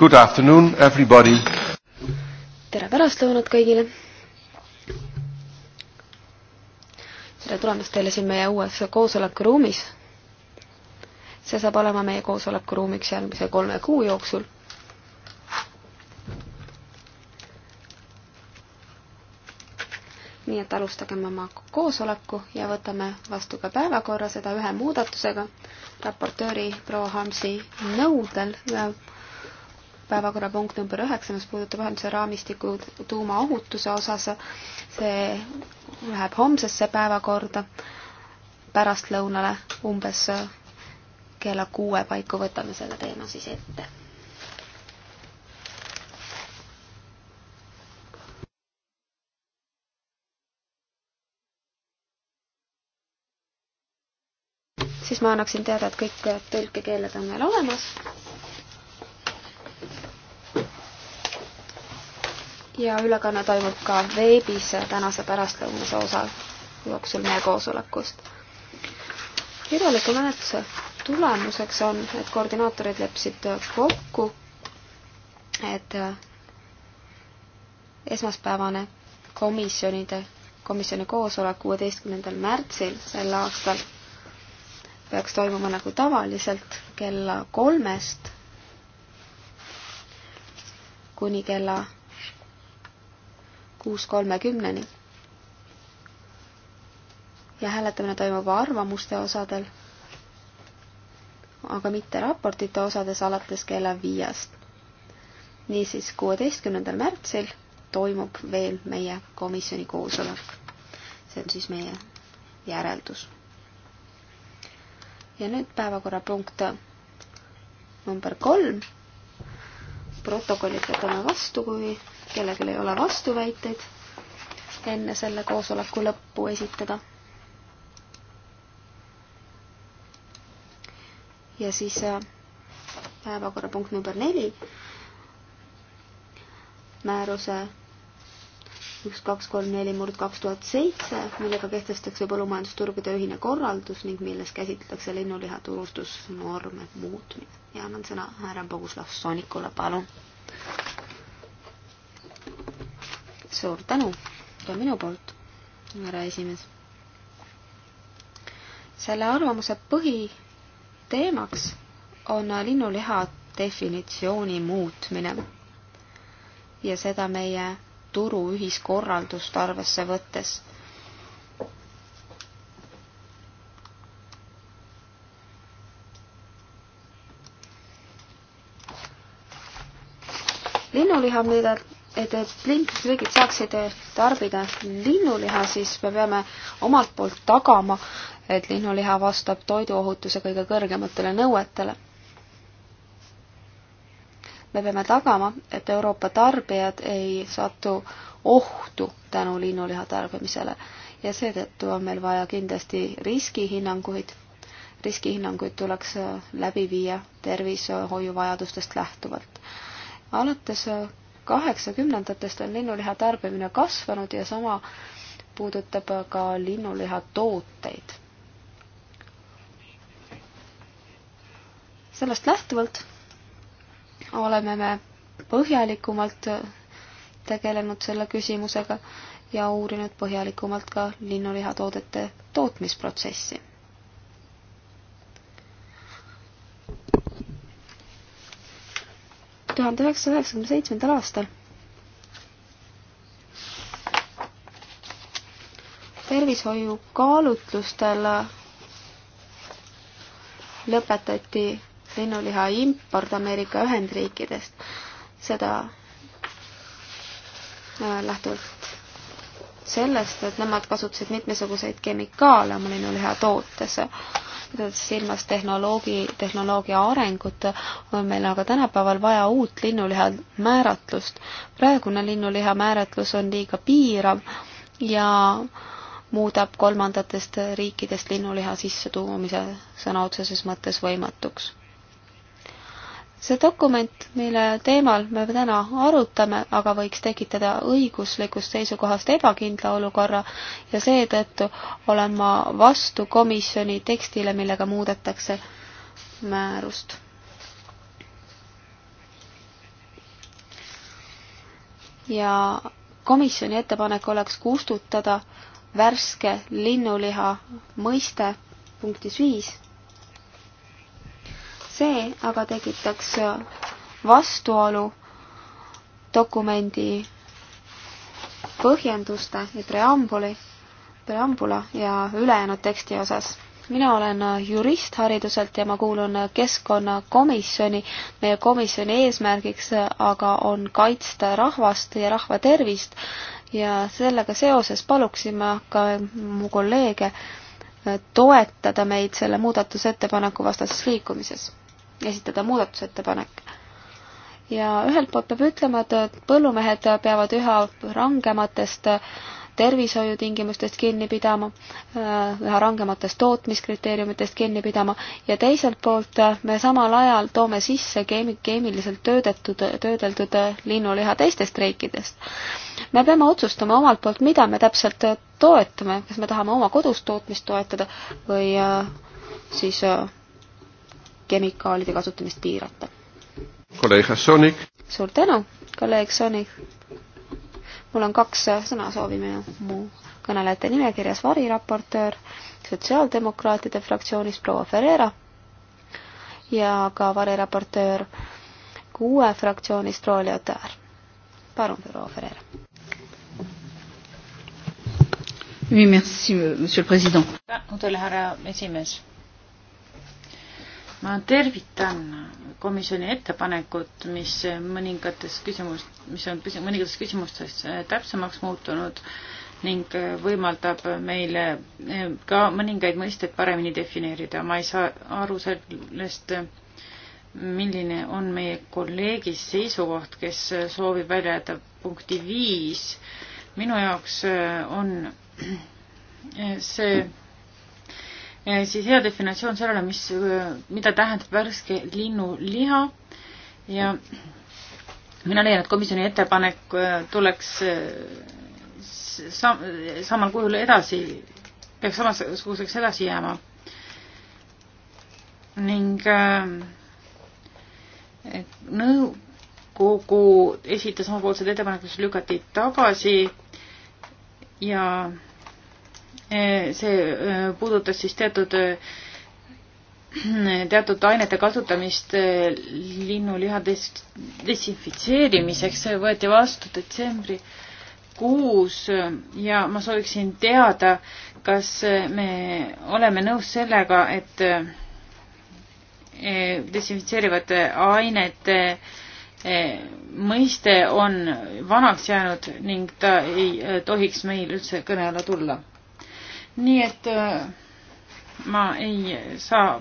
Good afternoon, everybody! tere pärastlõunat kõigile! tere tulemast teile siin meie uues koosolekuruumis. see saab olema meie koosolekuruumiks järgmise kolme kuu jooksul. nii et alustagem oma koosoleku ja võtame vastu ka päevakorra, seda ühe muudatusega, raportööri proua Hamsi nõudel ja päevakorrapunkt number üheksa, mis puudutab ühenduse raamistiku tuumaohutuse osas. see läheb homsesse päevakorda pärastlõunale umbes kella kuue paiku võtame selle teema siis ette. siis ma annaksin teada, et kõik tõlkekeeled on meil olemas ja ülekanne toimub ka veebis tänase pärastlõunase osa jooksul meie koosolekust. kirjaliku menetluse tulemuseks on, et koordinaatorid leppisid kokku, et esmaspäevane komisjonide, komisjoni koosolek kuueteistkümnendal märtsil sel aastal peaks toimuma nagu tavaliselt kella kolmest kuni kella kuus kolmekümneni. ja hääletamine toimub arvamuste osadel, aga mitte raportite osades alates kella viiest. niisiis, kuueteistkümnendal märtsil toimub veel meie komisjoni koosolek. see on siis meie järeldus. ja nüüd päevakorrapunkt number kolm. protokollid võtame vastu, kui kellelgi ei ole vastuväiteid enne selle koosoleku lõppu esitada. ja siis äh, päevakorrapunkt number neli, määruse üks, kaks, kolm, neli murd kaks tuhat seitse, millega kehtestatakse põllumajandusturgude ühine korraldus ning milles käsitletakse linnuliha turustusnorme muutmine. ja annan sõna härra Boguslav Sonikule, palun suur tänu ka minu poolt, härra esimees. selle arvamuse põhiteemaks on linnuliha definitsiooni muutmine ja seda meie turu ühiskorraldust arvesse võttes linnuliha, mida et, et liikmesriigid saaksid tarbida linnuliha, siis me peame omalt poolt tagama, et linnuliha vastab toiduohutuse kõige kõrgematele nõuetele. me peame tagama, et Euroopa tarbijad ei satu ohtu tänu linnuliha tarbimisele ja seetõttu on meil vaja kindlasti riskihinnanguid. riskihinnanguid tuleks läbi viia tervishoiuvajadustest lähtuvalt alates kaheksakümnendatest on linnuliha tarbimine kasvanud ja sama puudutab ka linnuliha tooteid. sellest lähtuvalt oleme me põhjalikumalt tegelenud selle küsimusega ja uurinud põhjalikumalt ka linnulihatoodete tootmisprotsessi tuhande üheksasaja üheksakümne seitsmendal aastal. tervishoiu kaalutlustel lõpetati linnuliha import Ameerika Ühendriikidest. seda äh, lähtuvalt sellest, et nemad kasutasid mitmesuguseid kemikaale oma linnuliha tootes pidades silmas tehnoloogi, tehnoloogia arengut, on meil aga tänapäeval vaja uut linnuliha määratlust. praegune linnuliha määratlus on liiga piirav ja muudab kolmandatest riikidest linnuliha sissetoomise sõna otseses mõttes võimatuks see dokument, mille teemal me täna arutame, aga võiks tekitada õiguslikust seisukohast ebakindla olukorra ja seetõttu olen ma vastu komisjoni tekstile, millega muudetakse määrust. ja komisjoni ettepanek oleks kustutada värske linnuliha mõiste punktis viis see aga tekitaks vastuolu dokumendi põhjenduste ja preambuli, preambula ja ülejäänud teksti osas. mina olen jurist hariduselt ja ma kuulun keskkonnakomisjoni. meie komisjoni eesmärgiks aga on kaitsta rahvast ja rahva tervist ja sellega seoses paluksin ma ka mu kolleege toetada meid selle muudatusettepaneku vastases liikumises esitada muudatusettepanek. ja ühelt poolt peab ütlema, et põllumehed peavad üha rangematest tervishoiutingimustest kinni pidama, üha rangematest tootmiskriteeriumitest kinni pidama ja teiselt poolt me samal ajal toome sisse keemi-, keemiliselt töödetud, töödeldud linnuliha teistest riikidest. me peame otsustama omalt poolt, mida me täpselt toetame, kas me tahame oma kodus tootmist toetada või siis kemikaalide kasutamist piirata. kolleeg Sonik. suur tänu, kolleeg Sonik. mul on kaks sõnasoovi minu, mu kõnelejate nimekirjas, variraportöör sotsiaaldemokraatide fraktsioonist proua Ferreira ja ka variraportöör kuue fraktsioonist proua Leotard. palun, proua Ferreira. Oui, merci, monsieur le Président. Tänu teile, härra esimees ma tervitan komisjoni ettepanekut, mis mõningates küsimus, mis on mõningates küsimustes äh, täpsemaks muutunud ning äh, võimaldab meile äh, ka mõningaid mõisteid paremini defineerida. ma ei saa aru sellest, milline on meie kolleegi seisukoht, kes soovib välja jätta punkti viis. minu jaoks on see siis hea definitsioon sellele, mis, mida tähendab värske linnuliha ja mina leian, et komisjoni ettepanek äh, tuleks äh, sam-, samal kujul edasi, peaks samasuguseks edasi jääma. ning äh, nõukogu esitas omapoolsed ettepanekud, mis lükati tagasi ja Eh, see eh, puudutas siis teatud, eh, teatud ainete kasutamist linnuliha des-, desinfitseerimiseks, see võeti vastu detsembri kuus ja ma sooviksin teada, kas me oleme nõus sellega, et desinfitseerivate ainete mõiste on vanaks jäänud ning ta ei tohiks meil üldse kõne alla tulla nii et äh, ma ei saa,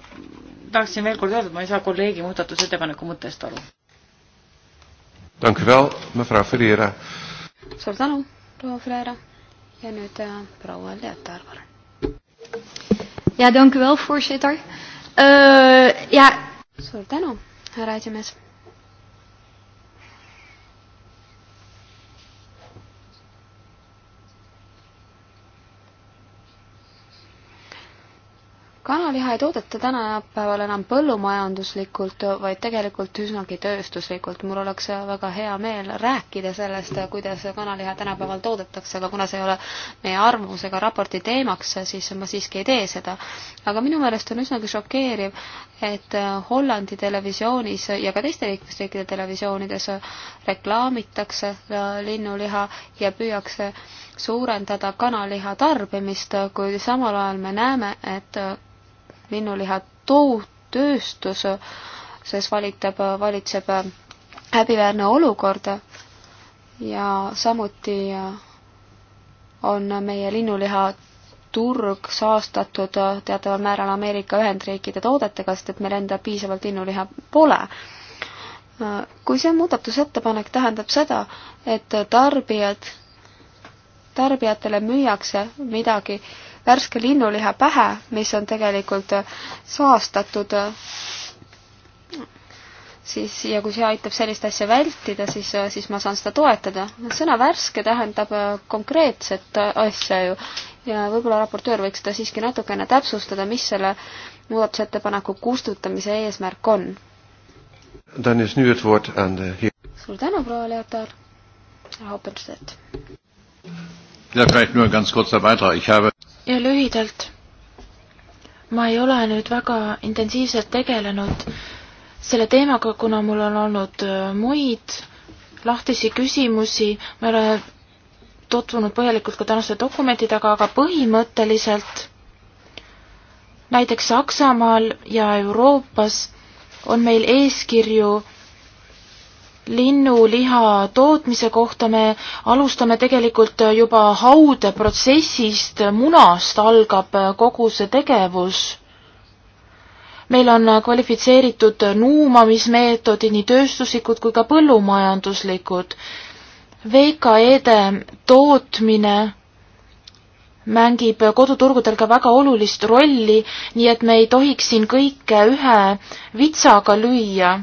tahaksin veel kord öelda, et ma ei saa kolleegi muudatusettepaneku mõttest aru. suur tänu, proua Ferreira ja nüüd äh, proua Leotar, palun. ja tänku veel, voorzitter uh,. ja. suur tänu, härra esimees kanaliha ei toodeta tänapäeval enam põllumajanduslikult, vaid tegelikult üsnagi tööstuslikult. mul oleks väga hea meel rääkida sellest, kuidas kanaliha tänapäeval toodetakse, aga kuna see ei ole meie arvamus ega raporti teemaks, siis ma siiski ei tee seda. aga minu meelest on üsnagi šokeeriv, et Hollandi televisioonis ja ka teiste liikmesriikide televisioonides reklaamitakse linnuliha ja püüakse suurendada kanaliha tarbimist, kuid samal ajal me näeme, et linnuliha tööstus, sest valitab, valitseb häbiväärne olukord ja samuti on meie linnuliha turg saastatud teataval määral Ameerika Ühendriikide toodetega, sest et meil endal piisavalt linnuliha pole. kui see muudatusettepanek tähendab seda, et tarbijad, tarbijatele müüakse midagi, värske linnuliha pähe, mis on tegelikult äh, saastatud, äh, siis, ja kui see aitab sellist asja vältida, siis, äh, siis ma saan seda toetada. sõna värske tähendab konkreetset asja ju ja võib-olla raportöör võiks seda siiski natukene täpsustada, mis selle muudatusettepaneku kustutamise eesmärk on. suur tänu, proua Leotar, härra Hoppenstedt. Ja, vielleicht nur ein ganz kurzer Beitrag. Ich habe ja lühidalt. ma ei ole nüüd väga intensiivselt tegelenud selle teemaga, kuna mul on olnud äh, muid lahtisi küsimusi, ma ei ole tutvunud põhjalikult ka tänaste dokumentidega, aga põhimõtteliselt näiteks Saksamaal ja Euroopas on meil eeskirju linnuliha tootmise kohta me alustame tegelikult juba haudeprotsessist, munast algab kogu see tegevus. meil on kvalifitseeritud nuumamismeetodid, nii tööstuslikud kui ka põllumajanduslikud. VKE-de tootmine mängib koduturgudel ka väga olulist rolli, nii et me ei tohiks siin kõike ühe vitsaga lüüa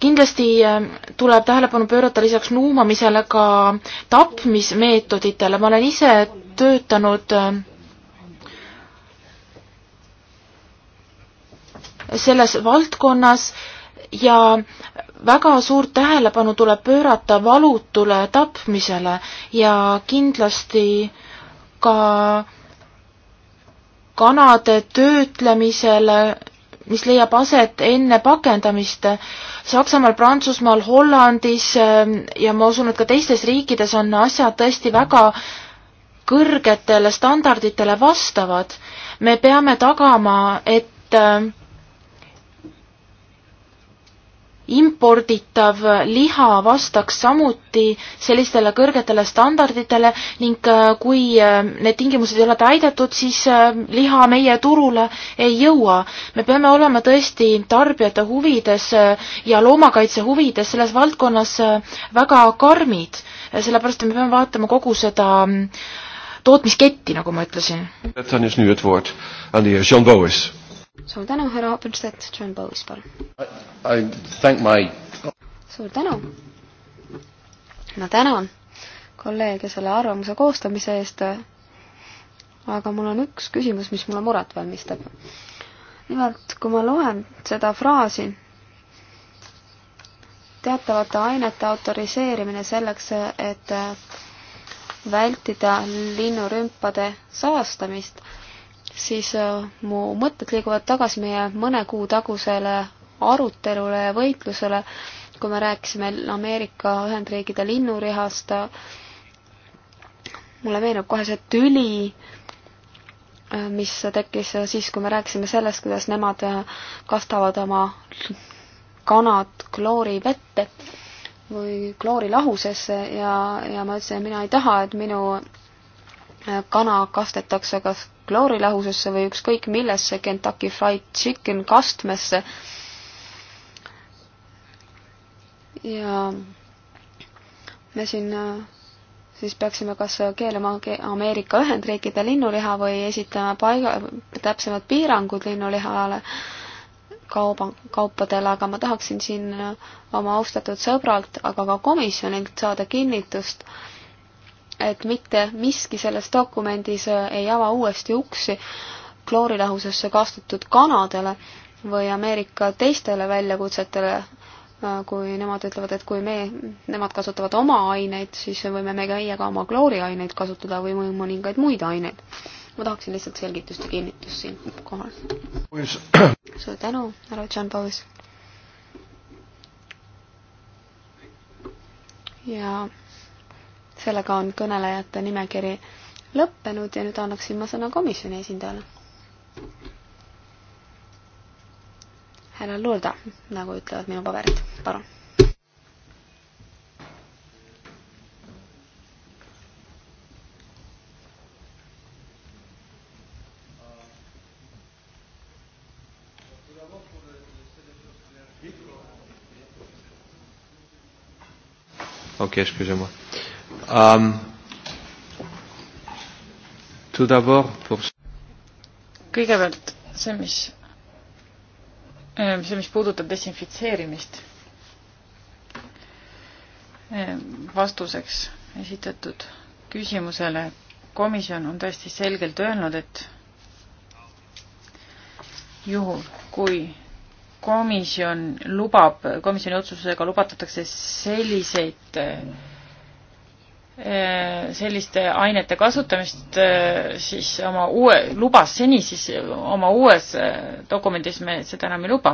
kindlasti äh, tuleb tähelepanu pöörata lisaks nuumamisele ka tapmismeetoditele, ma olen ise töötanud äh, selles valdkonnas ja väga suurt tähelepanu tuleb pöörata valutule tapmisele ja kindlasti ka kanade töötlemisele mis leiab aset enne pakendamist. Saksamaal, Prantsusmaal, Hollandis ähm, ja ma usun, et ka teistes riikides on asjad tõesti väga kõrgetele standarditele vastavad. me peame tagama, et ähm, imporditav liha vastaks samuti sellistele kõrgetele standarditele ning äh, kui äh, need tingimused ei ole täidetud, siis äh, liha meie turule ei jõua. me peame olema tõesti tarbijate huvides ja loomakaitse huvides selles valdkonnas väga karmid, sellepärast et me peame vaatama kogu seda mm, tootmisketti, nagu ma ütlesin. Dann ist nüüd Wort an die Jean Bowes suur tänu, härra Apenstedt, John Bowes, palun. My... suur tänu. ma tänan kolleege selle arvamuse koostamise eest. aga mul on üks küsimus, mis mulle muret valmistab. nimelt, kui ma loen seda fraasi, teatavate ainete autoriseerimine selleks, et vältida linnurümpade saastamist siis äh, mu mõtted liiguvad tagasi meie mõne kuu tagusele arutelule ja võitlusele, kui me rääkisime Ameerika Ühendriikide linnurihast. mulle meenub kohe see tüli, äh, mis tekkis siis, kui me rääkisime sellest, kuidas nemad äh, kastavad oma kanad kloorivette või kloorilahusesse ja, ja ma ütlesin, et mina ei taha, et minu kana kastetakse kas kloorilahusesse või ükskõik millesse Kentucky Fried Chicken kastmesse. ja me siin äh, siis peaksime kas keelama Ameerika Ühendriikide linnuliha või esitama paiga, täpsemad piirangud linnulihale kauba, kaupadele, aga ma tahaksin siin äh, oma austatud sõbralt, aga ka komisjonilt saada kinnitust äh, et mitte miski selles dokumendis äh, ei ava uuesti uksi kloorilahusesse kastutud kanadele või Ameerika teistele väljakutsetele, äh, kui nemad ütlevad, et kui me, nemad kasutavad oma aineid, siis võime me meie ka oma klooriaineid kasutada või mõningaid muid aineid. ma tahaksin lihtsalt selgitust ja kinnitust siinkohal. suur tänu, härra John Powis. ja sellega on kõnelejate nimekiri lõppenud ja nüüd annaksin ma sõna komisjoni esindajale. härra Lulda, nagu ütlevad minu paberid, palun. okei okay,, excusez-moi Um, tout d'abord pour... kõigepealt see, mis, ähm, see, mis puudutab desinfitseerimist. Ähm, vastuseks esitatud küsimusele komisjon on täiesti selgelt öelnud, et juhul, kui komisjon lubab, komisjoni otsusega lubatatakse selliseid äh, Äh, selliste ainete kasutamist äh, siis oma uue, lubas seni, siis oma uues äh, dokumendis me seda enam ei luba.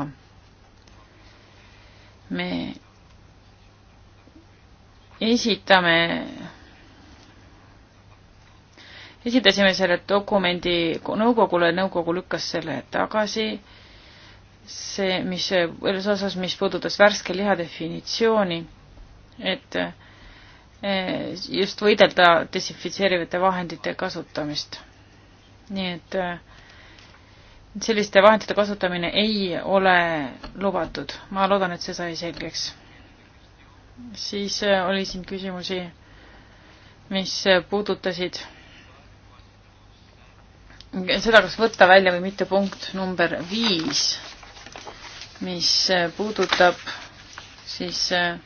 me esitame, esitasime selle dokumendi nõukogule, nõukogu lükkas selle tagasi, see, mis, selles osas, mis puudutas värske liha definitsiooni, et äh, Eh, just võidelda desinfitseerivate vahendite kasutamist. nii et eh, selliste vahendite kasutamine ei ole lubatud. ma loodan, et see sai selgeks. siis eh, oli siin küsimusi, mis puudutasid seda, kas võtta välja või mitte punkt number viis, mis puudutab siis äh,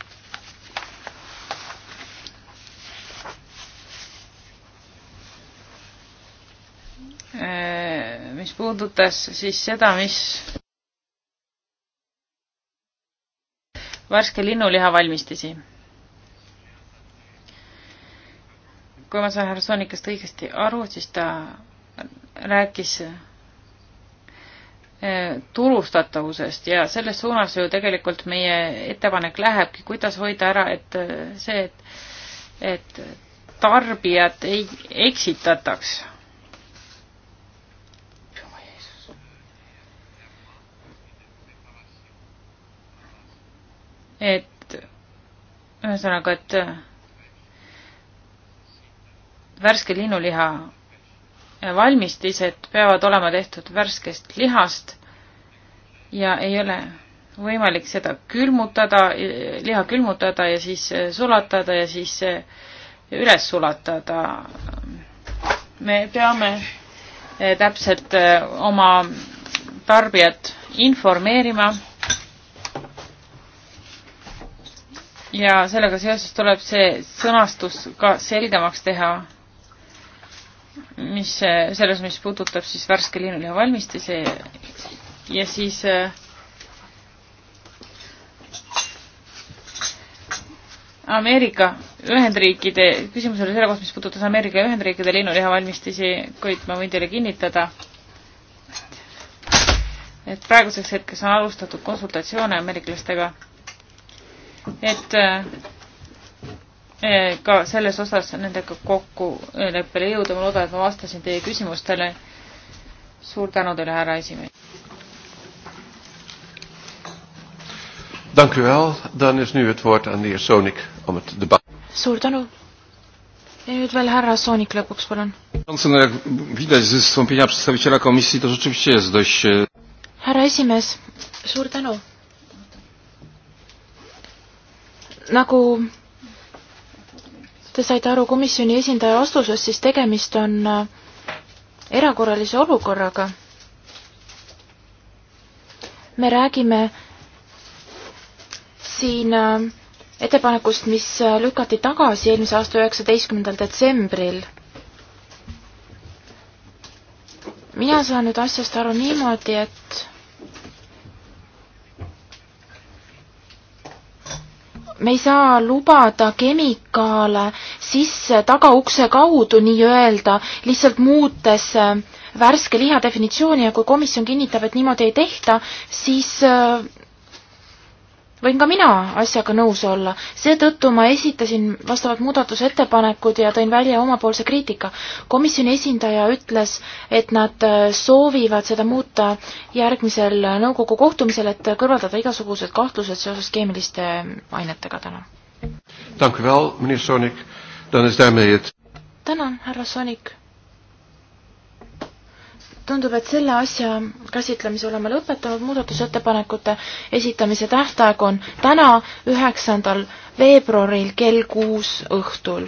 Äh, mis puudutas siis seda, mis värske linnuliha valmistisi. kui ma sain härra Soonikast õigesti aru, siis ta rääkis äh, turustatavusest ja selles suunas ju tegelikult meie ettepanek lähebki, kuidas hoida ära, et äh, see, et, et tarbijat ei eksitataks et ühesõnaga, et värske linnuliha valmistised peavad olema tehtud värskest lihast ja ei ole võimalik seda külmutada, liha külmutada ja siis sulatada ja siis üles sulatada. me peame eh, täpselt eh, oma tarbijat informeerima ja sellega seoses tuleb see sõnastus ka selgemaks teha, mis äh, selles, mis puudutab siis värske linnaliha valmistisi ja siis äh, Ameerika Ühendriikide, küsimus oli selle kohta, mis puudutas Ameerika Ühendriikide linnuliha valmistisi, kuid ma võin teile kinnitada, et praeguseks hetkeks on alustatud konsultatsioone ameeriklastega et eh, ka selles osas nendega kokkuleppele jõuda. ma loodan, et ma vastasin teie küsimustele. suur tänu teile, härra esimees. Dank u wel. Dan is nu het woord aan de heer Sonik om het debat. Suur tänu. Ja nüüd veel härra Soonik lõpuks, palun. Jak widać z wystąpienia przedstawiciela komisji, to rzeczywiście jest dość... E- härra esimees, suur tänu. nagu te saite aru komisjoni esindaja vastusest, siis tegemist on äh, erakorralise olukorraga. me räägime siin äh, ettepanekust, mis äh, lükati tagasi eelmise aasta üheksateistkümnendal detsembril. mina saan nüüd asjast aru niimoodi, et me ei saa lubada kemikaale sisse tagaukse kaudu nii-öelda, lihtsalt muutes äh, värske liha definitsiooni ja kui komisjon kinnitab, et niimoodi ei tehta, siis äh, võin ka mina asjaga nõus olla, seetõttu ma esitasin vastavad muudatusettepanekud ja tõin välja omapoolse kriitika. komisjoni esindaja ütles, et nad äh, soovivad seda muuta järgmisel nõukogu kohtumisel, et kõrvaldada igasugused kahtlused seoses keemiliste ainetega täna. tänan, härra Soonik tundub, et selle asja käsitlemise oleme lõpetanud, muudatusettepanekute esitamise tähtaeg on täna, üheksandal veebruaril kell kuus õhtul.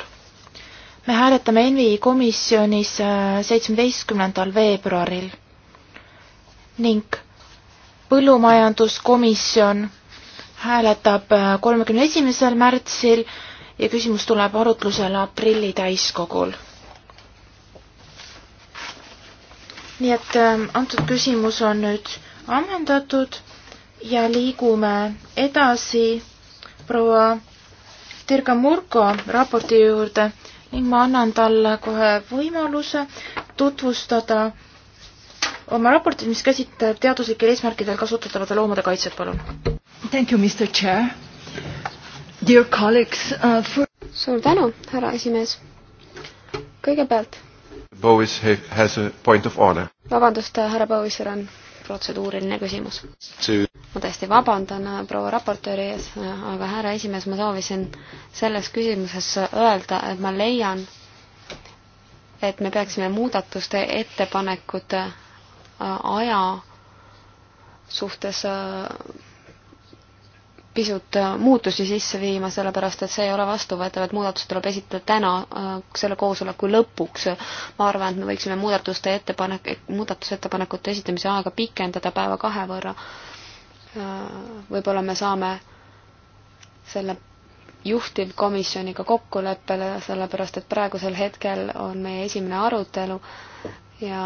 me hääletame ENVI komisjonis äh, seitsmeteistkümnendal veebruaril ning põllumajanduskomisjon hääletab äh, kolmekümne esimesel märtsil ja küsimus tuleb arutlusele aprilli täiskogul nii et ähm, antud küsimus on nüüd ammendatud ja liigume edasi proua Tirga Murko raporti juurde ning ma annan talle kohe võimaluse tutvustada oma raportit, mis käsitleb teaduslikel eesmärkidel kasutatavate loomade kaitset, palun. Thank you, Mr Chair. Dear colleagues uh,. For... suur tänu, härra esimees. kõigepealt Bowis has a point of honor. vabandust, härra Bowisel on protseduuriline küsimus. ma tõesti vabandan äh, proua raportööri ees, äh, aga härra esimees, ma soovisin selles küsimuses öelda, et ma leian, et me peaksime muudatuste ettepanekute äh, aja suhtes pisut äh, muutusi sisse viima, sellepärast et see ei ole vastuvõetav, et muudatus tuleb esitada täna äh, selle koosoleku lõpuks. ma arvan, et me võiksime muudatuste ettepanek, muudatusettepanekute esitamise aega pikendada päeva kahe võrra. Äh, võib-olla me saame selle juhtivkomisjoniga kokkuleppele, sellepärast et praegusel hetkel on meie esimene arutelu ja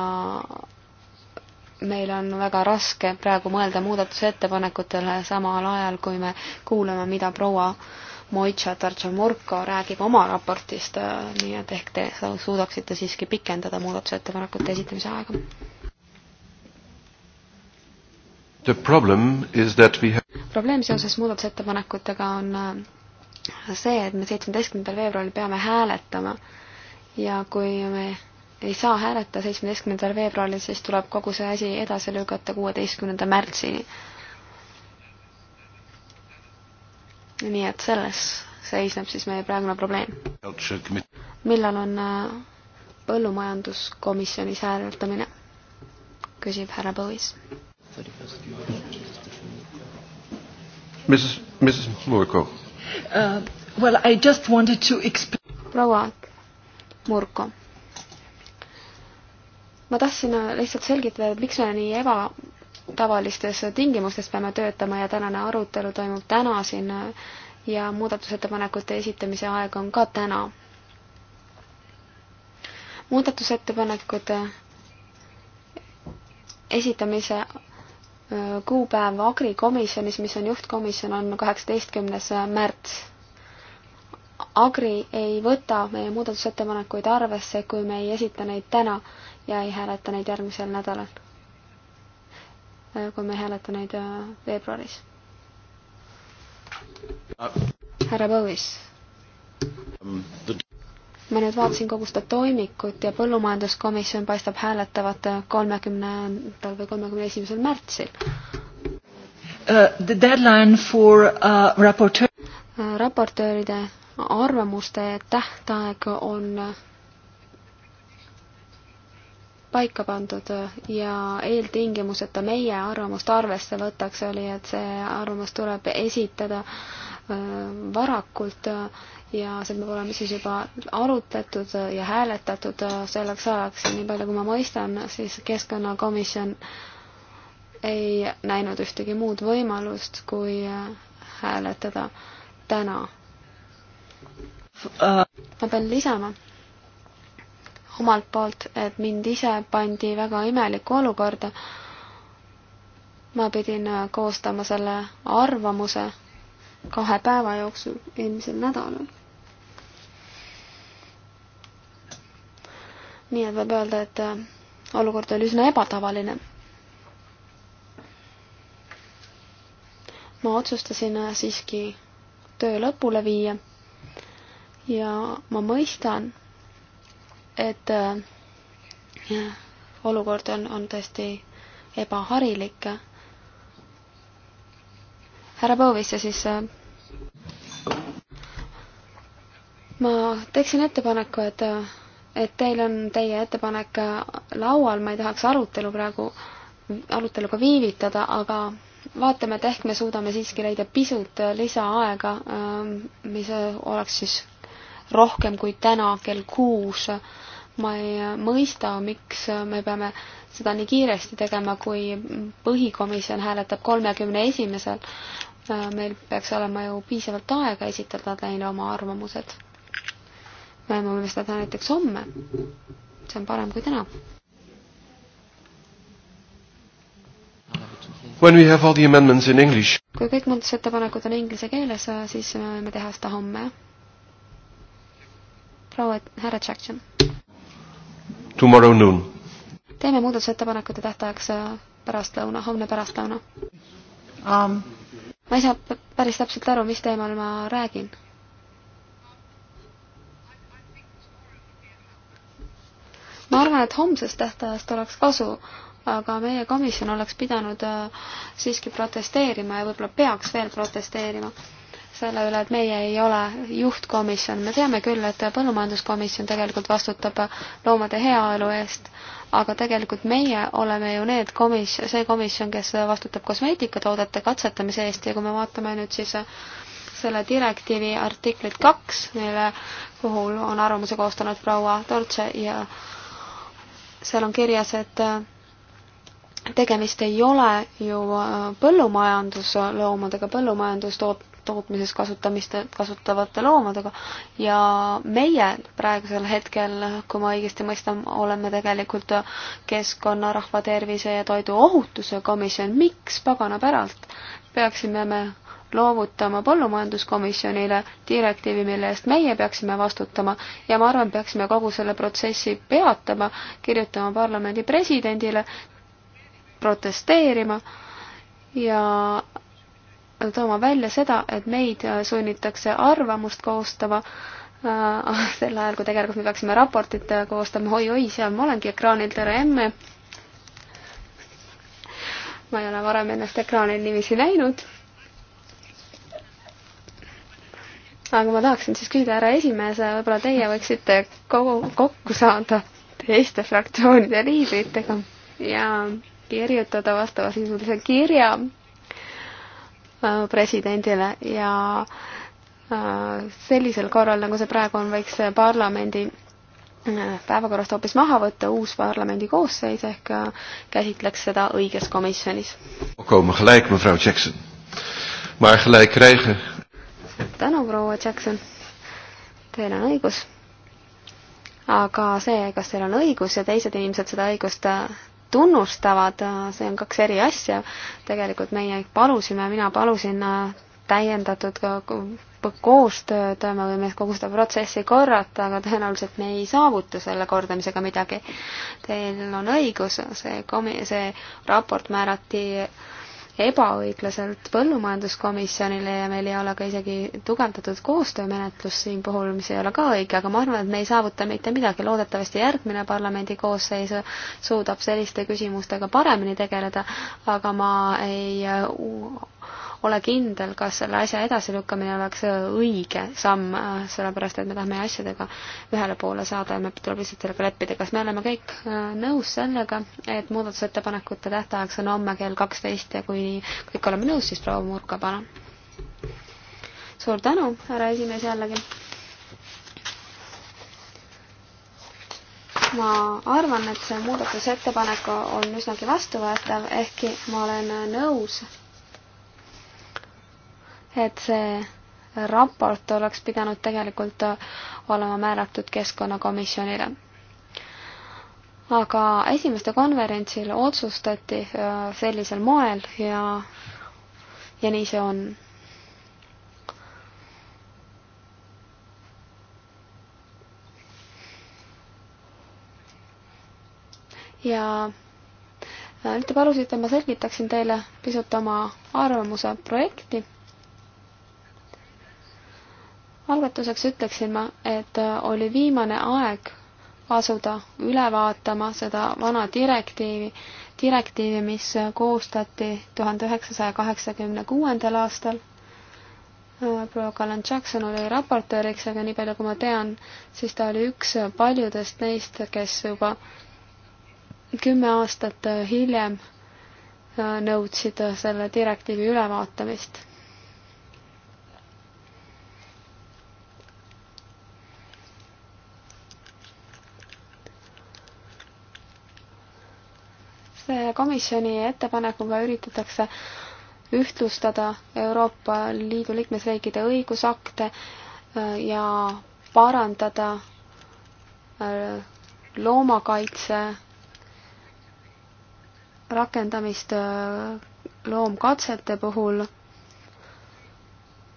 meil on väga raske praegu mõelda muudatusettepanekutele samal ajal, kui me kuulame, mida proua Moitša Tartšamurko räägib oma raportist, nii et ehk te suudaksite siiski pikendada muudatusettepanekute esitamise aega. Have... probleem seoses muudatusettepanekutega on äh, see, et me seitsmeteistkümnendal veebruaril peame hääletama ja kui me ei saa hääleta seitsmeteistkümnendal veebruaril, siis tuleb kogu see asi edasi lükata kuueteistkümnenda märtsini. nii et selles seisneb siis meie praegune probleem. millal on äh, põllumajanduskomisjonis hääletamine? küsib härra Põvis. Mrs, Mrs Murko uh,. Well, I just wanted to explain. proua Murko ma tahtsin äh, lihtsalt selgitada, et miks me nii ebatavalistes tingimustes peame töötama ja tänane arutelu toimub täna siin äh, ja muudatusettepanekute esitamise aeg on ka täna. muudatusettepanekute äh, esitamise kuupäev Agri komisjonis, mis on juhtkomisjon, on kaheksateistkümnes märts. Agri ei võta meie muudatusettepanekuid arvesse, kui me ei esita neid täna ja ei hääleta neid järgmisel nädalal, kui me ei hääleta neid äh, veebruaris. härra Põuis. ma nüüd vaatasin kogu seda toimikut ja põllumajanduskomisjon paistab hääletavat kolmekümnendal või kolmekümne esimesel märtsil uh,. The deadline for uh, raportöör uh, äh, raportööride arvamuste tähtaeg on paika pandud ja eeltingimus, et ta meie arvamust arvesse võtaks, oli, et see arvamus tuleb esitada äh, varakult äh, ja see peab olema siis juba arutletud ja hääletatud äh, selleks ajaks ja nii palju, kui ma mõistan, siis keskkonnakomisjon ei näinud ühtegi muud võimalust, kui hääletada täna. ma pean lisama omalt poolt, et mind ise pandi väga imelikku olukorda. ma pidin äh, koostama selle arvamuse kahe päeva jooksul eelmisel nädalal. nii et võib öelda, et äh, olukord oli üsna ebatavaline. ma otsustasin äh, siiski töö lõpule viia ja ma mõistan, et äh, olukord on, on tõesti ebaharilik. härra Põõvisse siis äh, ma teeksin ettepaneku, et, äh, et teil on teie ettepanek äh, laual, ma ei tahaks arutelu praegu, aruteluga viivitada, aga vaatame, et ehk me suudame siiski leida pisut äh, lisaaega, mis oleks siis rohkem kui täna kell kuus. ma ei mõista, miks me peame seda nii kiiresti tegema, kui põhikomisjon hääletab kolmekümne esimesel. meil peaks olema ju piisavalt aega esitada neile oma arvamused. me võime seda teha näiteks homme. see on parem kui täna. When we have all the amendments in English. kui kõik muudatusettepanekud on inglise keeles, siis me võime teha seda homme, jah proua härra Jackson. Tomorrow noon. teeme muudatusettepanekute tähtajaks äh, pärastlõuna, homne pärastlõuna um.. ma ei saa päris täpselt aru, mis teemal ma räägin. ma arvan, et homsest tähtajast oleks kasu, aga meie komisjon oleks pidanud äh, siiski protesteerima ja võib-olla peaks veel protesteerima selle üle, et meie ei ole juhtkomisjon, me teame küll, et põllumajanduskomisjon tegelikult vastutab loomade heaolu eest, aga tegelikult meie oleme ju need komis-, see komisjon, kes vastutab kosmeetikatoodete katsetamise eest ja kui me vaatame nüüd siis selle direktiivi artiklit kaks, mille puhul on arvamuse koostanud proua Tortse ja seal on kirjas, et tegemist ei ole ju põllumajandusloomadega, põllumajandustoot-, tootmises kasutamist, kasutavate loomadega ja meie praegusel hetkel, kui ma õigesti mõistan, oleme tegelikult keskkonna, rahvatervise ja toiduohutuse komisjon, miks pagana päralt peaksime me loovutama põllumajanduskomisjonile direktiivi, mille eest meie peaksime vastutama ja ma arvan, peaksime kogu selle protsessi peatama, kirjutama parlamendi presidendile, protesteerima ja tooma välja seda, et meid äh, sunnitakse arvamust koostama äh, sel ajal, kui tegelikult me peaksime raportit äh, koostama, oi-oi, seal ma olengi ekraanil, tere emme. ma ei ole varem ennast ekraanil niiviisi näinud. aga ma tahaksin siis küsida, härra esimees, äh, võib-olla teie võiksite kogu, kokku saada teiste fraktsioonide liidritega ja kirjutada vastavasisulise kirja Äh, presidendile ja äh, sellisel korral, nagu see praegu on, võiks parlamendi äh, päevakorrast hoopis maha võtta uus parlamendi koosseis ehk käsitleks seda õiges komisjonis. tänu, proua Jackson. Teil on õigus. aga see, kas teil on õigus ja teised inimesed seda õigust tunnustavad, äh, see on kaks eri asja. tegelikult meie palusime, mina palusin äh, täiendatud äh, koostööd, me võime kogu seda protsessi korrata, aga tõenäoliselt me ei saavuta selle kordamisega midagi. Teil on õigus, see komi-, see raport määrati ebaõiglaselt põllumajanduskomisjonile ja meil ei ole ka isegi tugevdatud koostöömenetlus siin puhul, mis ei ole ka õige, aga ma arvan, et me ei saavuta mitte midagi, loodetavasti järgmine parlamendi koosseis suudab selliste küsimustega paremini tegeleda, aga ma ei ole kindel, kas selle asja edasilükkamine oleks õige samm, äh, sellepärast et me tahame asjadega ühele poole saada ja me tuleb lihtsalt sellega leppida. kas me oleme kõik äh, nõus sellega, et muudatusettepanekute tähtajaks on homme kell kaksteist ja kui kõik oleme nõus, siis proua Murka, palun. suur tänu, härra esimees jällegi ma arvan, et see muudatusettepanek on üsnagi vastuvõetav, ehkki ma olen nõus et see raport oleks pidanud tegelikult olema määratud keskkonnakomisjonile. aga esimeste konverentsil otsustati äh, sellisel moel ja, ja nii see on ja te äh, palusite, ma selgitaksin teile pisut oma arvamuse projekti algatuseks ütleksin ma, et äh, oli viimane aeg asuda üle vaatama seda vana direktiivi, direktiivi, mis äh, koostati tuhande üheksasaja kaheksakümne kuuendal aastal. Äh, proua Colin Jackson oli raportööriks, aga nii palju, kui ma tean, siis ta oli üks paljudest neist, kes juba kümme aastat hiljem nõudsid selle direktiivi ülevaatamist komisjoni ettepanekuga üritatakse ühtlustada Euroopa Liidu liikmesriikide õigusakte äh, ja parandada äh, loomakaitse rakendamist äh, loomkatsete puhul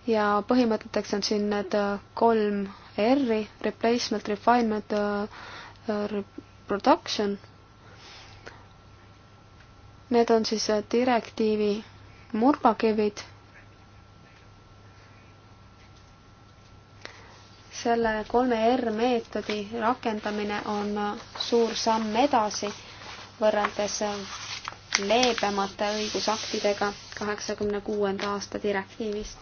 ja põhimõteteks on siin need kolm R-i, replacement, refinement, reproduction Need on siis äh, direktiivi nurgakivid. selle kolme R meetodi rakendamine on äh, suur samm edasi võrreldes äh, leebemate õigusaktidega kaheksakümne kuuenda aasta direktiivist.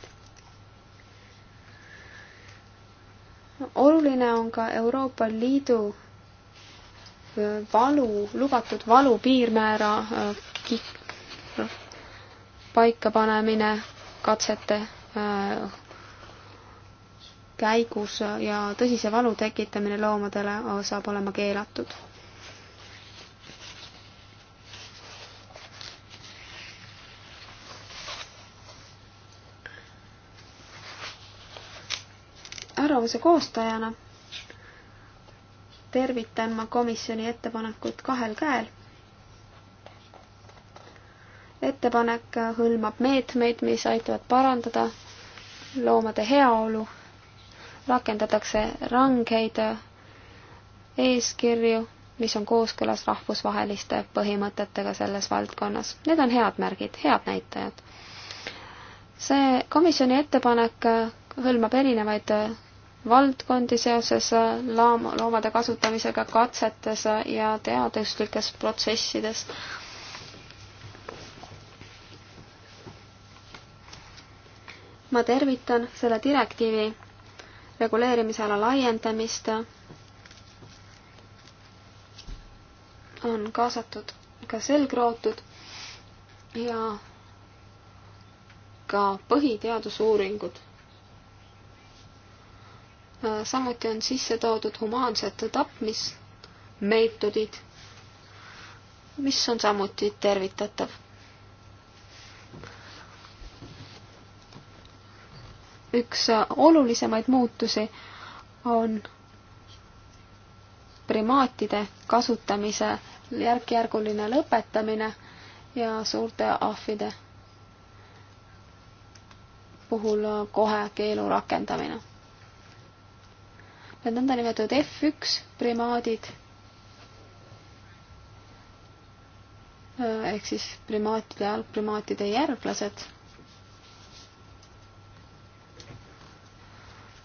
oluline on ka Euroopa Liidu valu, lubatud valu piirmäära äh, paikapanemine katsete äh, käigus ja tõsise valu tekitamine loomadele äh, saab olema keelatud. arvamuse koostajana tervitan ma komisjoni ettepanekut kahel käel. ettepanek hõlmab meetmeid, mis aitavad parandada loomade heaolu, rakendatakse rangeid eeskirju, mis on kooskõlas rahvusvaheliste põhimõtetega selles valdkonnas. Need on head märgid, head näitajad. see komisjoni ettepanek hõlmab erinevaid valdkondi seoses äh, laam-, loomade kasutamisega katsetes äh, ja teaduslikes protsessides. ma tervitan selle direktiivi reguleerimisala laiendamist. on kaasatud ka selgrootud ja ka põhiteadusuuringud samuti on sisse toodud humaansed tapmismeetodid, mis on samuti tervitatav. üks olulisemaid muutusi on primaatide kasutamise järk-järguline lõpetamine ja suurte ahvide puhul kohe keelu rakendamine need nõndanimetatud F1 primaadid äh, ehk siis primaatide ja algprimaatide järglased.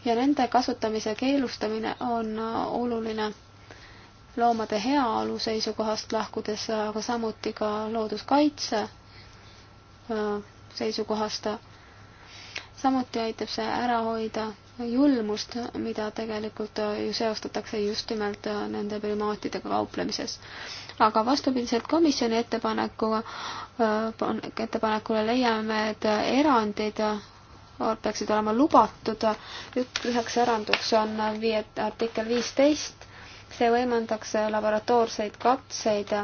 ja nende kasutamise keelustamine on äh, oluline loomade heaolu seisukohast lahkudes, äh, aga samuti ka looduskaitse seisukohast. samuti aitab see ära hoida julmust, mida tegelikult ju seostatakse just nimelt äh, nende primaatidega kauplemises. aga vastupidiselt komisjoni ettepanekuga, äh, ettepanekule leiame, et erandid äh, peaksid olema lubatud. üheks erandiks on viie, artikkel viisteist, see võimaldaks laboratoorseid katseid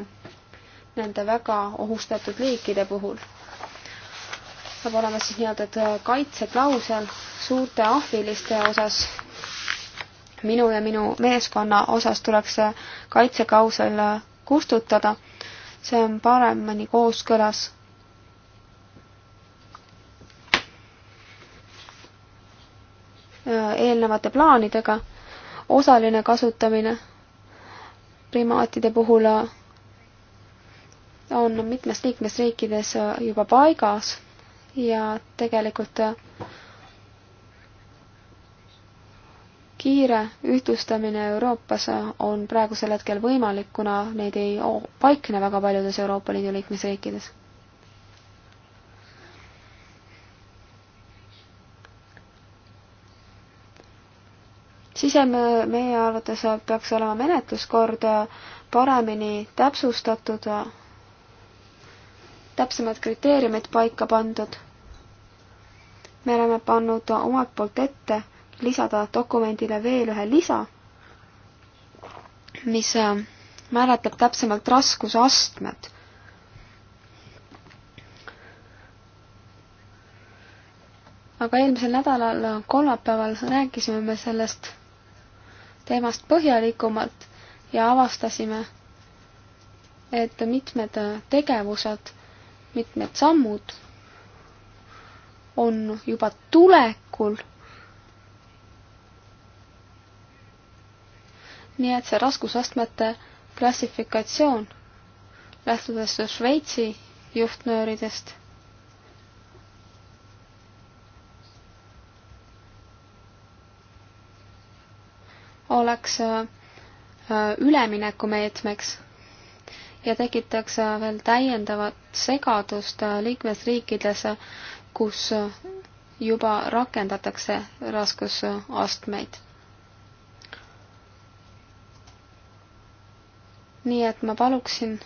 nende väga ohustatud liikide puhul saab olema siis nii-öelda äh, kaitseklausel suurte ahviliste osas. minu ja minu meeskonna osas tuleks see kaitseklausel äh, kustutada. see on paremini kooskõlas äh, eelnevate plaanidega, osaline kasutamine primaatide puhul on mitmes liikmesriikides juba paigas ja tegelikult kiire ühtlustamine Euroopas on praegusel hetkel võimalik, kuna neid ei paikne väga paljudes Euroopa Liidu liikmesriikides. sisem-, meie arvates peaks olema menetluskord paremini täpsustatud täpsemad kriteeriumid paika pandud. me oleme pannud omalt poolt ette lisada dokumendile veel ühe lisa, mis äh, määratleb täpsemalt raskusastmed. aga eelmisel nädalal kolmapäeval rääkisime me sellest teemast põhjalikumalt ja avastasime, et mitmed tegevused mitmed sammud on juba tulekul. nii et see raskusastmete klassifikatsioon, lähtudes Šveitsi juhtnööridest, oleks äh, äh, üleminekumeetmeks ja tekitakse äh, veel täiendavat segadust äh, liikmesriikides, äh, kus juba rakendatakse raskusastmeid. nii et ma paluksin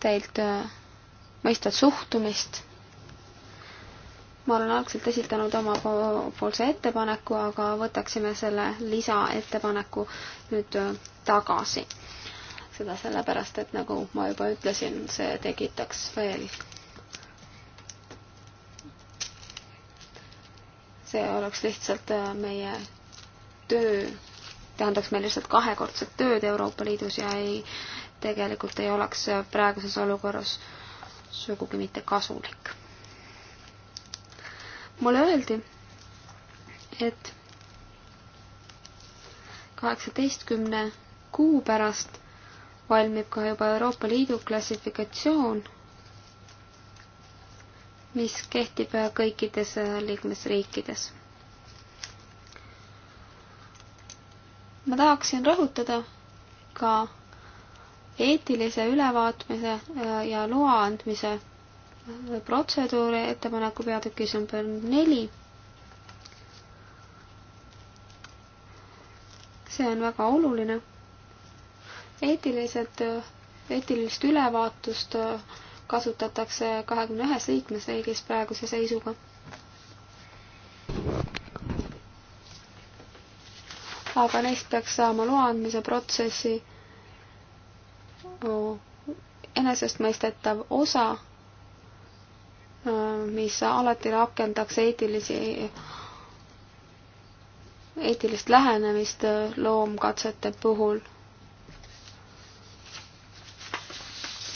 teilt mõista suhtumist. ma olen algselt esitanud omapoolse ettepaneku, aga võtaksime selle lisaettepaneku nüüd tagasi seda sellepärast, et nagu ma juba ütlesin, see tekitaks veel see oleks lihtsalt äh, meie töö, tähendaks meil lihtsalt kahekordset tööd Euroopa Liidus ja ei, tegelikult ei oleks äh, praeguses olukorras sugugi mitte kasulik. mulle öeldi, et kaheksateistkümne kuu pärast valmib ka juba Euroopa Liidu klassifikatsioon, mis kehtib kõikides liikmesriikides. ma tahaksin rõhutada ka eetilise ülevaatmise ja loa andmise protseduuri ettepaneku peatükis number neli. see on väga oluline eetilised, eetilist ülevaatust kasutatakse kahekümne ühes liikmesriigis praeguse seisuga. aga neist peaks saama loa andmise protsessi enesestmõistetav osa, mis alati rakendaks eetilisi, eetilist lähenemist loomkatsete puhul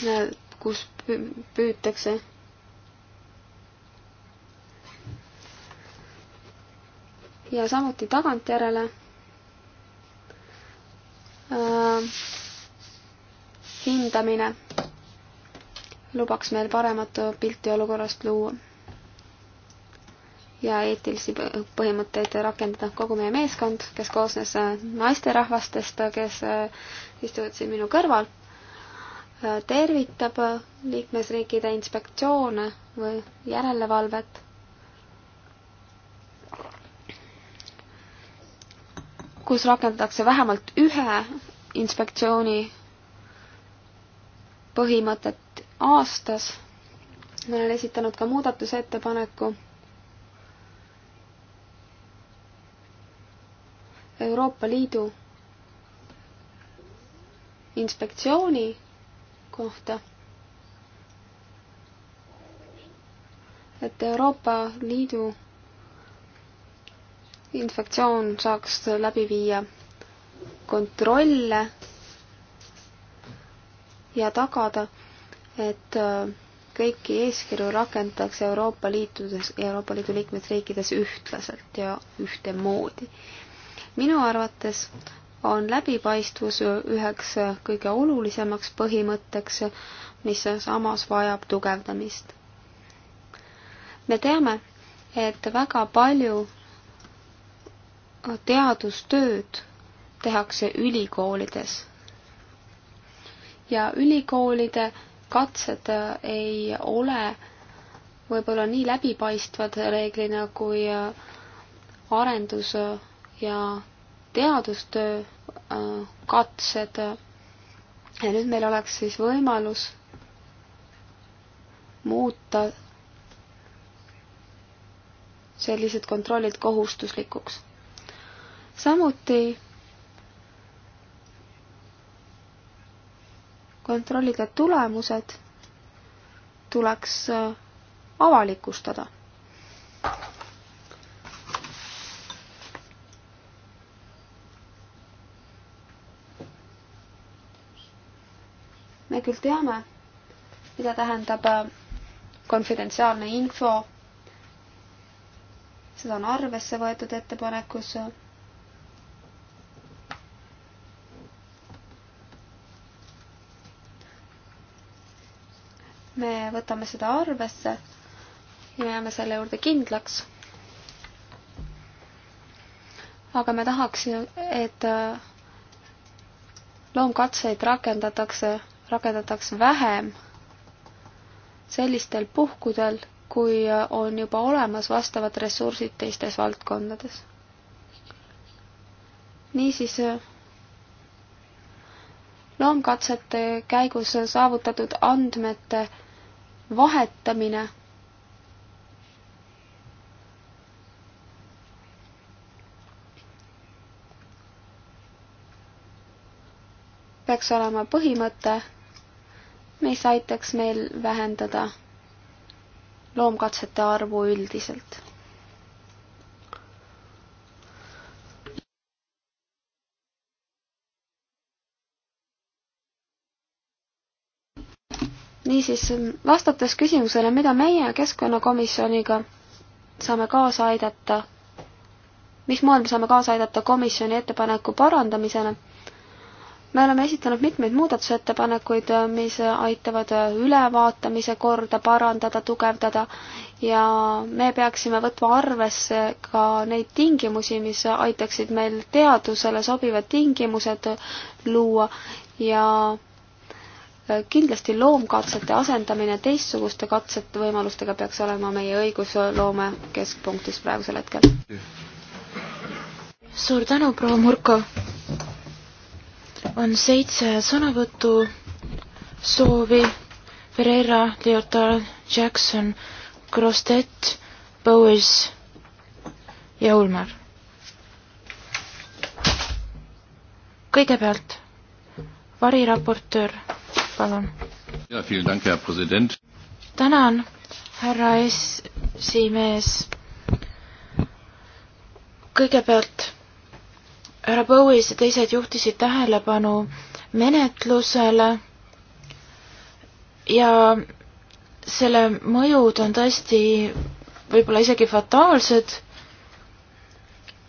Äh, kus püütakse ja samuti tagantjärele äh, hindamine lubaks meil paremat pilti olukorrast luua ja eetilisi põhimõtteid rakendada kogu meie meeskond, kes koosnes naisterahvastest, kes äh, istuvad siin minu kõrval tervitab liikmesriikide inspektsioone või järelevalvet. kus rakendatakse vähemalt ühe inspektsiooni põhimõtet aastas. ma olen esitanud ka muudatusettepaneku Euroopa Liidu inspektsiooni kohta, et Euroopa Liidu inspektsioon saaks läbi viia kontrolle ja tagada, et äh, kõiki eeskirju rakendatakse Euroopa Liitudes, Euroopa Liidu liikmesriikides ühtlaselt ja ühtemoodi. minu arvates on läbipaistvus üheks kõige olulisemaks põhimõtteks, mis samas vajab tugevdamist. me teame, et väga palju teadustööd tehakse ülikoolides ja ülikoolide katsed ei ole võib-olla nii läbipaistvad reeglina kui arendus- ja teadustöö äh, katsed ja nüüd meil oleks siis võimalus muuta sellised kontrollid kohustuslikuks. samuti kontrollide tulemused tuleks äh, avalikustada. me küll teame, mida tähendab äh, konfidentsiaalne info. seda on arvesse võetud ettepanekus. me võtame seda arvesse ja jääme selle juurde kindlaks. aga me tahaksime, et äh, loomkatseid rakendatakse rakendatakse vähem sellistel puhkudel, kui on juba olemas vastavad ressursid teistes valdkondades. niisiis, loomkatsete käigus saavutatud andmete vahetamine peaks olema põhimõte, mis aitaks meil vähendada loomkatsete arvu üldiselt. niisiis, vastates küsimusele, mida meie Keskkonnakomisjoniga saame kaasa aidata, mis moel me saame kaasa aidata komisjoni ettepaneku parandamisele me oleme esitanud mitmeid muudatusettepanekuid, mis aitavad ülevaatamise korda parandada, tugevdada ja me peaksime võtma arvesse ka neid tingimusi, mis aitaksid meil teadusele sobivad tingimused luua ja kindlasti loomkatsete asendamine teistsuguste katsete võimalustega peaks olema meie õigusloome keskpunktis praegusel hetkel. suur tänu, proua Murko! on seitse sõnavõttu soovi. Ferreira, Leotard, Jackson, Grostet, Bowes ja Ulmar. kõigepealt variraportöör, palun. tänan, härra esimees. kõigepealt härra Bowis ja teised juhtisid tähelepanu menetlusele ja selle mõjud on tõesti võib-olla isegi fataalsed.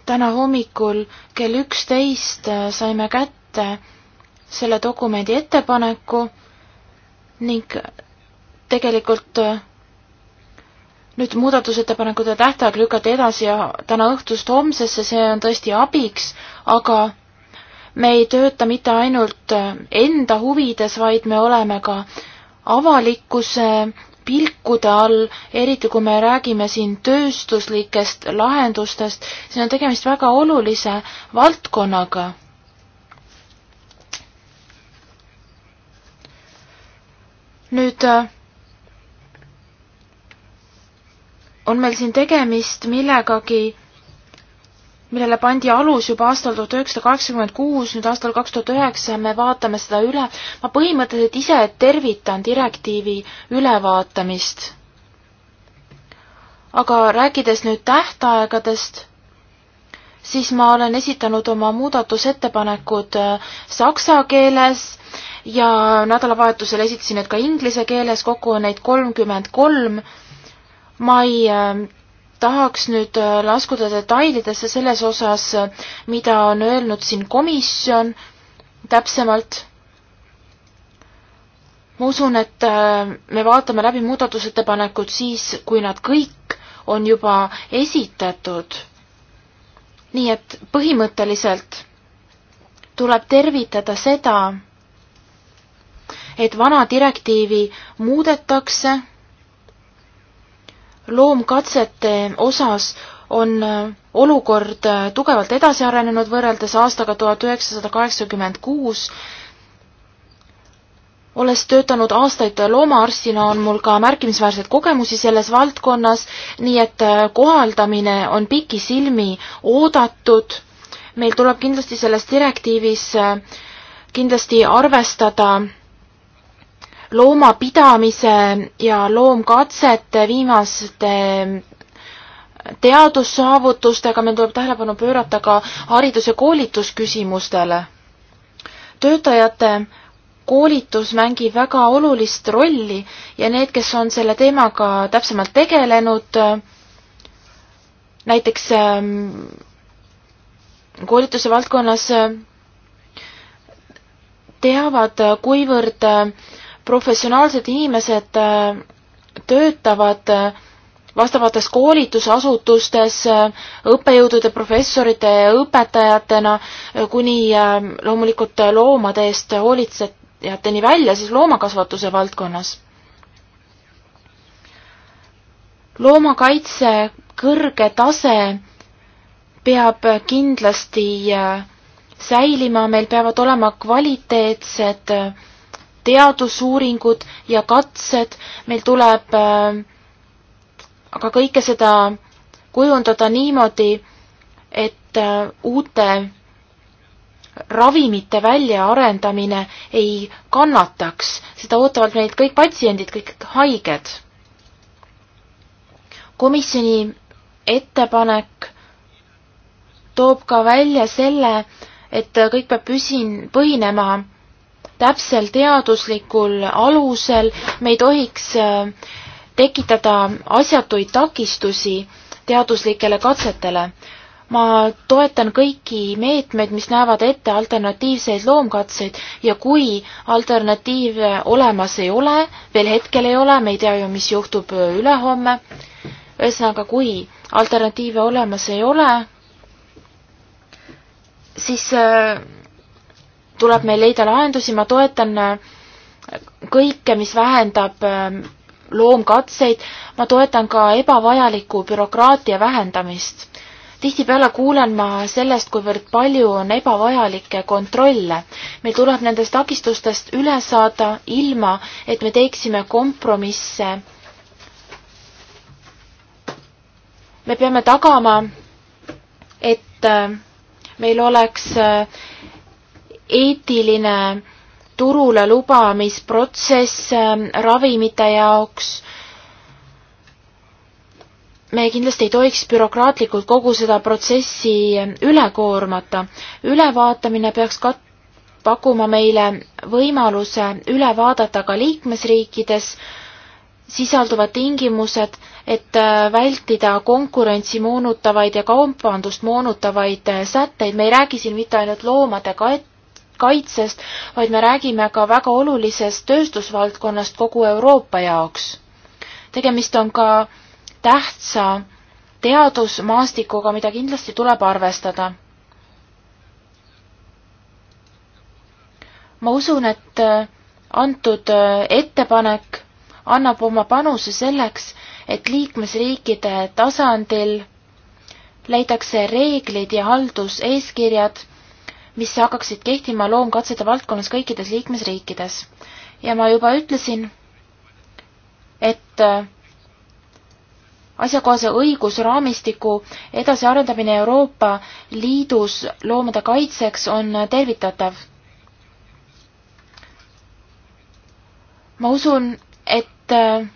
täna hommikul kell üksteist saime kätte selle dokumendi ettepaneku ning tegelikult nüüd muudatusettepanekute tähtaeg lükati edasi ja täna õhtust homsesse, see on tõesti abiks, aga me ei tööta mitte ainult äh, enda huvides, vaid me oleme ka avalikkuse pilkude all, eriti kui me räägime siin tööstuslikest lahendustest, siin on tegemist väga olulise valdkonnaga. nüüd äh, on meil siin tegemist millegagi, millele pandi alus juba aastal tuhat üheksasada kaheksakümmend kuus, nüüd aastal kaks tuhat üheksa me vaatame seda üle. ma põhimõtteliselt ise tervitan direktiivi ülevaatamist. aga rääkides nüüd tähtaegadest, siis ma olen esitanud oma muudatusettepanekud äh, saksa keeles ja nädalavahetusel esitasin need ka inglise keeles, kokku on neid kolmkümmend kolm ma ei äh, tahaks nüüd äh, laskuda detailidesse selles osas, äh, mida on öelnud siin komisjon täpsemalt. ma usun, et me vaatame läbi muudatusettepanekud siis, kui nad kõik on juba esitatud. nii et põhimõtteliselt tuleb tervitada seda, et vana direktiivi muudetakse loomkatsete osas on äh, olukord äh, tugevalt edasi arenenud võrreldes aastaga tuhat üheksasada kaheksakümmend kuus. olles töötanud aastaid loomaarstina, on mul ka märkimisväärseid kogemusi selles valdkonnas, nii et äh, kohaldamine on pikisilmi oodatud. meil tuleb kindlasti selles direktiivis kindlasti arvestada loomapidamise ja loomkatsete viimaste teadussaavutustega, meil tuleb tähelepanu pöörata ka haridus- ja koolitusküsimustele. töötajate koolitus mängib väga olulist rolli ja need, kes on selle teemaga täpsemalt tegelenud, näiteks ähm, koolituse valdkonnas äh, teavad, kuivõrd äh, professionaalsed inimesed äh, töötavad äh, vastavates koolitusasutustes äh, õppejõudude, professorite ja õpetajatena kuni loomulikult loomade eest hoolitsejateni välja siis loomakasvatuse valdkonnas. loomakaitse kõrge tase peab kindlasti säilima, meil peavad olema kvaliteetsed äh, teadusuuringud ja katsed, meil tuleb äh, aga kõike seda kujundada niimoodi, et äh, uute ravimite väljaarendamine ei kannataks, seda ootavad meilt kõik patsiendid, kõik haiged. komisjoni ettepanek toob ka välja selle, et kõik peab püsin-, põhinema täpsel teaduslikul alusel, me ei tohiks äh, tekitada asjatuid takistusi teaduslikele katsetele. ma toetan kõiki meetmeid, mis näevad ette alternatiivseid loomkatseid ja kui alternatiive olemas ei ole, veel hetkel ei ole, me ei tea ju, mis juhtub ülehomme, ühesõnaga, kui alternatiive olemas ei ole, siis äh, tuleb meil leida lahendusi, ma toetan äh, kõike, mis vähendab äh, loomkatseid, ma toetan ka ebavajaliku bürokraatia vähendamist. tihtipeale kuulen ma sellest, kuivõrd palju on ebavajalikke kontrolle. meil tuleb nendest takistustest üle saada, ilma et me teeksime kompromisse. me peame tagama, et äh, meil oleks eetiline turule lubamisprotsess ähm, ravimite jaoks. me kindlasti ei tohiks bürokraatlikult kogu seda protsessi ähm, üle koormata. ülevaatamine peaks kat-, pakkuma meile võimaluse üle vaadata ka liikmesriikides sisalduvad tingimused, et äh, vältida konkurentsi moonutavaid ja kaubandust moonutavaid äh, sätteid, me ei räägi siin mitte ainult loomade kaet-, kaitsest, vaid me räägime ka väga olulisest tööstusvaldkonnast kogu Euroopa jaoks. tegemist on ka tähtsa teadusmaastikuga, mida kindlasti tuleb arvestada. ma usun, et äh, antud äh, ettepanek annab oma panuse selleks, et liikmesriikide tasandil leitakse reeglid ja halduseeskirjad, mis hakkaksid kehtima loomkatsete valdkonnas kõikides liikmesriikides. ja ma juba ütlesin, et äh, asjakohase õigusraamistiku edasiarendamine Euroopa Liidus loomade kaitseks on tervitatav. ma usun, et äh,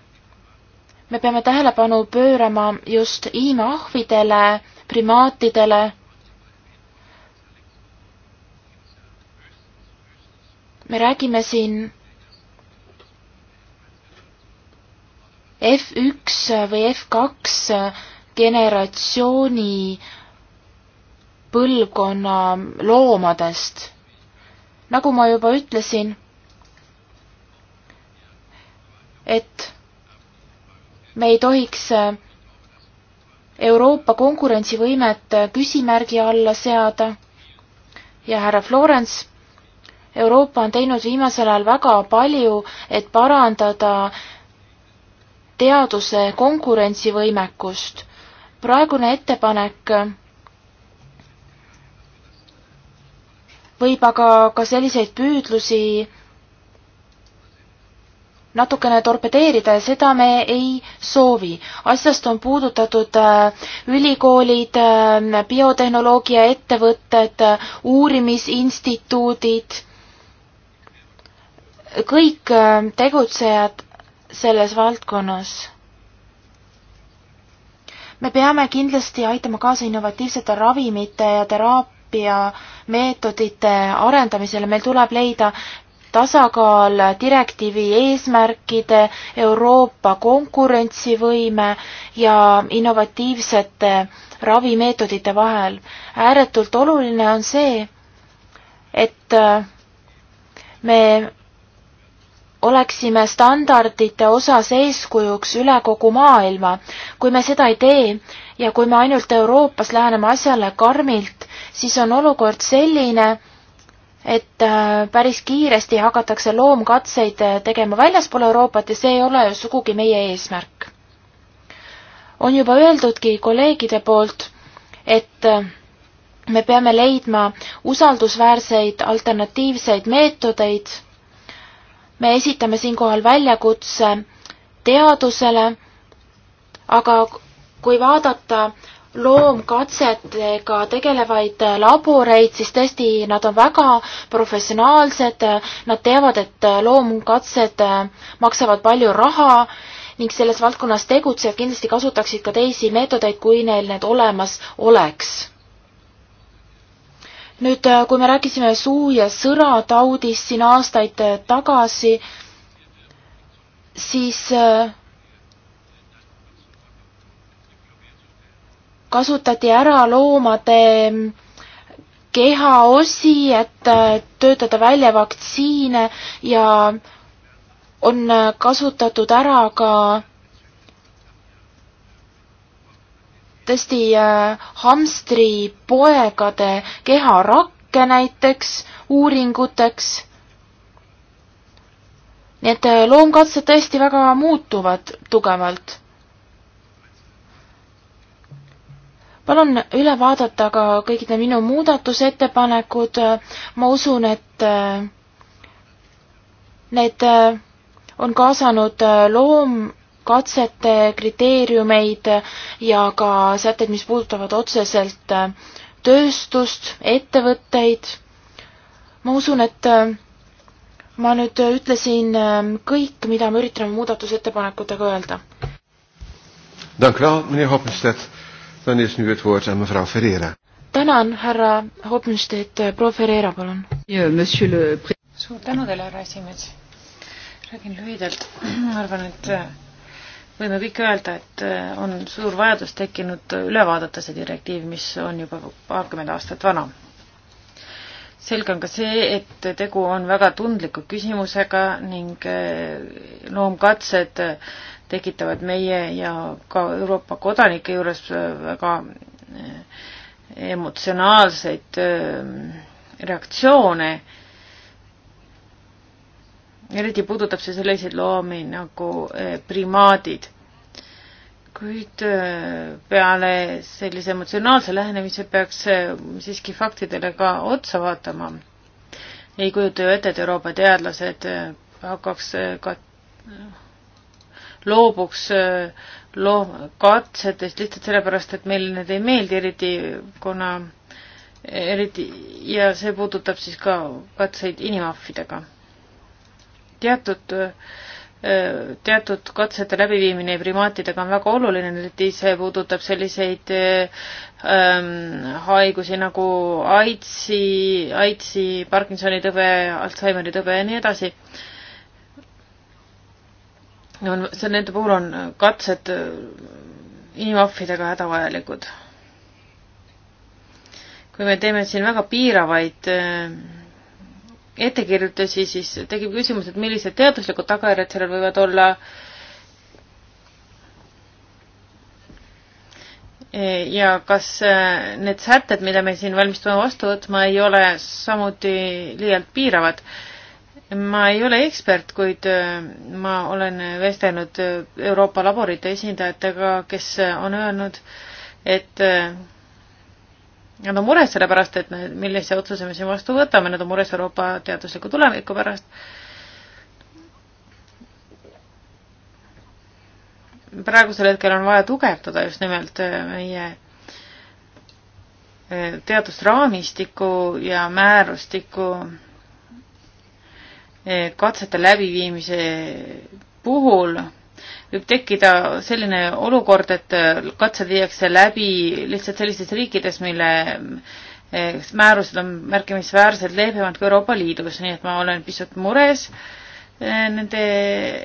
me peame tähelepanu pöörama just inimahvidele, primaatidele me räägime siin F1 või F2 generatsiooni põlvkonna loomadest. nagu ma juba ütlesin, et me ei tohiks Euroopa konkurentsivõimet küsimärgi alla seada ja härra Florence Euroopa on teinud viimasel ajal väga palju, et parandada teaduse konkurentsivõimekust. praegune ettepanek võib aga ka selliseid püüdlusi natukene torpedeerida ja seda me ei soovi. asjast on puudutatud äh, ülikoolid, äh, biotehnoloogiaettevõtted, äh, uurimisinstituudid kõik äh, tegutsejad selles valdkonnas. me peame kindlasti aitama kaasa innovatiivsete ravimite ja teraapia meetodite arendamisele, meil tuleb leida tasakaal direktiivi eesmärkide, Euroopa konkurentsivõime ja innovatiivsete ravimeetodite vahel. ääretult oluline on see, et äh, me oleksime standardite osas eeskujuks üle kogu maailma. kui me seda ei tee ja kui me ainult Euroopas läheneme asjale karmilt, siis on olukord selline, et äh, päris kiiresti hakatakse loomkatseid äh, tegema väljaspool Euroopat ja see ei ole ju sugugi meie eesmärk. on juba öeldudki kolleegide poolt, et äh, me peame leidma usaldusväärseid alternatiivseid meetodeid me esitame siinkohal väljakutse teadusele, aga kui vaadata loomkatsetega tegelevaid laboreid, siis tõesti, nad on väga professionaalsed, nad teavad, et loomkatsed maksavad palju raha ning selles valdkonnas tegutsejad kindlasti kasutaksid ka teisi meetodeid, kui neil need olemas oleks nüüd, äh, kui me rääkisime suu- ja sõrataudist siin aastaid äh, tagasi, siis äh, kasutati ära loomade mm, kehaosi, et töötada välja vaktsiine ja on kasutatud ära ka tõesti äh, hamstripoegade keharakke näiteks uuringuteks. nii et äh, loomkatsed tõesti väga muutuvad tugevalt. palun üle vaadata ka kõik need minu muudatusettepanekud, ma usun, et äh, need on kaasanud loom katsete kriteeriumeid ja ka sätteid, mis puudutavad otseselt äh, tööstust, ettevõtteid. ma usun, et äh, ma nüüd ütlesin äh, kõik, mida me üritame muudatusettepanekutega öelda. tänan, härra Hopmstedt, proua Ferreira, palun. suur tänu teile, härra esimees. räägin lühidalt, ma arvan, et võime kõik öelda, et äh, on suur vajadus tekkinud äh, üle vaadata see direktiiv, mis on juba paarkümmend aastat vana. selge on ka see, et tegu on väga tundliku küsimusega ning äh, loomkatsed tekitavad meie ja ka Euroopa kodanike juures väga emotsionaalseid reaktsioone eriti puudutab see selliseid loomi nagu eh, primaadid. kuid eh, peale sellise emotsionaalse lähenemise peaks eh, siiski faktidele ka otsa vaatama. ei kujuta ju ette, et Euroopa teadlased hakkaks ka loobuks loo-, katsetest lihtsalt sellepärast, et meile need ei meeldi, eriti kuna eriti ja see puudutab siis ka katseid inimahvidega teatud teatud katsete läbiviimine primaatidega on väga oluline, eriti see puudutab selliseid ähm, haigusi nagu AIDSi, AIDSi, Parkinsoni tõve, Alžeimeri tõve ja nii edasi. on, see, nende puhul on katsed inimohvidega hädavajalikud. kui me teeme siin väga piiravaid äh, ettekirjutusi, siis tekib küsimus, et millised teaduslikud tagajärjed sellel võivad olla. ja kas äh, need sätted, mida me siin valmistume vastu võtma, ei ole samuti liialt piiravad? ma ei ole ekspert, kuid äh, ma olen vestelnud äh, Euroopa laborite esindajatega, kes on öelnud, et Nad on mures selle pärast, et millise otsuse me siin vastu võtame, nad on mures Euroopa teadusliku tuleviku pärast. praegusel hetkel on vaja tugevdada just nimelt äh, meie äh, teadusraamistiku ja määrustiku äh, katsete läbiviimise puhul võib tekkida selline olukord, et äh, katsed viiakse läbi lihtsalt sellistes riikides, mille äh, määrused on märkimisväärselt leebemad kui Euroopa Liidus, nii et ma olen pisut mures äh, nende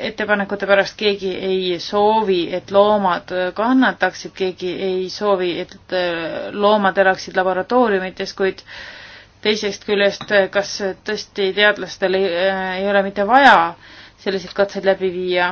ettepanekute pärast, keegi ei soovi, et loomad kannataksid, keegi ei soovi, et loomad elaksid laboratooriumites, kuid teisest küljest, kas tõesti teadlastel ei, ei ole mitte vaja selliseid katseid läbi viia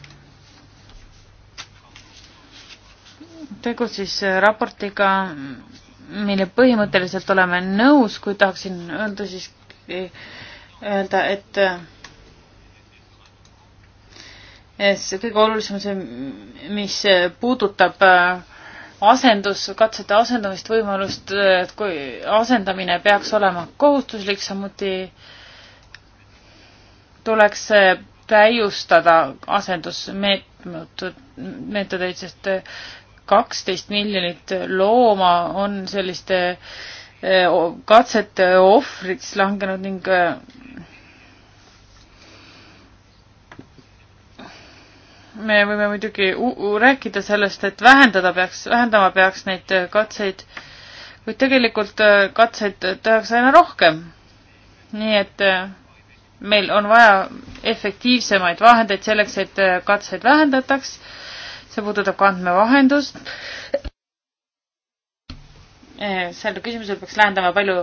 tegu siis äh, raportiga, mille põhimõtteliselt oleme nõus, kui tahaksin öelda siis, e, öelda, äh, et see kõige olulisem on see, mis puudutab äh, asendus, katsete asendamist, võimalust, et kui asendamine peaks olema kohustuslik, samuti tuleks täiustada asendusmeetmed, meetodeid, sest kaksteist miljonit looma on selliste eh, katsete ohvriks langenud ning eh, me võime muidugi rääkida sellest, et vähendada peaks, vähendama peaks neid eh, katseid, kuid tegelikult katseid tehakse aina rohkem. nii et meil on vaja efektiivsemaid vahendeid selleks, et katseid vähendataks see puudutab ka andmevahendust. Äh, sellele küsimusele peaks lähendama palju,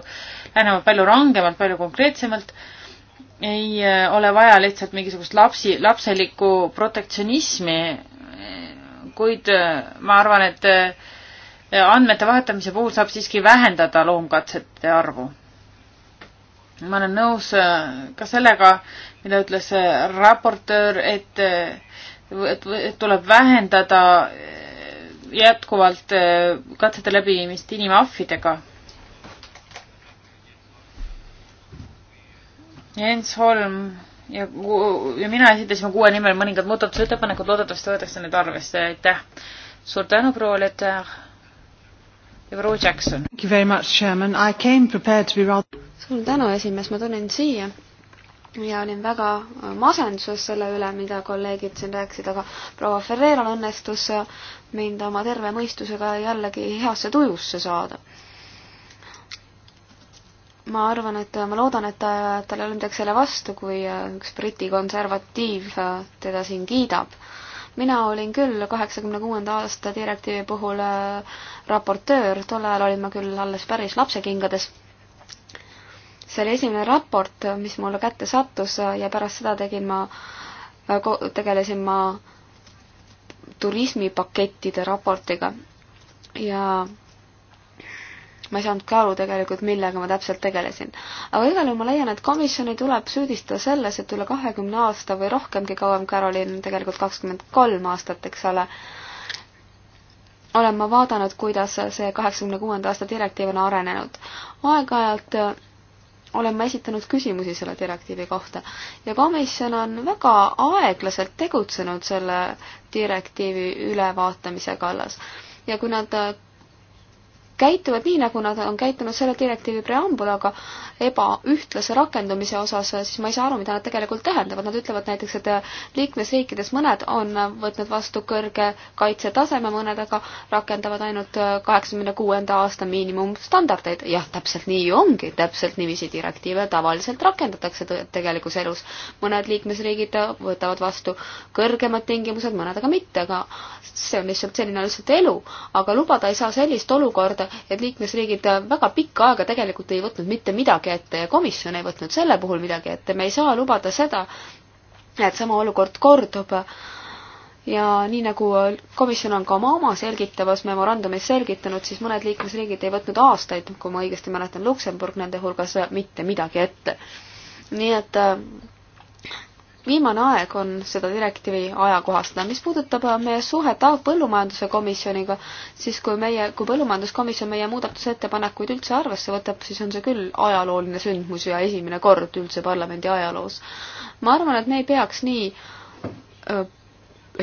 lähenema palju rangemalt, palju konkreetsemalt. ei äh, ole vaja lihtsalt mingisugust lapsi, lapselikku protektsionismi, äh, kuid ma arvan, et andmete vahetamise puhul saab siiski vähendada loomkatsete arvu. ma olen nõus ka sellega, mida ütles raportöör, et et tuleb vähendada eh, jätkuvalt eh, katsete läbiviimist inimahvidega. Jens Holm ja, ja mina esitasime kuue nimel mõningad muudatusettepanekud, loodetavasti võetakse need arvesse, aitäh. suur tänu, proua Leter ja proua Jackson. suur tänu, esimees, ma tulin siia ja olin väga äh, masenduses selle üle, mida kolleegid siin rääkisid, aga proua Ferreral õnnestus äh, mind oma terve mõistusega jällegi heasse tujusse saada. ma arvan, et äh, ma loodan, et ta, tal ei ole midagi selle vastu, kui üks Briti konservatiiv teda siin kiidab. mina olin küll kaheksakümne kuuenda aasta direktiivi puhul raportöör, tol ajal olin ma küll alles päris lapsekingades see oli esimene raport, mis mulle kätte sattus ja pärast seda tegin ma, tegelesin ma turismipakettide raportiga ja ma ei saanudki aru tegelikult, millega ma täpselt tegelesin. aga igal juhul ma leian, et komisjoni tuleb süüdistada selles, et üle kahekümne aasta või rohkemgi kauem, Carolin on tegelikult kakskümmend kolm aastat, eks ole, olen ma vaadanud, kuidas see kaheksakümne kuuenda aasta direktiiv on arenenud. aeg-ajalt olen ma esitanud küsimusi selle direktiivi kohta ja komisjon on väga aeglaselt tegutsenud selle direktiivi ülevaatamise kallas. ja kui nad käituvad nii, nagu nad on käitunud selle direktiivi preambulaga ebaühtlase rakendumise osas, siis ma ei saa aru, mida nad tegelikult tähendavad. Nad ütlevad näiteks, et liikmesriikides mõned on võtnud vastu kõrge kaitsetaseme, mõned aga rakendavad ainult kaheksakümne kuuenda aasta miinimumstandardeid. jah, täpselt nii ju ongi, täpselt niiviisi direktiive tavaliselt rakendatakse tegelikus elus. mõned liikmesriigid võtavad vastu kõrgemad tingimused, mõned aga mitte, aga see on lihtsalt, selline on lihtsalt elu. aga lubada ei saa sellist olukorda, et liikmesriigid väga pikka aega tegelikult ei võtnud mitte midagi ette ja komisjon ei võtnud selle puhul midagi ette, me ei saa lubada seda, et sama olukord kordub ja nii nagu komisjon on ka oma oma selgitavas memorandumis selgitanud, siis mõned liikmesriigid ei võtnud aastaid, kui ma õigesti mäletan, Luksemburg nende hulgas mitte midagi ette. nii et viimane aeg on seda direktiivi ajakohastada. mis puudutab äh, meie suhet põllumajanduse komisjoniga, siis kui meie, kui põllumajanduskomisjon meie muudatusettepanekuid üldse arvesse võtab, siis on see küll ajalooline sündmus ja esimene kord üldse parlamendi ajaloos. ma arvan, et me ei peaks nii äh,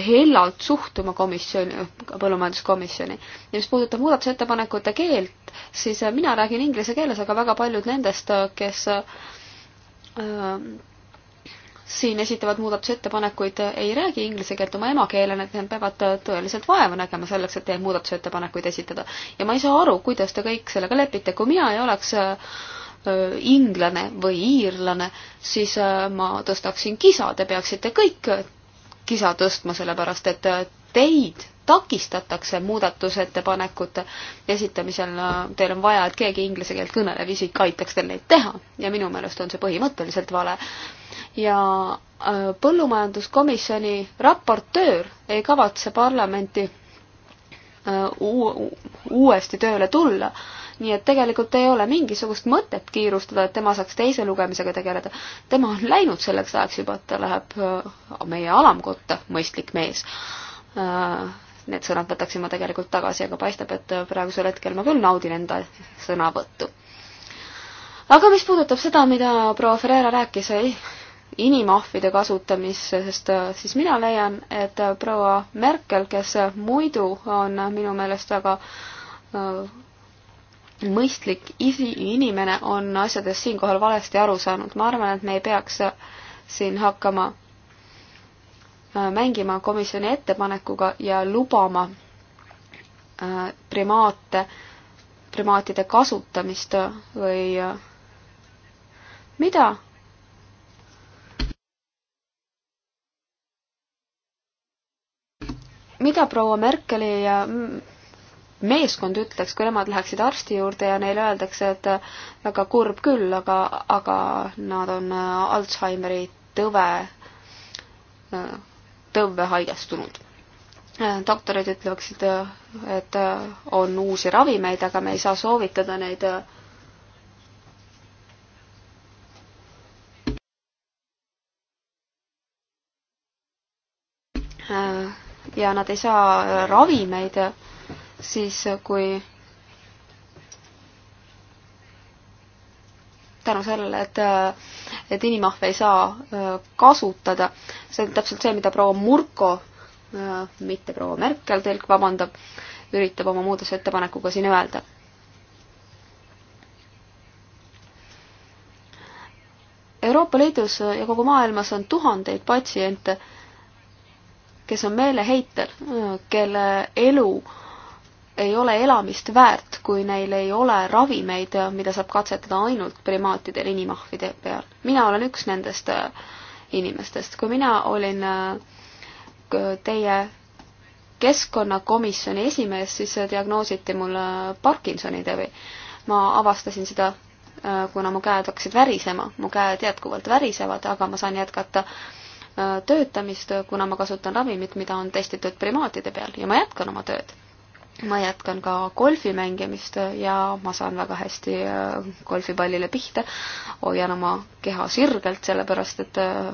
hellalt suhtuma komisjoni, äh, põllumajanduskomisjoni. ja mis puudutab muudatusettepanekute keelt, siis mina räägin inglise keeles, aga väga paljud nendest, kes äh, siin esitavad muudatusettepanekuid ei räägi inglise keelt oma emakeelena, et nad peavad tõeliselt vaeva nägema selleks, et neid muudatusettepanekuid esitada. ja ma ei saa aru, kuidas te kõik sellega lepite, kui mina ei oleks äh, inglane või iirlane, siis äh, ma tõstaksin kisa, te peaksite kõik kisa tõstma, sellepärast et äh, teid takistatakse muudatusettepanekute esitamisel, teil on vaja, et keegi inglise keelt kõnelev isik aitaks teil neid teha ja minu meelest on see põhimõtteliselt vale. ja äh, põllumajanduskomisjoni raportöör ei kavatse parlamenti äh, uuesti tööle tulla nii et tegelikult ei ole mingisugust mõtet kiirustada, et tema saaks teise lugemisega tegeleda. tema on läinud selleks ajaks juba, et ta läheb äh, meie alamkotta, mõistlik mees need sõnad võtaksin ma tegelikult tagasi, aga paistab, et praegusel hetkel ma küll naudin enda sõnavõttu. aga mis puudutab seda, mida proua Ferreira rääkis inimahvide kasutamisest, äh, siis mina leian, et äh, proua Merkel, kes äh, muidu on minu meelest väga mõistlik isi, inimene, on asjadest siinkohal valesti aru saanud. ma arvan, et me ei peaks siin hakkama Äh, mängima komisjoni ettepanekuga ja lubama äh, primaate, primaatide kasutamist või äh, mida? mida proua Merkeli meeskond ütleks, kui nemad läheksid arsti juurde ja neile öeldakse, et väga kurb küll, aga, aga nad on Alžeimeri tõve tõmbe haigestunud. Äh, doktorid ütleksid, äh, et äh, on uusi ravimeid, aga me ei saa soovitada neid ja nad ei saa ravimeid, siis kui tänu sellele, et, et inimahve ei saa kasutada. see on täpselt see, mida proua Murko, mitte proua Merkel, tõlk vabandab, üritab oma muudatusettepanekuga siin öelda. Euroopa Liidus ja kogu maailmas on tuhandeid patsiente, kes on meeleheitel, kelle elu äh, ei ole elamist väärt, kui neil ei ole ravimeid, mida saab katsetada ainult primaatidel inimahvide peal. mina olen üks nendest äh, inimestest. kui mina olin äh, teie keskkonnakomisjoni esimees, siis äh, diagnoositi mul Parkinsoni tüvi. ma avastasin seda, kuna mu käed hakkasid värisema, mu käed jätkuvalt värisevad, aga ma saan jätkata töötamist, kuna ma kasutan ravimit, mida on testitud primaatide peal ja ma jätkan oma tööd ma jätkan ka golfi mängimist ja ma saan väga hästi äh, golfipallile pihta, hoian oma keha sirgelt, sellepärast et äh,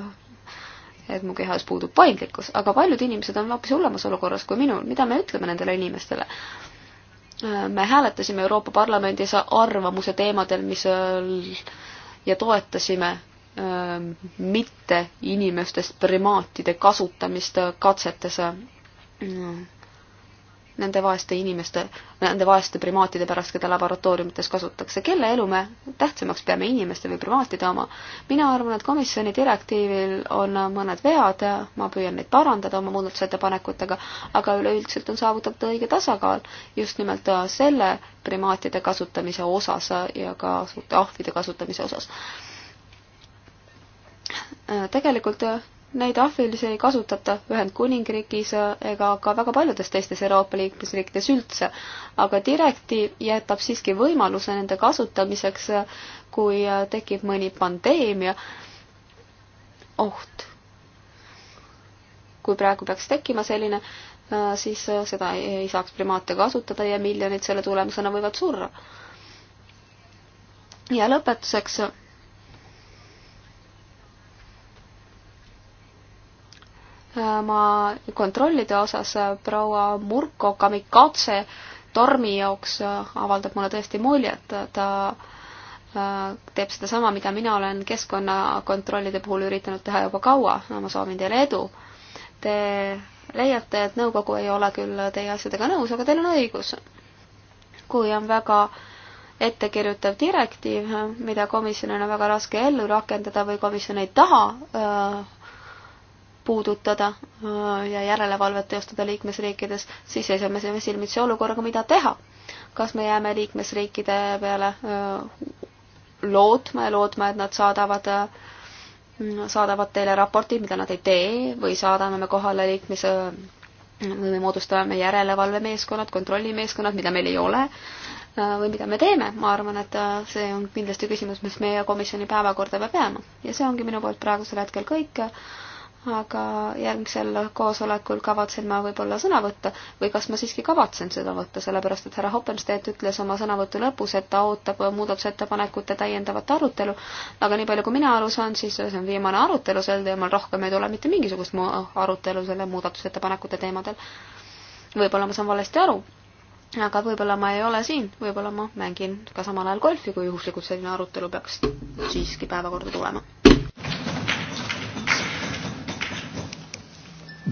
et mu kehas puudub paindlikkus, aga paljud inimesed on hoopis hullemas olukorras kui minul, mida me ütleme nendele inimestele? Äh, me hääletasime Euroopa Parlamendis arvamuse teemadel, mis ja toetasime mitte inimestest primaatide kasutamist katsetes nende vaeste inimeste, nende vaeste primaatide pärast, keda laboratooriumites kasutatakse. kelle elu me tähtsamaks peame, inimeste või primaatide oma? mina arvan, et komisjoni direktiivil on mõned vead ja ma püüan neid parandada oma muudatusettepanekutega, aga üleüldiselt on saavutatud õige tasakaal just nimelt selle primaatide kasutamise osas ja ka ahvide kasutamise osas tegelikult Neid ahvilisi ei kasutata Ühendkuningriigis ega ka väga paljudes teistes Euroopa liikmesriikides üldse, aga direktiiv jätab siiski võimaluse nende kasutamiseks, kui tekib mõni pandeemia oht. kui praegu peaks tekkima selline, siis seda ei, ei saaks primaate kasutada ja miljonid selle tulemusena võivad surra. ja lõpetuseks ma kontrollide osas äh, proua Murko Kamikatse tormi jaoks äh, avaldab mulle tõesti muljet, ta äh, teeb sedasama, mida mina olen keskkonnakontrollide puhul üritanud teha juba kaua, ma soovin teile edu. Te leiate, et nõukogu ei ole küll teie asjadega nõus, aga teil on õigus. kui on väga ettekirjutav direktiiv, mida komisjonil on väga raske ellu rakendada või komisjon ei taha puudutada äh, ja järelevalvet teostada liikmesriikides, siis seisame silmitsi olukorraga, mida teha. kas me jääme liikmesriikide peale äh, lootma ja lootma, et nad saadavad, äh, saadavad teile raportid, mida nad ei tee, või saadame me kohale liikmes- või me moodustame järelevalvemeeskonnad, kontrollimeeskonnad, mida meil ei ole, või mida me teeme, ma arvan, et see on kindlasti küsimus, mis meie komisjoni päevakorda peab jääma. ja see ongi minu poolt praegusel hetkel kõik aga järgmisel koosolekul kavatsen ma võib-olla sõna võtta või kas ma siiski kavatsen sõna võtta, sellepärast et härra Hoppenstedt ütles oma sõnavõtu lõpus, et ta ootab muudatusettepanekute täiendavat arutelu, aga nii palju, kui mina aru saan, siis see on viimane arutelu sel teemal, rohkem ei tule mitte mingisugust arutelu selle muudatusettepanekute teemadel. võib-olla ma saan valesti aru, aga võib-olla ma ei ole siin, võib-olla ma mängin ka samal ajal golfi, kui juhuslikult selline arutelu peaks siiski päevakorda tulema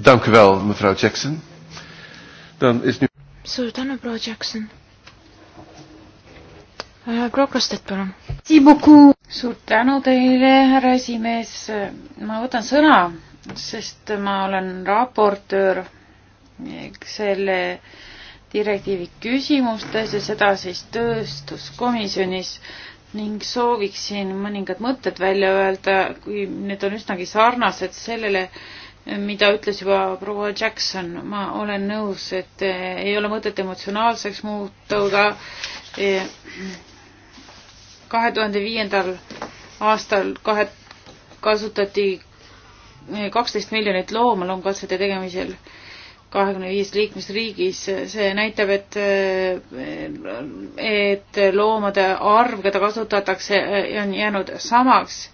Dank u wel, mevrouw Jackson. Dan is nu... suur tänu, proua Jackson äh,. proua Krustet, palun. suur tänu teile, härra esimees. ma võtan sõna, sest ma olen raportöör selle direktiivi küsimustes ja seda siis tööstuskomisjonis ning sooviksin mõningad mõtted välja öelda, kui need on üsnagi sarnased sellele, mida ütles juba proua Jackson, ma olen nõus, et eh, ei ole mõtet emotsionaalseks muutuda. kahe tuhande viiendal aastal kahe, kasutati eh, kaksteist miljonit loomaloomakatsete tegemisel kahekümne viies liikmesriigis. see näitab, et, eh, et loomade arv, keda kasutatakse, on jäänud samaks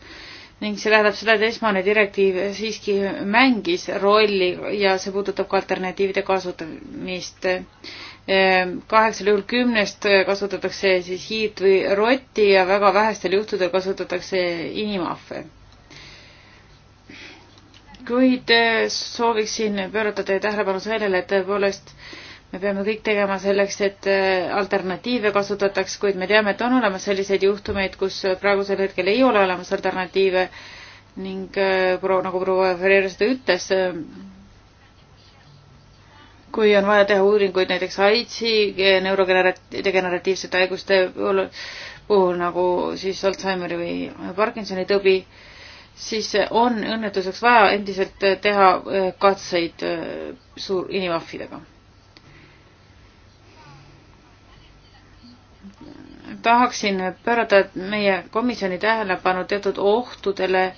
ning see tähendab seda, et esmane direktiiv siiski mängis rolli ja see puudutab ka alternatiivide kasutamist. Ehm, kaheksal juhul kümnest kasutatakse siis hiid või rotti ja väga vähestel juhtudel kasutatakse inimahve. kuid eh, sooviksin pöörata teie tähelepanu sellele, et tõepoolest äh, me peame kõik tegema selleks, et äh, alternatiive kasutataks, kuid me teame, et on olemas selliseid juhtumeid, kus praegusel hetkel ei ole olemas alternatiive ning äh, pro, nagu proua Ferreira seda ütles, äh, kui on vaja teha uuringuid näiteks AIDSi neurodegeneratiivsete haiguste puhul nagu siis Alžeimeri või Parkinsoni tõbi, siis on õnnetuseks vaja endiselt teha katseid suur inimahvidega tahaksin pöörata meie komisjoni tähelepanu teatud ohtudele,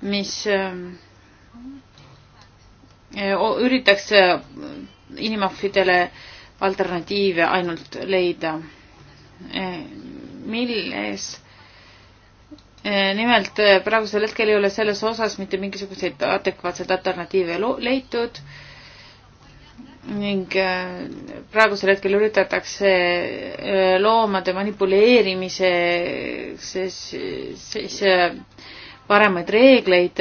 mis ähm, eh, üritaks inimahvidele alternatiive ainult leida. Eh, milles? Eh, nimelt praegusel hetkel ei ole selles osas mitte mingisuguseid adekvaatseid alternatiive leitud ning äh, praegusel hetkel üritatakse äh, loomade manipuleerimise siis, siis äh, paremaid reegleid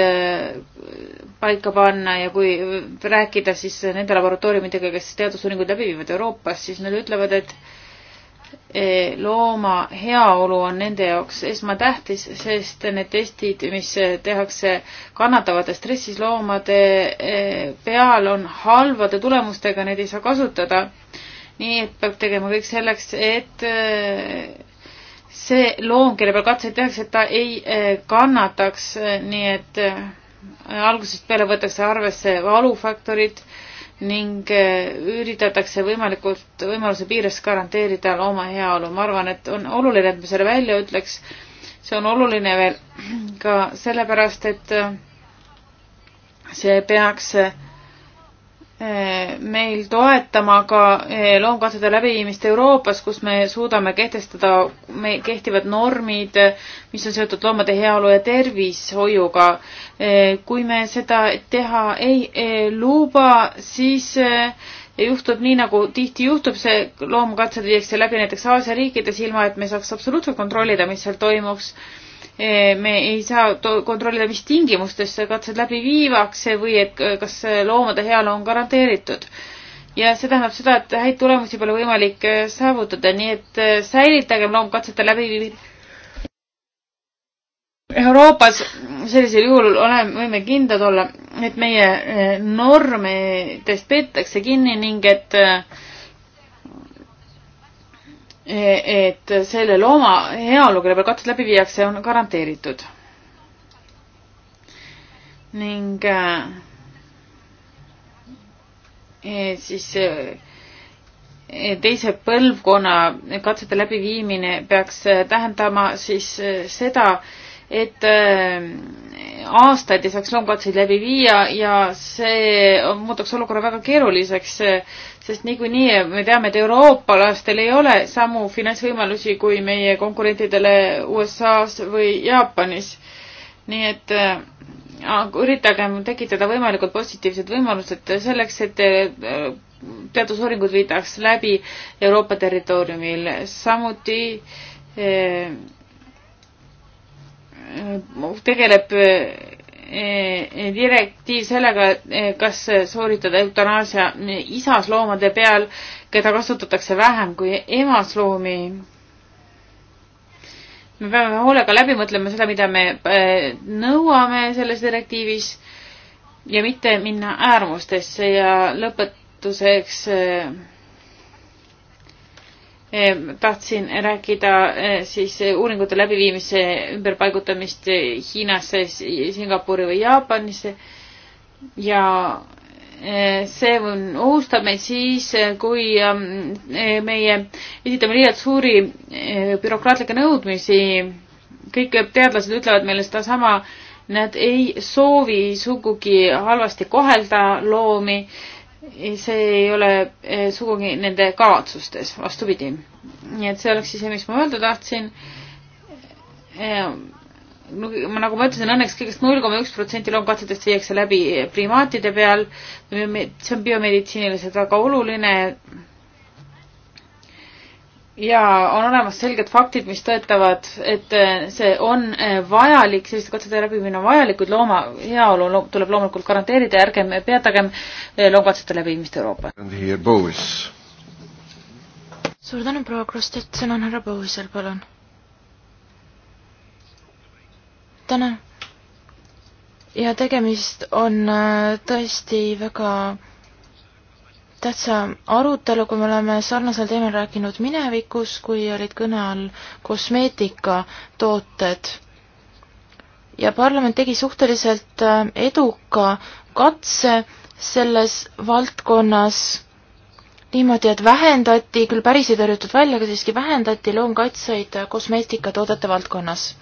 paika panna ja kui rääkida siis nende laboratooriumidega, kes teadusuuringuid läbi viivad Euroopas, siis nad ütlevad, et E, looma heaolu on nende jaoks esmatähtis, sest need testid, mis tehakse kannatavate stressis loomade e, peal, on halvade tulemustega, neid ei saa kasutada. nii et peab tegema kõik selleks, et e, see loom, kelle peal katseid tehakse, et ta ei kannataks, nii et algusest peale võetakse arvesse valufaktorid ning eh, üritatakse võimalikult võimaluse piires garanteerida looma heaolu. ma arvan, et on oluline, et me selle välja ütleks. see on oluline veel ka sellepärast, et eh, see peaks eh, meil toetama ka eh, loomkatsede läbiviimist Euroopas, kus me suudame kehtestada me kehtivad normid, mis on seotud loomade heaolu ja tervishoiuga. Eh, kui me seda teha ei, ei eh, luba, siis juhtub nii, nagu tihti juhtub, see loomkatsed viiakse läbi näiteks Aasia riikides, ilma et me saaks absoluutselt kontrollida, mis seal toimuks Eh, me ei saa kontrollida, mis tingimustes katsed läbi viiakse või et kas loomade heaolu on garanteeritud. ja see tähendab seda, et häid tulemusi pole võimalik eh, saavutada, nii et eh, säilitagem loomkatsete läbiviimine. Euroopas sellisel juhul oleme, võime kindlad olla, et meie normidest peetakse kinni ning et äh, et selle looma heaolu, kelle peal katsed läbi viiakse, on garanteeritud. ning äh, e, siis äh, e, teise põlvkonna katsete läbiviimine peaks äh, tähendama siis äh, seda, et äh, aastaid ei saaks loomkatseid läbi viia ja see muudaks olukorra väga keeruliseks sest niikuinii me teame, et euroopalastel ei ole samu finantsvõimalusi kui meie konkurentidele USA-s või Jaapanis. nii et äh, üritagem tekitada võimalikult positiivsed võimalused selleks, et äh, teadusuuringud viidaks läbi Euroopa territooriumil, samuti äh, tegeleb Eh, direktiiv sellega, eh, kas sooritada eutanaasia isas loomade peal, keda kasutatakse vähem kui emas loomi. me peame hoolega läbi mõtlema seda, mida me eh, nõuame selles direktiivis ja mitte minna äärmustesse ja lõpetuseks Ehm, tahtsin rääkida eh, siis eh, uuringute läbiviimise ümberpaigutamist eh, Hiinasse, Singapuri või Jaapanisse ja see on, ohustab meid siis, kui ehm, meie esitame liialt suuri bürokraatlikke nõudmisi. kõik teadlased ütlevad meile sedasama, nad ei soovi sugugi halvasti kohelda loomi see ei ole eh, sugugi nende kavatsustes, vastupidi. nii et see oleks siis see, mis ma öelda tahtsin. Eh, no, nagu ma ütlesin, õnneks kõigest null koma üks protsenti loomkatsetest viiakse läbi primaatide peal. see on biomeditsiiniliselt väga oluline ja on olemas selged faktid, mis tõetavad, et äh, see on äh, vajalik, selliste katsete läbimine on vajalik, kuid looma heaolu lo tuleb loomulikult garanteerida ja ärgem peatagem äh, loomkatsete läbiviimist Euroopas. suur tänu, proua Krustet, sõna on härra Põusel, palun. tänan. ja tegemist on tõesti väga tähtsa arutelu, kui me oleme sarnasel teemal rääkinud minevikus, kui olid kõne all kosmeetikatooted. ja parlament tegi suhteliselt äh, eduka katse selles valdkonnas niimoodi, et vähendati, küll päris ei tõrjutud välja, aga siiski vähendati loomkaitseid äh, kosmeetikatoodete valdkonnas.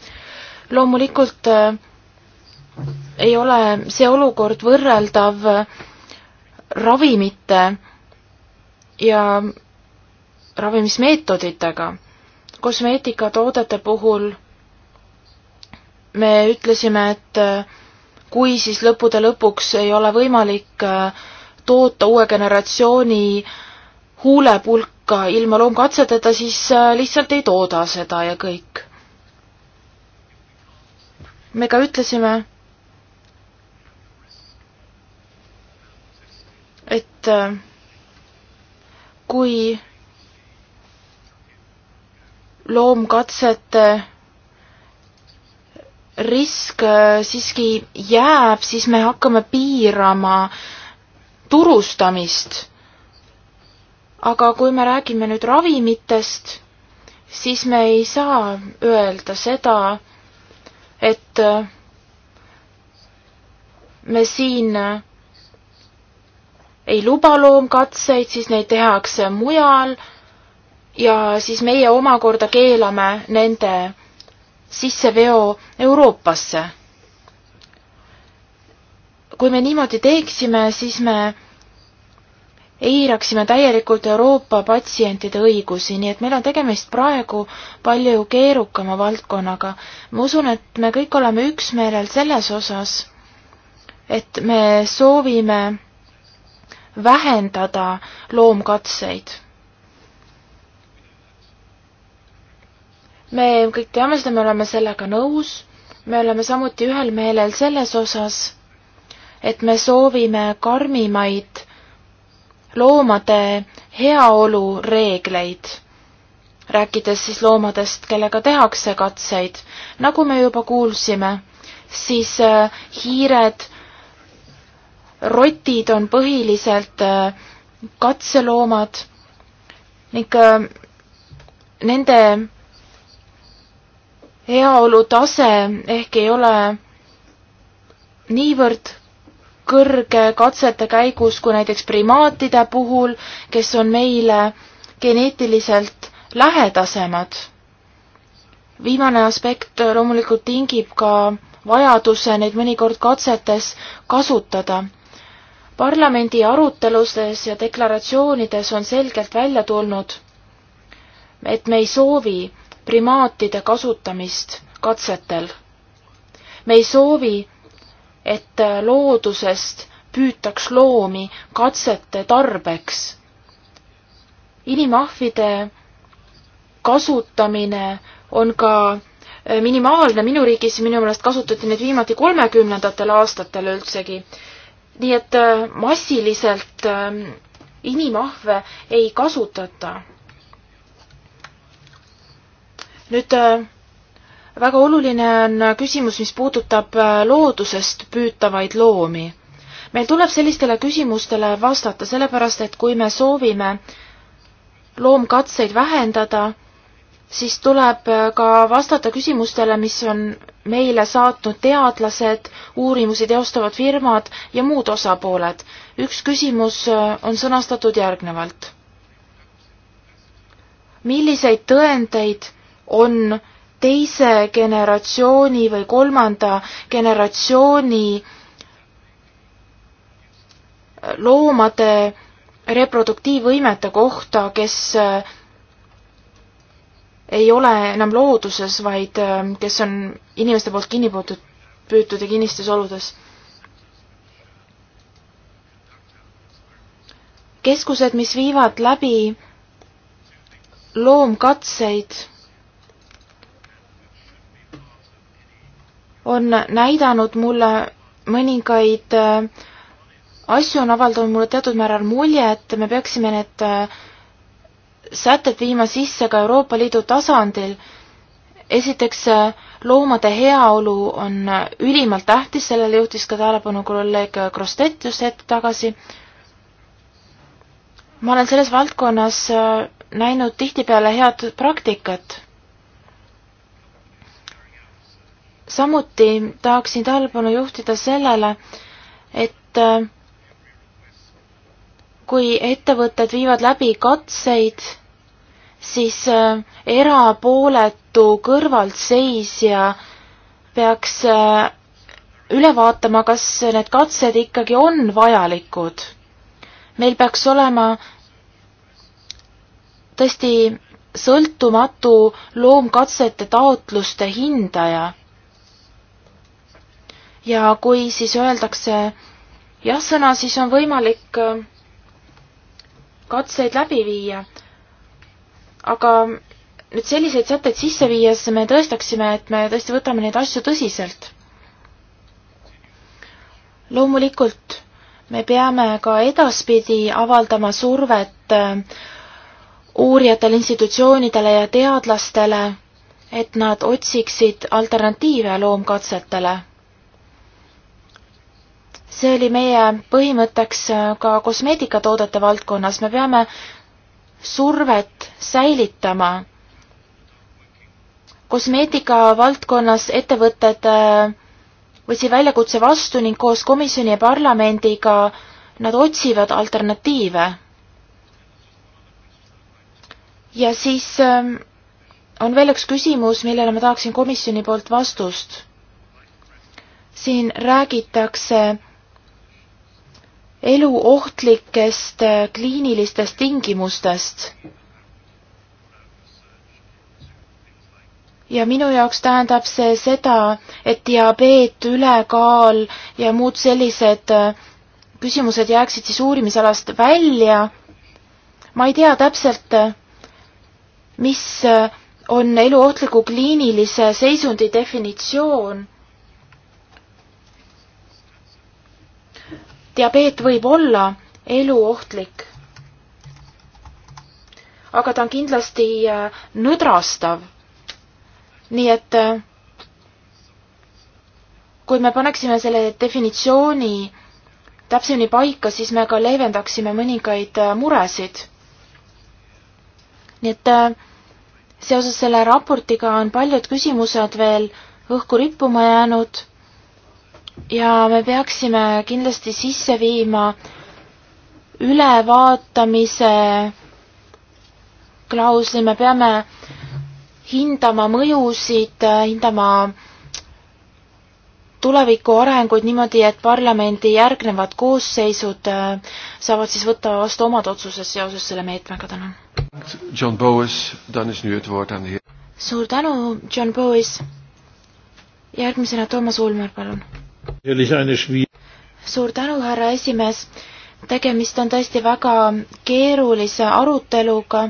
loomulikult äh, ei ole see olukord võrreldav äh, ravimite ja ravimismeetoditega. kosmeetikatoodete puhul me ütlesime, et äh, kui siis lõppude lõpuks ei ole võimalik äh, toota uue generatsiooni huulepulka ilma loomkatseteta, siis äh, lihtsalt ei tooda seda ja kõik. me ka ütlesime, et äh, kui loomkatsete risk äh, siiski jääb, siis me hakkame piirama turustamist. aga kui me räägime nüüd ravimitest, siis me ei saa öelda seda, et äh, me siin äh, ei luba loomkatseid, siis neid tehakse mujal ja siis meie omakorda keelame nende sisseveo Euroopasse. kui me niimoodi teeksime, siis me eiraksime täielikult Euroopa patsientide õigusi, nii et meil on tegemist praegu palju keerukama valdkonnaga. ma usun, et me kõik oleme üksmeelel selles osas, et me soovime vähendada loomkatseid. me kõik teame seda, me oleme sellega nõus, me oleme samuti ühel meelel selles osas, et me soovime karmimaid loomade heaolu reegleid rääkides siis loomadest, kellega tehakse katseid. nagu me juba kuulsime, siis äh, hiired rotid on põhiliselt äh, katseloomad ning äh, nende heaolutase ehk ei ole niivõrd kõrge katsete käigus kui näiteks primaatide puhul, kes on meile geneetiliselt lähedasemad. viimane aspekt loomulikult tingib ka vajaduse neid mõnikord katsetes kasutada parlamendi aruteludes ja deklaratsioonides on selgelt välja tulnud, et me ei soovi primaatide kasutamist katsetel. me ei soovi, et loodusest püütaks loomi katsete tarbeks. inimahvide kasutamine on ka minimaalne, minu riigis minu meelest kasutati neid viimati kolmekümnendatel aastatel üldsegi nii et äh, massiliselt ähm, inimahve ei kasutata. nüüd äh, väga oluline on küsimus, mis puudutab äh, loodusest püütavaid loomi. meil tuleb sellistele küsimustele vastata, sellepärast et kui me soovime loomkatseid vähendada, siis tuleb äh, ka vastata küsimustele, mis on meile saatnud teadlased, uurimusi teostavad firmad ja muud osapooled. üks küsimus äh, on sõnastatud järgnevalt. milliseid tõendeid on teise generatsiooni või kolmanda generatsiooni loomade reproduktiivvõimete kohta, kes äh, ei ole enam looduses, vaid ähm, kes on inimeste poolt kinni puutud, püütud ja kinnistes oludes. keskused, mis viivad läbi loomkatseid, on näidanud mulle mõningaid äh, asju, on avaldanud mulle teatud määral mulje, et me peaksime need äh, sätted viima sisse ka Euroopa Liidu tasandil. esiteks, äh, loomade heaolu on äh, ülimalt tähtis, sellele juhtis ka tähelepanu kolleeg Krostet just hetk tagasi. ma olen selles valdkonnas äh, näinud tihtipeale head praktikat. samuti tahaksin tähelepanu juhtida sellele, et kui ettevõtted viivad läbi katseid siis äh, erapooletu kõrvaltseisja peaks äh, üle vaatama, kas need katsed ikkagi on vajalikud. meil peaks olema tõesti sõltumatu loomkatsete taotluste hindaja. ja kui siis öeldakse jah-sõna, siis on võimalik äh, katseid läbi viia aga nüüd selliseid sätteid sisse viies me tõestaksime, et me tõesti võtame neid asju tõsiselt. loomulikult me peame ka edaspidi avaldama survet äh, uurijatele, institutsioonidele ja teadlastele, et nad otsiksid alternatiive loomkatsetele. see oli meie põhimõtteks äh, ka kosmeetikatoodete valdkonnas, me peame survet säilitama. kosmeetika valdkonnas ettevõtted äh, võtsid väljakutse vastu ning koos komisjoni ja parlamendiga nad otsivad alternatiive. ja siis äh, on veel üks küsimus, millele ma tahaksin komisjoni poolt vastust. siin räägitakse eluohtlikest äh, kliinilistest tingimustest. ja minu jaoks tähendab see seda, et diabeet, ülekaal ja muud sellised äh, küsimused jääksid siis uurimisalast välja. ma ei tea täpselt, äh, mis on eluohtliku kliinilise seisundi definitsioon diabeet võib olla eluohtlik, aga ta on kindlasti äh, nõdrastav. nii et äh, kui me paneksime selle definitsiooni täpsemini paika, siis me ka leevendaksime mõningaid äh, muresid. nii et seoses selle raportiga on paljud küsimused veel õhku rippuma jäänud ja me peaksime kindlasti sisse viima ülevaatamise klausli, me peame hindama mõjusid, hindama tuleviku arenguid niimoodi, et parlamendi järgnevad koosseisud äh, saavad siis võtta vastu omad otsused seoses selle meetmega, tänan. John Bowes, Dennis Nüüt, Ward and the suur tänu, John Bowes. järgmisena Toomas Ulmer, palun suur tänu, härra esimees. tegemist on tõesti väga keerulise aruteluga,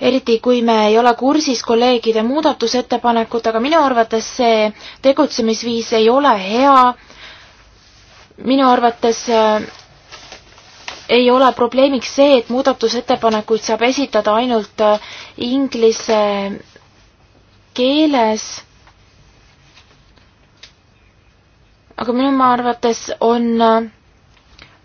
eriti kui me ei ole kursis kolleegide muudatusettepanekutega. minu arvates see tegutsemisviis ei ole hea. minu arvates äh, ei ole probleemiks see, et muudatusettepanekuid saab esitada ainult äh, inglise keeles aga minu arvates on äh,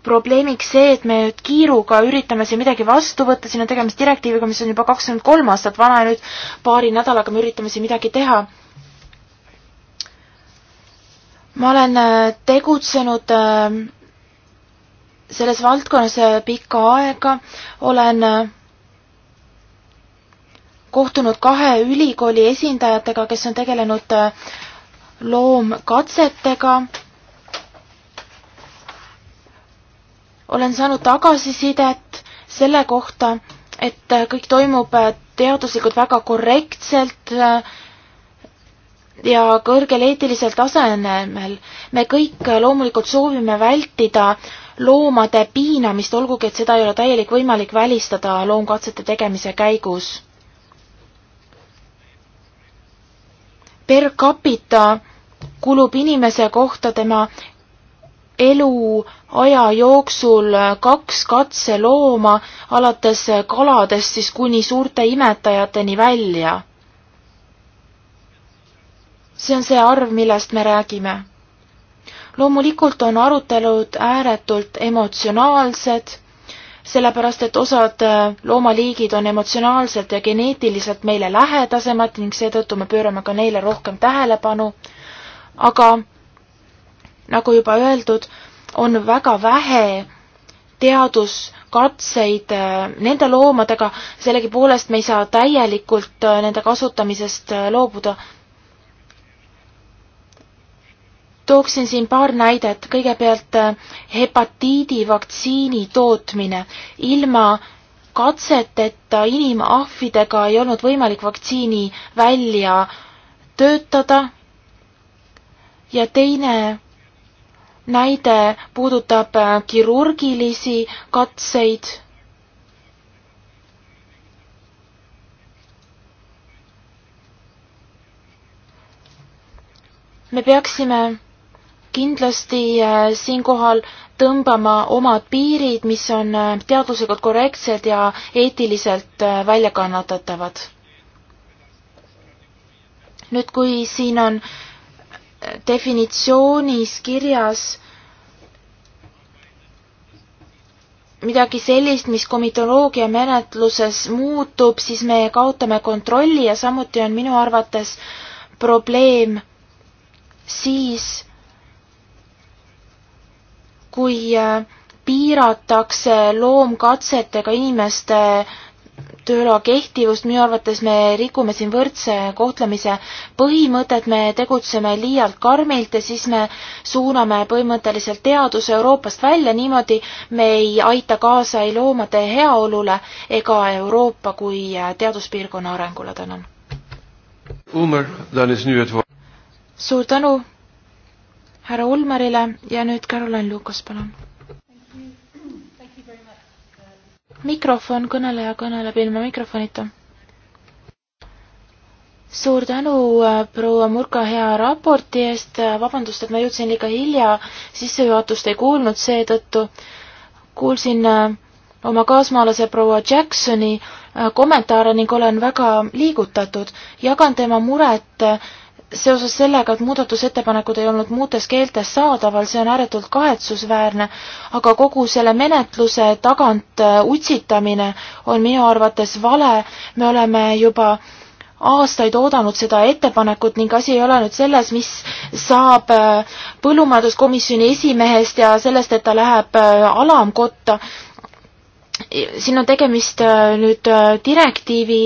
probleemiks see, et me nüüd kiiruga üritame siin midagi vastu võtta, siin on tegemist direktiiviga, mis on juba kakskümmend kolm aastat vana ja nüüd paari nädalaga me üritame siin midagi teha. ma olen äh, tegutsenud äh, selles valdkonnas pikka aega, olen kohtunud kahe ülikooli esindajatega, kes on tegelenud loomkatsetega olen saanud tagasisidet selle kohta, et äh, kõik toimub äh, teaduslikult väga korrektselt äh, ja kõrgel eetilisel tasemel. me kõik loomulikult soovime vältida loomade piinamist, olgugi et seda ei ole täielik võimalik välistada loomkatsete tegemise käigus. per capita kulub inimese kohta tema elu aja jooksul kaks katselooma, alates kaladest siis kuni suurte imetajateni välja. see on see arv, millest me räägime. loomulikult on arutelud ääretult emotsionaalsed, sellepärast et osad loomaliigid on emotsionaalselt ja geneetiliselt meile lähedasemad ning seetõttu me pöörame ka neile rohkem tähelepanu. aga nagu juba öeldud, on väga vähe teaduskatseid äh, nende loomadega, sellegipoolest me ei saa täielikult äh, nende kasutamisest äh, loobuda. tooksin siin paar näidet, kõigepealt hepatiidi vaktsiini tootmine. ilma katseteta inimahvidega ei olnud võimalik vaktsiini välja töötada. ja teine näide puudutab äh, kirurgilisi katseid. me peaksime kindlasti äh, siinkohal tõmbama omad piirid, mis on äh, teaduslikult korrektsed ja eetiliselt väljakannatatavad. nüüd, kui siin on äh, definitsioonis kirjas midagi sellist, mis komitoloogia menetluses muutub, siis me kaotame kontrolli ja samuti on minu arvates probleem siis, kui äh, piiratakse loomkatsetega inimeste tööloa kehtivust, minu arvates me rikume siin võrdse kohtlemise põhimõtet, me tegutseme liialt karmilt ja siis me suuname põhimõtteliselt teaduse Euroopast välja, niimoodi me ei aita kaasa ei loomade heaolule ega Euroopa kui teaduspiirkonna arengule, tänan. suur tänu härra Ulmarile ja nüüd Caroline Lukas, palun mikrofon, kõneleja kõneleb ilma mikrofonita. suur tänu, äh, proua Murka, hea raporti eest, äh, vabandust, et ma jõudsin liiga hilja, sissejuhatust ei kuulnud seetõttu. kuulsin äh, oma kaasmaalase proua Jacksoni kommentaare ning olen väga liigutatud, jagan tema muret äh, seoses sellega, et muudatusettepanekud ei olnud muutes keeltes saadaval, see on ääretult kahetsusväärne, aga kogu selle menetluse tagant äh, utsitamine on minu arvates vale, me oleme juba aastaid oodanud seda ettepanekut ning asi ei ole nüüd selles, mis saab äh, põllumajanduskomisjoni esimehest ja sellest, et ta läheb äh, alamkotta siin on tegemist äh, nüüd äh, direktiivi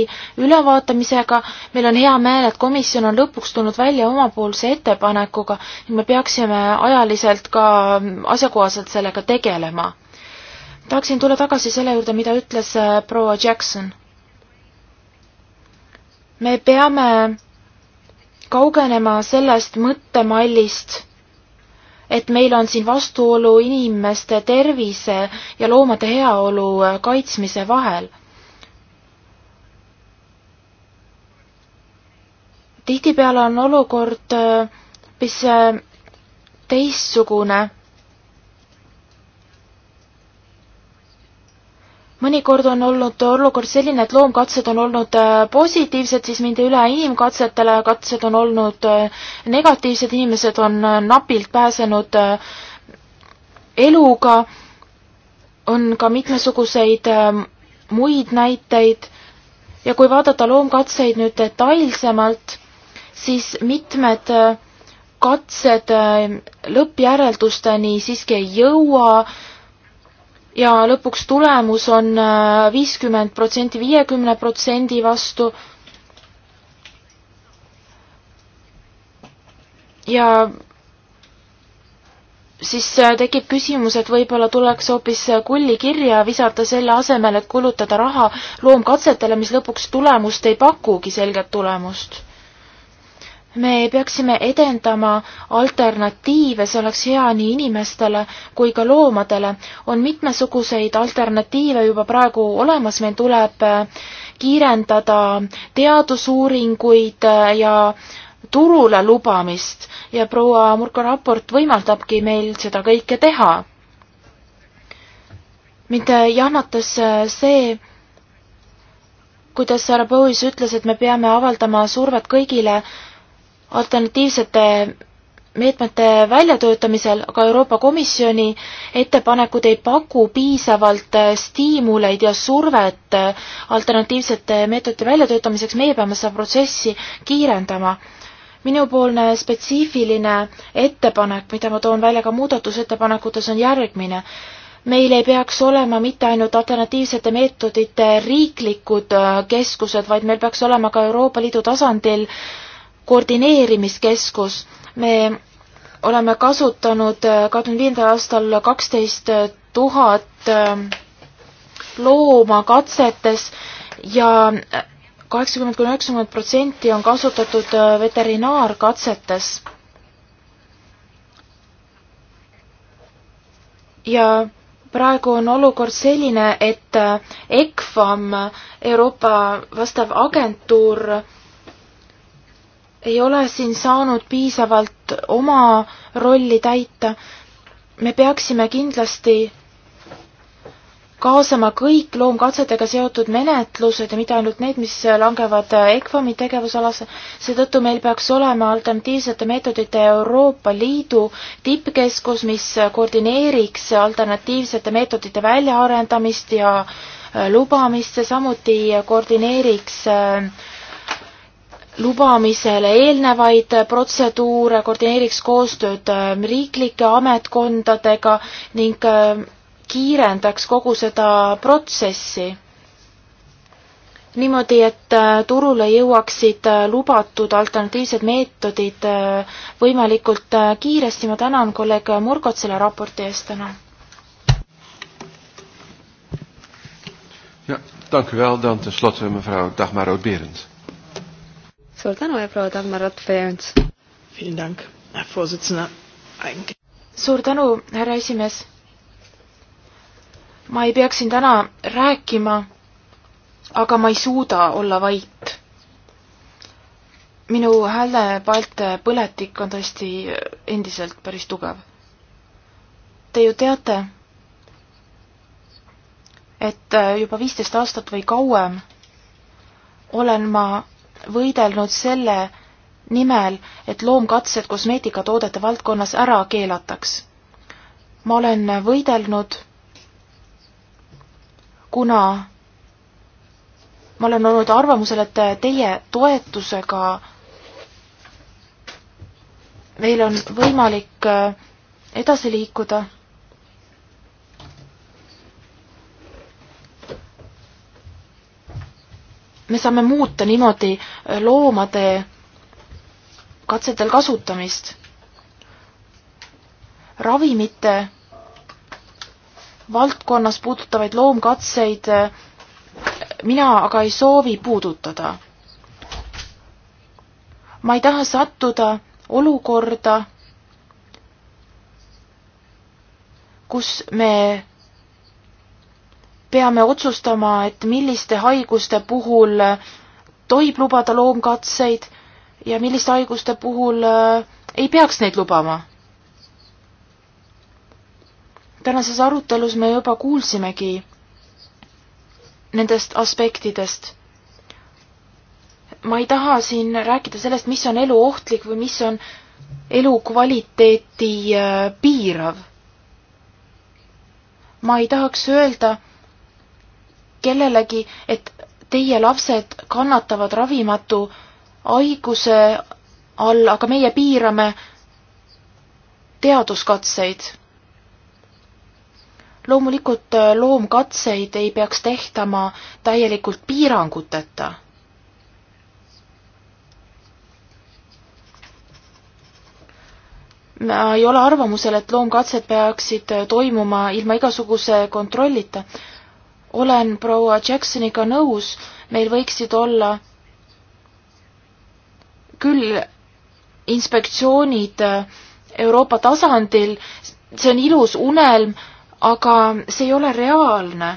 ülevaatamisega, meil on hea meel, et komisjon on lõpuks tulnud välja omapoolse ettepanekuga ja me peaksime ajaliselt ka ähm, asjakohaselt sellega tegelema. tahaksin tulla tagasi selle juurde, mida ütles äh, proua Jackson. me peame kaugenema sellest mõttemallist et meil on siin vastuolu inimeste tervise ja loomade heaolu kaitsmise vahel. tihtipeale on olukord hoopis äh, äh, teistsugune mõnikord on olnud olukord selline, et loomkatsed on olnud äh, positiivsed, siis mindi üle inimkatsetele, katsed on olnud äh, negatiivsed, inimesed on äh, napilt pääsenud eluga, on ka mitmesuguseid muid näiteid ja kui vaadata loomkatseid nüüd detailsemalt, siis mitmed katsed lõppjäreldusteni siiski ei jõua, ja lõpuks tulemus on äh, viiskümmend protsenti viiekümne protsendi vastu. ja siis äh, tekib küsimus, et võib-olla tuleks hoopis äh, kulli kirja visata selle asemel, et kulutada raha loomkatsetele, mis lõpuks tulemust ei pakugi, selget tulemust me peaksime edendama alternatiive, see oleks hea nii inimestele kui ka loomadele. on mitmesuguseid alternatiive juba praegu olemas, meil tuleb äh, kiirendada teadusuuringuid äh, ja turule lubamist ja proua Murko raport võimaldabki meil seda kõike teha. mind äh, jahmatas see, kuidas härra Bowis ütles, et me peame avaldama survet kõigile alternatiivsete meetmete väljatöötamisel, aga Euroopa Komisjoni ettepanekud ei paku piisavalt äh, stiimuleid ja survet äh, alternatiivsete meetodite väljatöötamiseks, meie peame seda protsessi kiirendama. minupoolne spetsiifiline ettepanek, mida ma toon välja ka muudatusettepanekutes, on järgmine. meil ei peaks olema mitte ainult alternatiivsete meetodite riiklikud äh, keskused, vaid meil peaks olema ka Euroopa Liidu tasandil äh, koordineerimiskeskus. me oleme kasutanud äh, kahekümne viiendal aastal kaksteist äh, tuhat äh, looma katsetes ja kaheksakümmend kuni üheksakümmend protsenti on kasutatud veterinaarkatsetes. ja praegu on olukord selline, et ECFAM, Euroopa vastav agentuur, ei ole siin saanud piisavalt oma rolli täita. me peaksime kindlasti kaasama kõik loomkatsetega seotud menetlused ja mitte ainult need, mis langevad ECFAM-i tegevusalasse. seetõttu meil peaks olema alternatiivsete meetodite Euroopa Liidu tippkeskus, mis koordineeriks alternatiivsete meetodite väljaarendamist ja lubamist, samuti koordineeriks äh, lubamisele eelnevaid protseduure, koordineeriks koostööd ähm, riiklike ametkondadega ning ähm, kiirendaks kogu seda protsessi. niimoodi, et äh, turule jõuaksid äh, lubatud alternatiivsed meetodid äh, võimalikult kiiresti, ma tänan kolleeg Murgot selle raporti eest täna. ja, dank u wel, dan tenslotte mevrouw Dagmar Rood-Berend suur tänu ja proua Dagmar Rotfe-Jöns. suur tänu, härra esimees. ma ei peaks siin täna rääkima, aga ma ei suuda olla vait. minu häälepaelte põletik on tõesti endiselt päris tugev. Te ju teate, et juba viisteist aastat või kauem olen ma võidelnud selle nimel, et loomkatsed kosmeetikatoodete valdkonnas ära keelataks. ma olen võidelnud, kuna ma olen olnud arvamusel, et teie toetusega meil on võimalik edasi liikuda me saame muuta niimoodi äh, loomade katsetel kasutamist. ravimite valdkonnas puudutavaid loomkatseid äh, mina aga ei soovi puudutada. ma ei taha sattuda olukorda, kus me peame otsustama, et milliste haiguste puhul äh, tohib lubada loomkatseid ja milliste haiguste puhul äh, ei peaks neid lubama. tänases arutelus me juba kuulsimegi nendest aspektidest. ma ei taha siin rääkida sellest, mis on eluohtlik või mis on elukvaliteeti äh, piirav. ma ei tahaks öelda, kellelegi, et teie lapsed kannatavad ravimatu haiguse all, aga meie piirame teaduskatseid. loomulikult äh, loomkatseid ei peaks tehtama täielikult piiranguteta ma ei ole arvamusel, et loomkatsed peaksid äh, toimuma ilma igasuguse kontrollita olen proua Jacksoniga nõus, meil võiksid olla küll inspektsioonid äh, Euroopa tasandil, see on ilus unelm, aga see ei ole reaalne.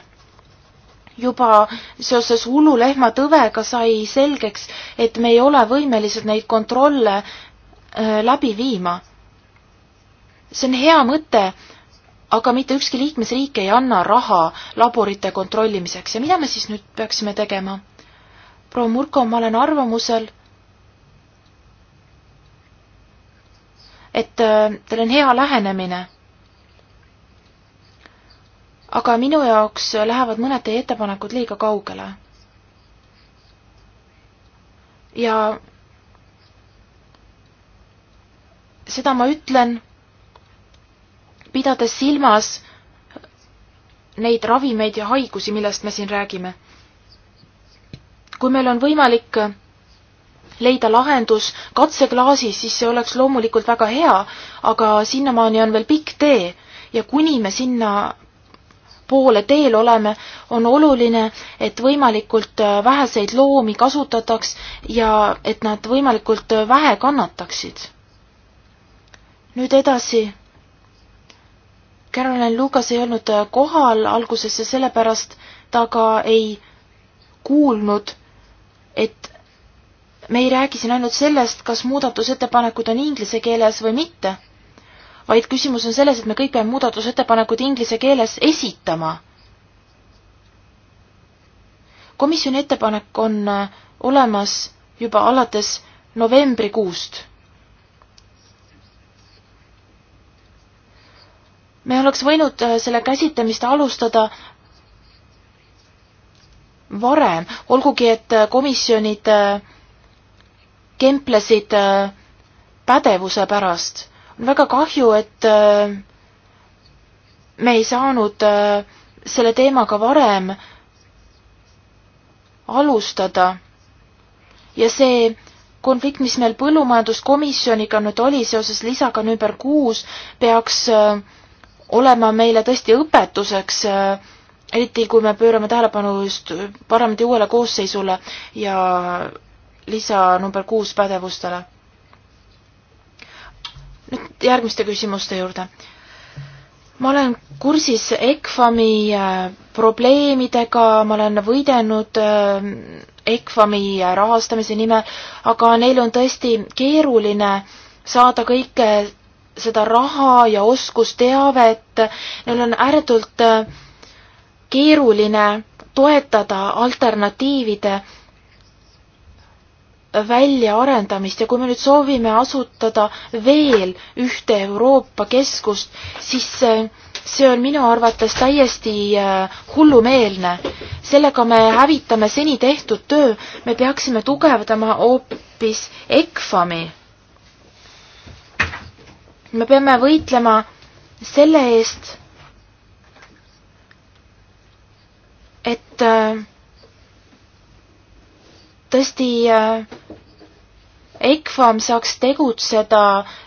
juba seoses hullulehma tõvega sai selgeks, et me ei ole võimelised neid kontrolle äh, läbi viima. see on hea mõte aga mitte ükski liikmesriik ei anna raha laborite kontrollimiseks ja mida me siis nüüd peaksime tegema? proua Murko, ma olen arvamusel, et äh, teil on hea lähenemine. aga minu jaoks lähevad mõned teie ettepanekud liiga kaugele. ja seda ma ütlen pidades silmas neid ravimeid ja haigusi, millest me siin räägime. kui meil on võimalik leida lahendus katseklaasis, siis see oleks loomulikult väga hea, aga sinnamaani on veel pikk tee ja kuni me sinna poole teel oleme, on oluline, et võimalikult väheseid loomi kasutataks ja et nad võimalikult vähe kannataksid. nüüd edasi Caroline Lucas ei olnud äh, kohal alguses ja sellepärast ta ka ei kuulnud, et me ei räägi siin ainult sellest, kas muudatusettepanekud on inglise keeles või mitte, vaid küsimus on selles, et me kõik peame muudatusettepanekud inglise keeles esitama. komisjoni ettepanek on äh, olemas juba alates novembrikuust me oleks võinud äh, selle käsitlemist alustada varem, olgugi et äh, komisjonid äh, kemplesid pädevuse pärast. on väga kahju, et me ei saanud selle teemaga varem alustada. ja see konflikt, mis meil põllumajanduskomisjoniga nüüd oli seoses lisaga number kuus, peaks äh, olema meile tõesti õpetuseks, äh, eriti kui me pöörame tähelepanu just parlamendi uuele koosseisule ja lisa number kuus pädevustele. nüüd järgmiste küsimuste juurde. ma olen kursis ECFAM-i äh, probleemidega, ma olen võidelnud äh, ECFAM-i rahastamise nimel, aga neil on tõesti keeruline saada kõike seda raha ja oskusteavet, neil on ääretult äh, keeruline toetada alternatiivide väljaarendamist ja kui me nüüd soovime asutada veel ühte Euroopa keskust, siis äh, see on minu arvates täiesti äh, hullumeelne. sellega me hävitame seni tehtud töö, me peaksime tugevdama hoopis ECFAM-i me peame võitlema selle eest, et äh, tõesti äh, ECFAM saaks tegutseda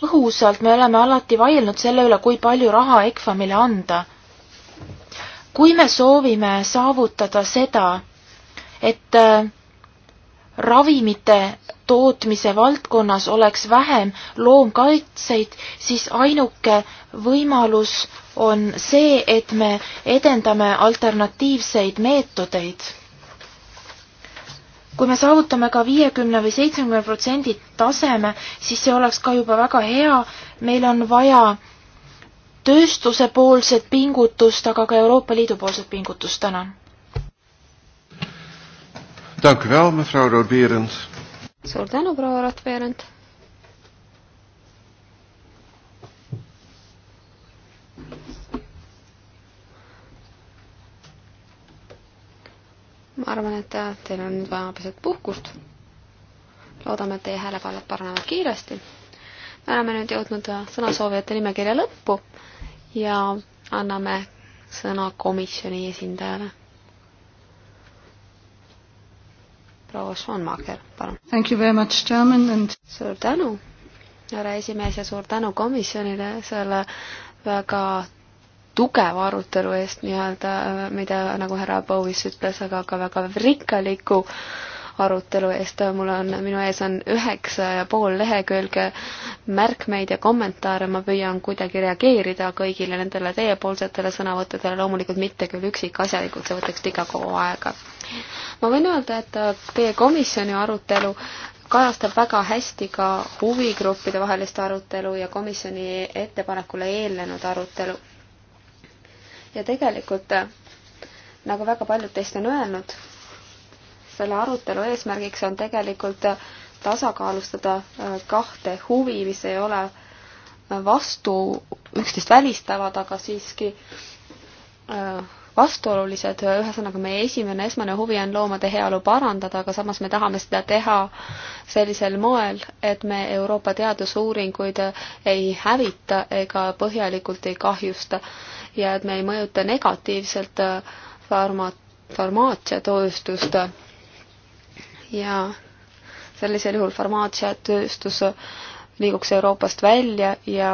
õhusalt, me oleme alati vaielnud selle üle, kui palju raha ECFAM-ile anda. kui me soovime saavutada seda, et äh, ravimite tootmise valdkonnas oleks vähem loomkaitseid, siis ainuke võimalus on see, et me edendame alternatiivseid meetodeid. kui me saavutame ka viiekümne või seitsmekümne protsendi taseme, siis see oleks ka juba väga hea, meil on vaja tööstuse poolset pingutust, aga ka Euroopa Liidu poolset pingutust, tänan Dank u wel, mevrouw Roodberend. Suur tänu, proua Roodberend. ma arvan, et äh, teil on nüüd vaja pisut puhkust. loodame, et teie häälekallad paranevad kiiresti. me oleme nüüd jõudnud äh, sõnasoovijate nimekirja lõppu ja anname sõna komisjoni esindajale proua Schoonmaker, palun. And... suur tänu, härra esimees ja suur tänu komisjonile selle väga tugeva arutelu eest nii-öelda, mida nagu härra Bowis ütles, aga ka väga rikkaliku äh, arutelu eest. mul on, minu ees on üheksa ja pool lehekülge märkmeid ja kommentaare, ma püüan kuidagi reageerida kõigile nendele teiepoolsetele sõnavõttudele, loomulikult mitte küll üksikasjalikult, see võtaks liiga kaua aega. ma võin öelda, et teie komisjoni arutelu kajastab väga hästi ka huvigruppide vahelist arutelu ja komisjoni ettepanekule eelnenud arutelu. ja tegelikult nagu väga paljud teist on öelnud, selle arutelu eesmärgiks on tegelikult tasakaalustada äh, kahte huvi, mis ei ole äh, vastu, üksteist välistavad, aga siiski äh, vastuolulised, ühesõnaga meie esimene, esmane huvi on loomade heaolu parandada, aga samas me tahame seda teha sellisel moel, et me Euroopa teadusuuringuid ei hävita ega põhjalikult ei kahjusta ja et me ei mõjuta negatiivselt farma-, farmaatsiatööstust ja sellisel juhul farmaatsiatööstus liiguks Euroopast välja ja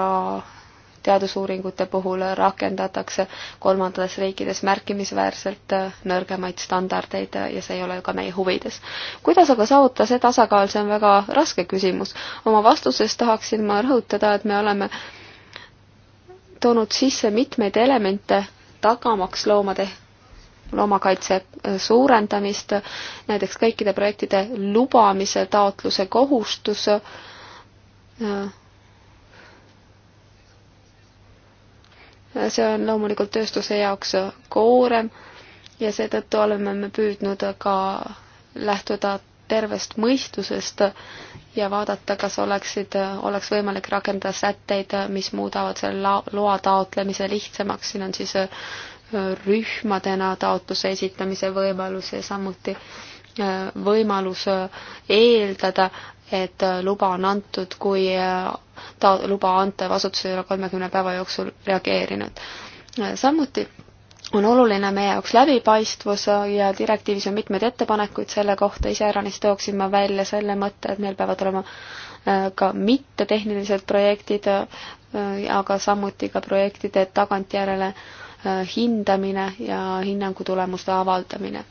teadusuuringute puhul rakendatakse kolmandates riikides märkimisväärselt nõrgemaid standardeid ja see ei ole ju ka meie huvides. kuidas aga saavutada see tasakaal, see on väga raske küsimus. oma vastuses tahaksin ma rõhutada, et me oleme toonud sisse mitmeid elemente, tagamaks loomade loomakaitse äh, suurendamist, näiteks kõikide projektide lubamise taotluse kohustus, äh, see on loomulikult tööstuse jaoks koorem ja seetõttu oleme me püüdnud ka lähtuda tervest mõistusest ja vaadata, kas oleksid, oleks võimalik rakendada sätteid, mis muudavad selle loa taotlemise lihtsamaks, siin on siis rühmadena taotluse esitamise võimalus ja samuti äh, võimalus äh, eeldada, et äh, luba on antud, kui ta luba antav asutus ei ole kolmekümne päeva jooksul reageerinud. samuti on oluline meie jaoks läbipaistvus ja direktiivis on mitmeid ettepanekuid selle kohta, iseäranis tooksin ma välja selle mõtte, et meil peavad olema ka mittetehnilised projektid, aga samuti ka projektide tagantjärele äh, Äh, hindamine ja hinnangu tulemuste avaldamine.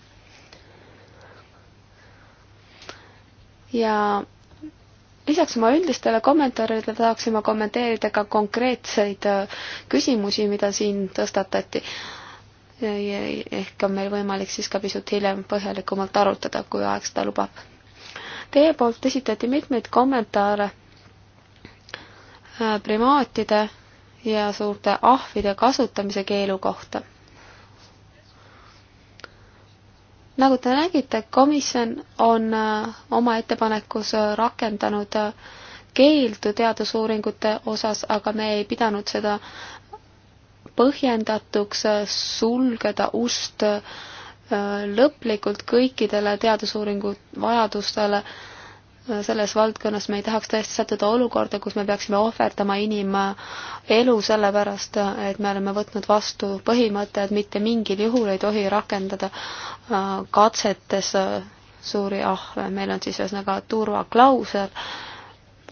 ja lisaks oma üldistele kommentaaridele tahaksin ma kommenteerida ka konkreetseid äh, küsimusi, mida siin tõstatati. ehk on meil võimalik siis ka pisut hiljem põhjalikumalt arutada, kui aeg seda lubab. Teie poolt esitati mitmeid kommentaare äh, primaatide ja suurte ahvide kasutamise keelu kohta. nagu te nägite, komisjon on äh, oma ettepanekus äh, rakendanud äh, keeldu teadusuuringute osas, aga me ei pidanud seda põhjendatuks sulgeda ust lõplikult kõikidele teadusuuringu vajadustele äh, selles valdkonnas me ei tahaks tõesti sattuda olukorda, kus me peaksime ohverdama inimelu sellepärast, et me oleme võtnud vastu põhimõtte, et mitte mingil juhul ei tohi rakendada äh, katsetes äh, suuri ahve, meil on siis ühesõnaga turvaklausel,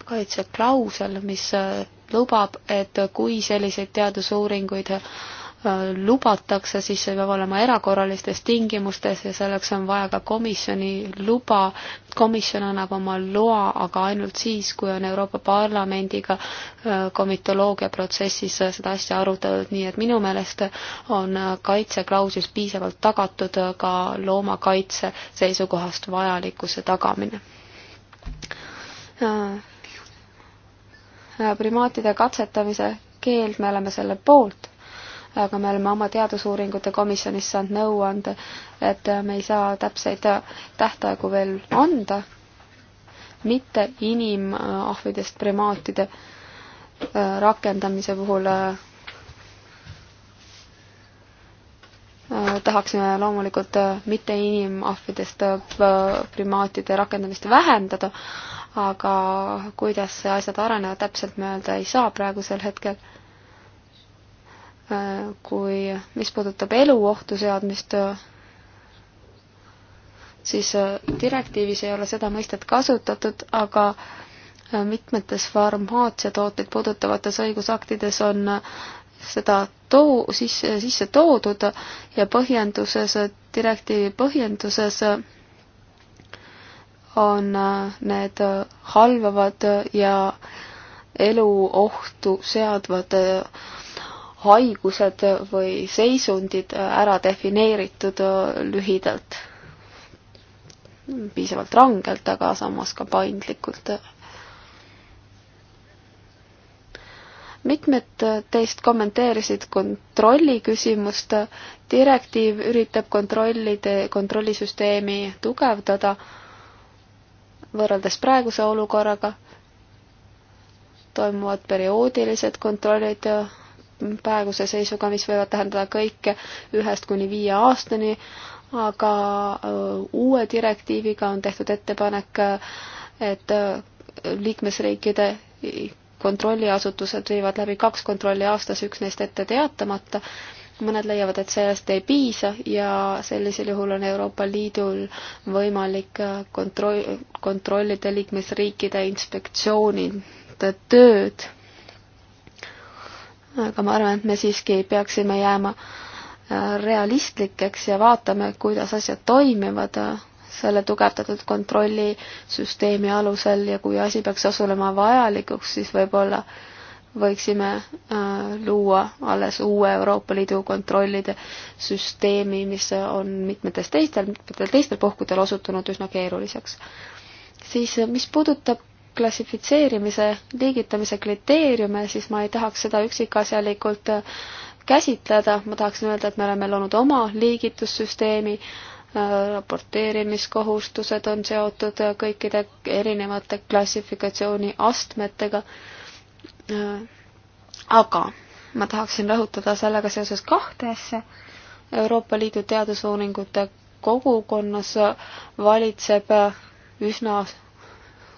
kaitseklausel, mis äh, lubab, et kui selliseid teadusuuringuid Äh, lubatakse, siis see peab olema erakorralistes tingimustes ja selleks on vaja ka komisjoni luba. komisjon annab oma loa, aga ainult siis, kui on Euroopa Parlamendiga äh, komitoloogia protsessis äh, seda asja arutatud, nii et minu meelest on kaitseklauslis piisavalt tagatud ka loomakaitse seisukohast vajalikkuse tagamine primaatide katsetamise keeld, me oleme selle poolt aga me oleme oma teadusuuringute komisjonis saanud nõuande, et me ei saa täpseid tähtaegu veel anda, mitte inimahvidest primaatide äh, rakendamise puhul äh, äh, tahaksime loomulikult mitte inimahvidest primaatide rakendamist vähendada, aga kuidas asjad arenevad, täpselt me öelda ei saa praegusel hetkel kui, mis puudutab elu ohtu seadmist, siis äh, direktiivis ei ole seda mõistet kasutatud, aga äh, mitmetes farmaatsiatooteid puudutavates õigusaktides on äh, seda too, sisse, sisse toodud ja põhjenduses, direktiivi põhjenduses on need halvavad ja eluohtu seadvad haigused või seisundid äh, ära defineeritud äh, lühidalt. piisavalt rangelt, aga samas ka paindlikult. mitmed teist kommenteerisid kontrolli küsimust. direktiiv üritab kontrollide, kontrollisüsteemi tugevdada võrreldes praeguse olukorraga toimuvad perioodilised kontrollid praeguse seisuga, mis võivad tähendada kõike ühest kuni viie aastani, aga äh, uue direktiiviga on tehtud ettepanek, et äh, liikmesriikide kontrolliasutused viivad läbi kaks kontrolli aastas, üks neist ette teatamata. mõned leiavad, et sellest ei piisa ja sellisel juhul on Euroopa Liidul võimalik äh, kontroll, kontrollida liikmesriikide inspektsioonide tööd aga ma arvan, et me siiski peaksime jääma äh, realistlikeks ja vaatame, kuidas asjad toimivad äh, selle tugevdatud kontrollisüsteemi alusel ja kui asi peaks osulema vajalikuks, siis võib-olla võiksime äh, luua alles uue Euroopa Liidu kontrollide süsteemi, mis on mitmetes teistel, mitmetel teistel puhkudel osutunud üsna keeruliseks. siis äh, mis puudutab klassifitseerimise, liigitamise kriteeriume, siis ma ei tahaks seda üksikasjalikult äh, käsitleda, ma tahaksin öelda, et me oleme loonud oma liigitussüsteemi, äh, raporteerimiskohustused on seotud äh, kõikide erinevate klassifikatsiooni astmetega, aga ma tahaksin rõhutada sellega seoses kahte asja. Euroopa Liidu teadusuuringute kogukonnas valitseb üsna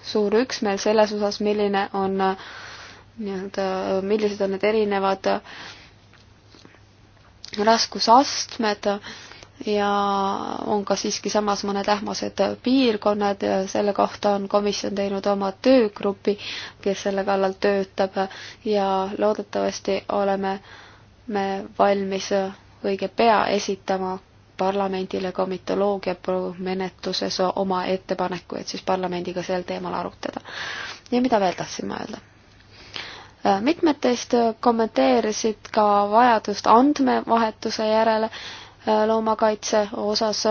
suur üksmeel selles osas, milline on nii-öelda, millised on need erinevad raskusastmed ja on ka siiski samas mõned ähmased piirkonnad ja selle kohta on komisjon teinud oma töögrupi, kes selle kallal töötab ja loodetavasti oleme me valmis õige pea esitama parlamendile komitoloogia menetluses oma ettepanekuid siis parlamendiga sel teemal arutada. ja mida veel tahtsin ma öelda? mitmed teist kommenteerisid ka vajadust andmevahetuse järele loomakaitse osas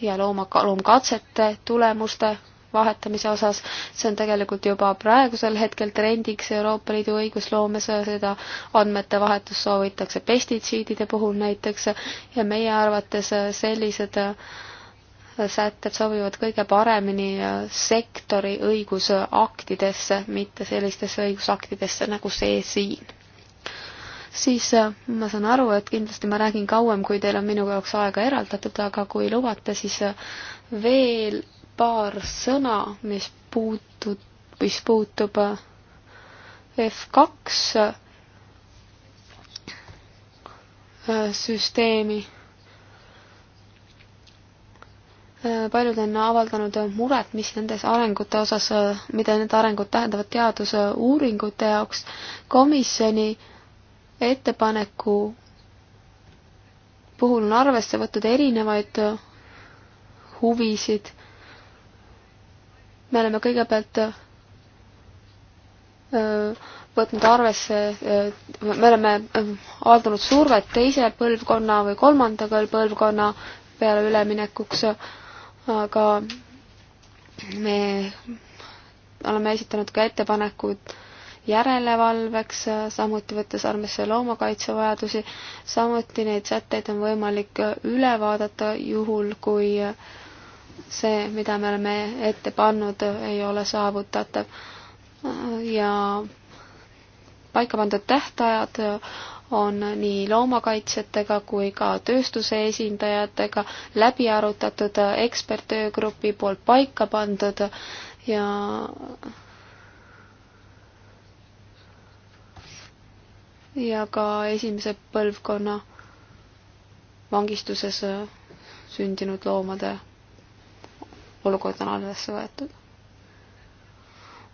ja looma, loomkatsete tulemuste vahetamise osas, see on tegelikult juba praegusel hetkel trendiks Euroopa Liidu õigusloomes, seda andmete vahetust soovitakse pestitsiidide puhul näiteks ja meie arvates sellised sätted sobivad kõige paremini sektori õigusaktidesse, mitte sellistesse õigusaktidesse nagu see siin siis äh, ma saan aru, et kindlasti ma räägin kauem, kui teil on minu jaoks aega eraldatud, aga kui lubate, siis äh, veel paar sõna, mis puutub, mis puutub äh, F2 äh, süsteemi. Äh, paljud on avaldanud muret, mis nendes arengute osas, mida need arengud tähendavad teadusuuringute jaoks. komisjoni ettepaneku puhul on arvesse võtnud erinevaid huvisid me oleme kõigepealt äh, võtnud arvesse, äh, me oleme äh, avaldanud survet teise põlvkonna või kolmanda põlvkonna peale üleminekuks, aga me oleme esitanud ka ettepanekud järelevalveks, samuti võttes arvesse loomakaitse vajadusi, samuti neid sätteid on võimalik üle vaadata juhul, kui äh, see, mida me oleme ette pannud, ei ole saavutatav ja paika pandud tähtajad on nii loomakaitsjatega kui ka tööstuse esindajatega läbi arutatud eksperttöögrupi poolt paika pandud ja ja ka esimese põlvkonna vangistuses sündinud loomade olukord on arvesse võetud.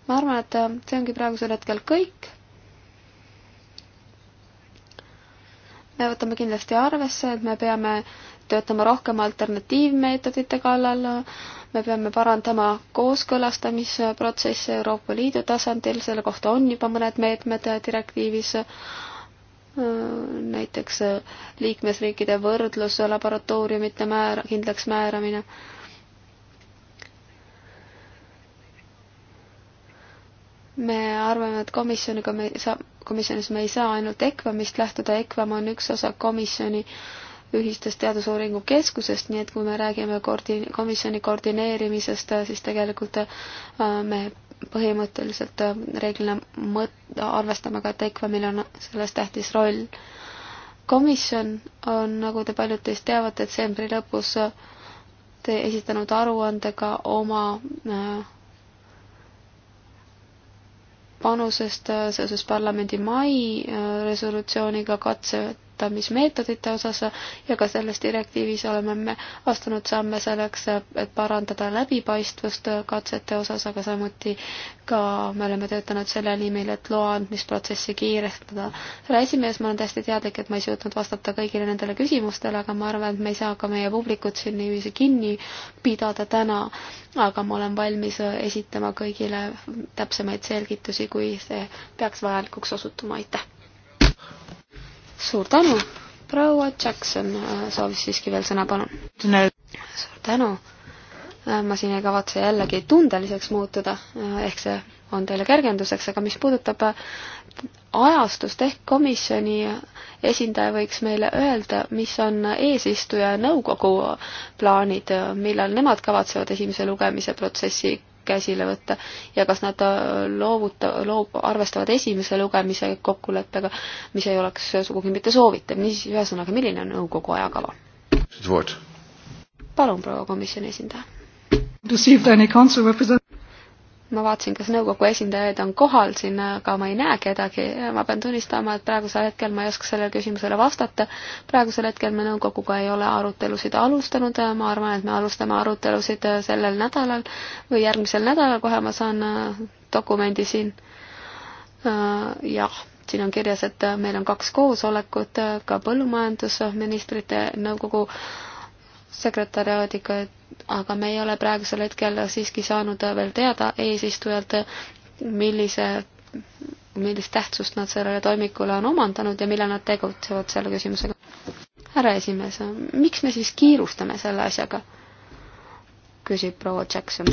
ma arvan, et see ongi praegusel hetkel kõik. me võtame kindlasti arvesse, et me peame töötama rohkem alternatiivmeetodite kallal, me peame parandama kooskõlastamisprotsesse Euroopa Liidu tasandil, selle kohta on juba mõned meetmed direktiivis, näiteks liikmesriikide võrdluslaboratooriumite määra, kindlaks määramine me arvame, et komisjoniga me ei saa, komisjonis me ei saa ainult EKVAMist lähtuda, EKVAM on üks osa komisjoni ühistest teadusuuringu keskusest, nii et kui me räägime koordi-, komisjoni koordineerimisest, siis tegelikult äh, me põhimõtteliselt äh, reeglina mõt-, arvestame ka, et EKVAMil on selles tähtis roll. komisjon on, nagu te paljud teist teavad, detsembri lõpus äh, esitanud aruandega oma äh, panusest äh, seoses parlamendi mai äh, resolutsiooniga katse hindamismeetodite osas ja ka selles direktiivis oleme me astunud samme selleks, et parandada läbipaistvust katsete osas, aga samuti ka me oleme töötanud selle nimel, et loa andmisprotsessi kiirendada. härra esimees, ma olen täiesti teadlik, et ma ei suutnud vastata kõigile nendele küsimustele, aga ma arvan, et me ei saa ka meie publikut siin niiviisi kinni pidada täna, aga ma olen valmis esitama kõigile täpsemaid selgitusi, kui see peaks vajalikuks osutuma, aitäh! suur tänu, proua Jackson äh, soovis siiski veel sõna, palun. suur tänu. Äh, ma siin ei kavatse jällegi tundeliseks muutuda, äh, ehk see on teile kergenduseks, aga mis puudutab ajastust ehk komisjoni esindaja võiks meile öelda, mis on eesistuja nõukogu plaanid, millal nemad kavatsevad esimese lugemise protsessi käsile võtta ja kas nad äh, loovuta, loob, arvestavad esimese lugemise kokkuleppega, mis ei oleks sugugi mitte soovitav, niisiis ühesõnaga, milline on nõukogu ajakava? palun, proua komisjoni esindaja ma vaatasin, kas nõukogu esindajaid on kohal siin, aga ma ei näe kedagi. ma pean tunnistama, et praegusel hetkel ma ei oska sellele küsimusele vastata. praegusel hetkel me nõukoguga ei ole arutelusid alustanud, ma arvan, et me alustame arutelusid sellel nädalal või järgmisel nädalal, kohe ma saan äh, dokumendi siin. Äh, jah, siin on kirjas, et äh, meil on kaks koosolekut ka põllumajandusministrite nõukogu sekretäriaadiga, et aga me ei ole praegusel hetkel siiski saanud veel teada eesistujalt, millise, millist tähtsust nad sellele toimikule on omandanud ja millal nad tegutsevad selle küsimusega. härra esimees, miks me siis kiirustame selle asjaga? küsib proua Jackson.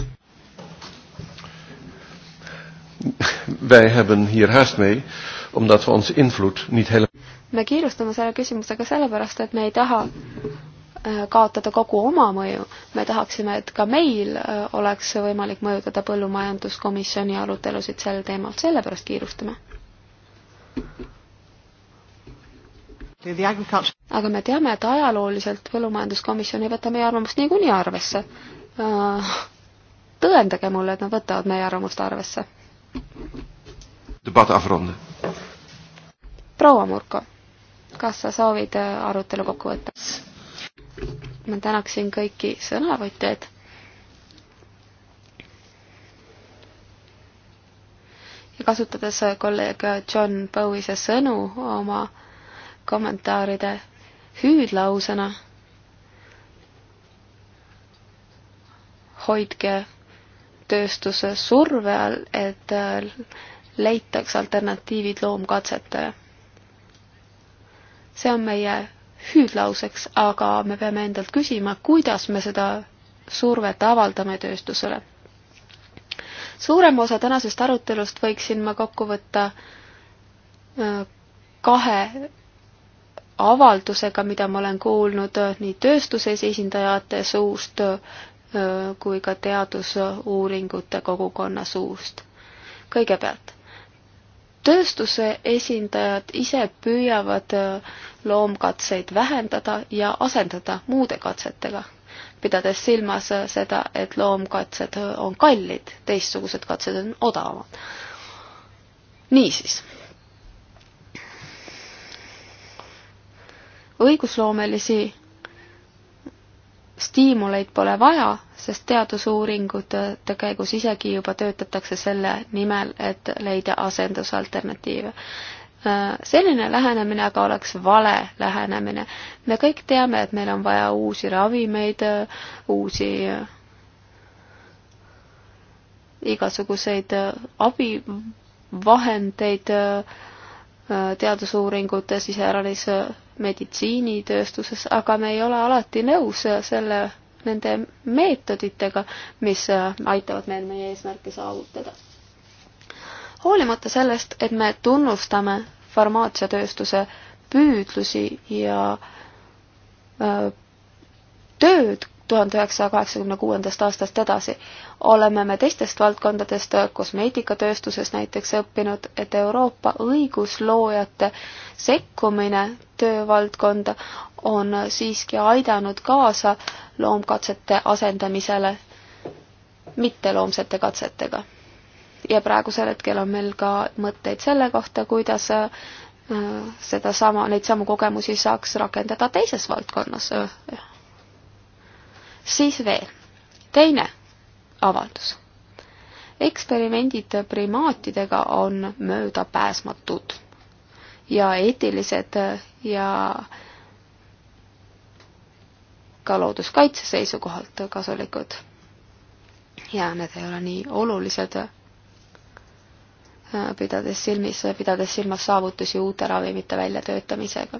Wij hebben hier haast mee, omdat we onze invloed niet helemaal... me kiirustame selle küsimusega sellepärast, et me ei taha äh, kaotada kogu oma mõju me tahaksime, et ka meil äh, oleks võimalik mõjutada põllumajanduskomisjoni arutelusid sel teemal, sellepärast kiirustame. aga me teame, et ajalooliselt põllumajanduskomisjon ei võta meie arvamust niikuinii arvesse. Äh, tõendage mulle, et nad võtavad meie arvamust arvesse. proua Murko, kas sa soovid äh, arutelu kokku võtta? ma tänaksin kõiki sõnavõtjaid. ja kasutades kolleeg John Bowise sõnu oma kommentaaride hüüdlausena, hoidke tööstuse surve all, et äh, leitaks alternatiivid loomkatsetele. see on meie hüüdlauseks, aga me peame endalt küsima, kuidas me seda survet avaldame tööstusele. suurema osa tänasest arutelust võiksin ma kokku võtta äh, kahe avaldusega, mida ma olen kuulnud äh, nii tööstuse esindajate suust äh, kui ka teadusuuringute kogukonna suust. kõigepealt tööstuse esindajad ise püüavad äh, loomkatseid vähendada ja asendada muude katsetega, pidades silmas äh, seda, et loomkatsed äh, on kallid, teistsugused katsed on odavamad. niisiis. õigusloomelisi stiimuleid pole vaja, sest teadusuuringute äh, käigus isegi juba töötatakse selle nimel, et leida asendusalternatiive. Äh, selline lähenemine aga oleks vale lähenemine. me kõik teame, et meil on vaja uusi ravimeid, äh, uusi igasuguseid abivahendeid teadusuuringutes, iseäranis meditsiinitööstuses, aga me ei ole alati nõus selle, nende meetoditega, mis äh, aitavad meil meie eesmärke saavutada. hoolimata sellest, et me tunnustame farmaatsiatööstuse püüdlusi ja öö, äh, tööd, tuhande üheksasaja kaheksakümne kuuendast aastast edasi, oleme me teistest valdkondadest, kosmeetikatööstuses näiteks õppinud, et Euroopa õigusloojate sekkumine töövaldkonda on siiski aidanud kaasa loomkatsete asendamisele mitteloomsete katsetega. ja praegusel hetkel on meil ka mõtteid selle kohta, kuidas äh, sedasama, neid samu kogemusi saaks rakendada teises valdkonnas äh, siis veel teine avaldus. eksperimendid primaatidega on möödapääsmatud ja eetilised ja ka looduskaitse seisukohalt kasulikud. ja need ei ole nii olulised, pidades silmis, pidades silmas saavutusi uute ravimite väljatöötamisega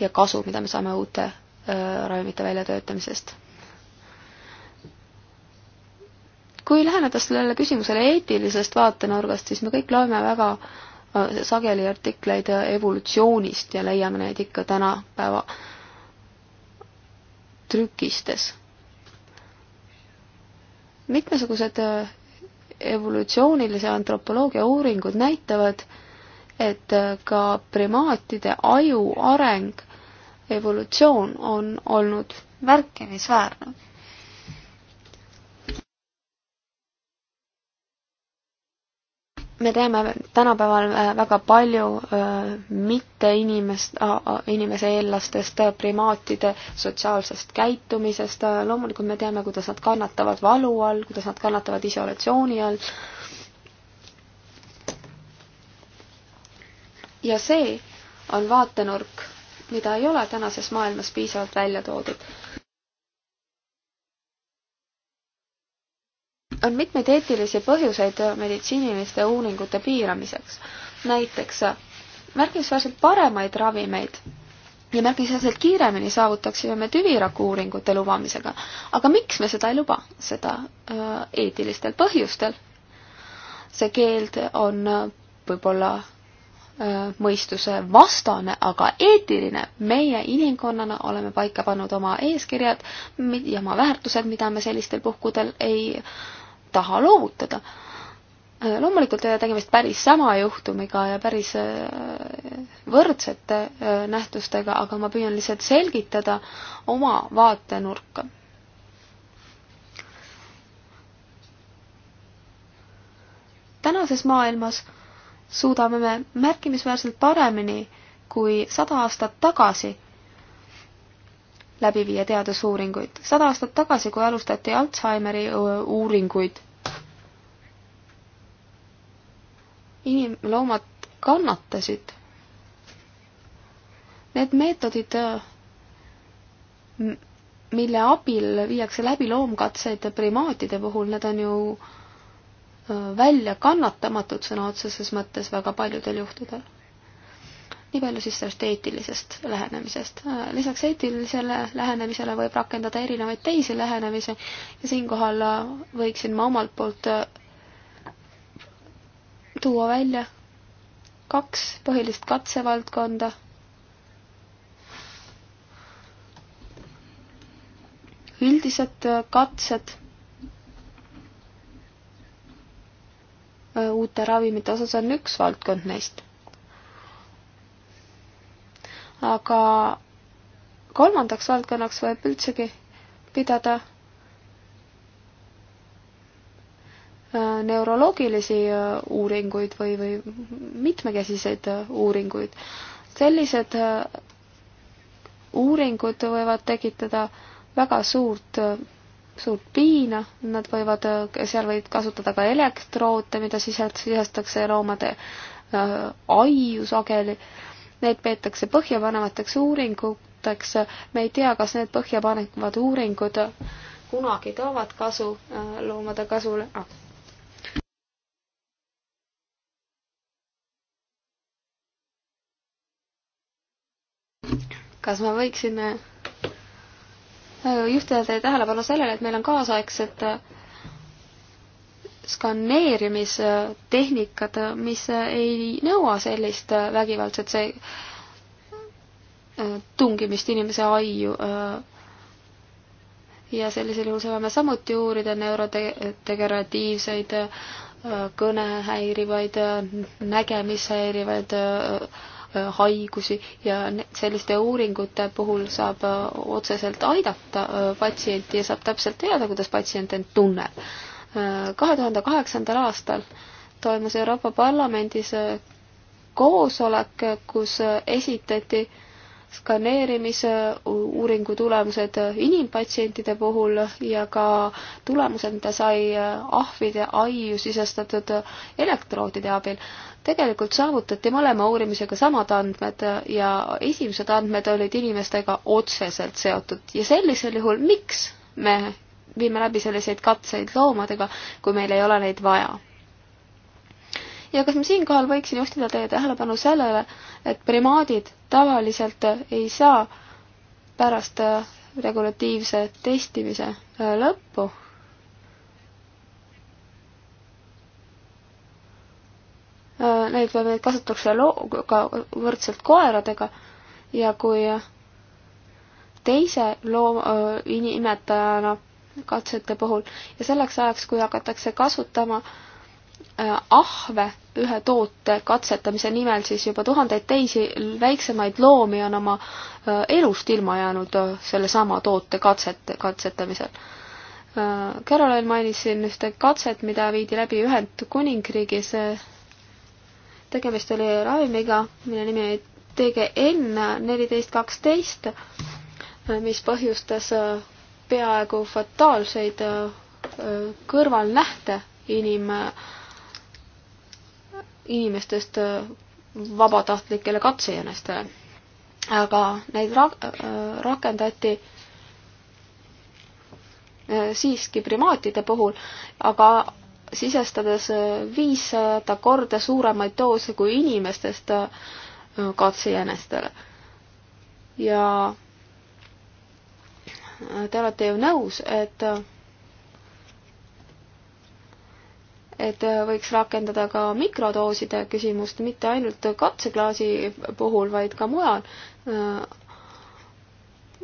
ja kasu, mida me saame uute Äh, ravimite väljatöötamisest. kui läheneda sellele küsimusele eetilisest vaatenurgast, siis me kõik loeme väga äh, sageli artikleid äh, evolutsioonist ja leiame neid ikka tänapäeva trükistes. mitmesugused evolutsioonilise antropoloogia uuringud näitavad, et ka primaatide aju areng evolutsioon on olnud märkimisväärne. me teame tänapäeval äh, väga palju äh, mitte inimest, inimese eellastest, äh, primaatide sotsiaalsest käitumisest, loomulikult me teame, kuidas nad kannatavad valu all, kuidas nad kannatavad isolatsiooni all. ja see on vaatenurk mida ei ole tänases maailmas piisavalt välja toodud. on mitmeid eetilisi põhjuseid meditsiiniliste uuringute piiramiseks. näiteks märkimisväärselt paremaid ravimeid ja märkimisväärselt kiiremini saavutaksime me tüviraku uuringute lubamisega. aga miks me seda ei luba? seda äh, eetilistel põhjustel. see keeld on äh, võib-olla Äh, mõistuse vastane, aga eetiline. meie inimkonnana oleme paika pannud oma eeskirjad ja oma väärtused, mida me sellistel puhkudel ei taha loovutada. Äh, loomulikult ei ole tegemist päris sama juhtumiga ja päris äh, võrdsete nähtustega, aga ma püüan lihtsalt selgitada oma vaatenurka. tänases maailmas suudame me märkimisväärselt paremini kui sada aastat tagasi läbi viia teadusuuringuid. sada aastat tagasi, kui alustati Alzheimeri uuringuid, inim-, loomad kannatasid. Need meetodid, mille abil viiakse läbi loomkatseid primaatide puhul, need on ju välja kannatamatud sõna otseses mõttes väga paljudel juhtudel. nii palju siis sellest eetilisest lähenemisest. Äh, lisaks eetilisele lähenemisele võib rakendada erinevaid teisi lähenemisi ja siinkohal äh, võiksin ma omalt poolt äh, tuua välja kaks põhilist katsevaldkonda. üldised katsed Äh, uute ravimite osas on üks valdkond neist. aga kolmandaks valdkonnaks võib üldsegi pidada äh, neuroloogilisi äh, uuringuid või, või mitmekesiseid uuringuid. sellised uuringud võivad tekitada väga suurt suurt piina, nad võivad, äh, seal võib kasutada ka elektroote, mida sisest-, sisestatakse loomade äh, aiu sageli. Need peetakse põhjapanevateks uuringuteks, me ei tea, kas need põhjapanevad uuringud kunagi toovad kasu äh, loomade kasule ah.. kas ma võiksin äh, juhtida teie tähelepanu sellele, et meil on kaasaegsed skaneerimistehnikad, mis ei nõua sellist vägivaldset see tungimist inimese aiu. ja sellisel juhul saame samuti uurida neurodegeneratiivseid kõnehäirivaid, nägemishäirivaid haigusi ja selliste uuringute puhul saab äh, otseselt aidata äh, patsienti ja saab täpselt teada, kuidas patsient end tunneb. Äh, kahe tuhande kaheksandal aastal toimus Euroopa Parlamendis koosolek, kus esitati skaneerimise uuringu tulemused inimpatsientide puhul ja ka tulemused, mida sai ahvide aiu sisestatud elektroodide abil. tegelikult saavutati mõlema uurimisega samad andmed ja esimesed andmed olid inimestega otseselt seotud ja sellisel juhul, miks me viime läbi selliseid katseid loomadega, kui meil ei ole neid vaja? ja kas ma siinkohal võiksin juhtida teie tähelepanu sellele, et primaadid tavaliselt ei saa pärast äh, regulatiivse testimise äh, lõppu äh, neid, neid kasutatakse looga võrdselt koeradega ja kui teise loo-, imetajana katsete puhul ja selleks ajaks, kui hakatakse kasutama äh, Äh, ahve ühe toote katsetamise nimel siis juba tuhandeid teisi väiksemaid loomi on oma äh, elust ilma jäänud äh, sellesama toote katset, katsetamisel. Caroline mainis siin ühte katset, mida viidi läbi Ühendkuningriigis. tegemist oli ravimiga, mille nimi oli TGN neliteist kaksteist, mis põhjustas peaaegu fataalseid kõrvalnähte inim- inimestest äh, vabatahtlikele katsejänestele. aga neid ra-, äh, rakendati äh, siiski primaatide puhul, aga sisestades viissada korda suuremaid doose kui inimestest katsejänestele. ja te olete ju nõus, et et võiks rakendada ka mikrodooside küsimust, mitte ainult katseklaasi puhul, vaid ka mujal.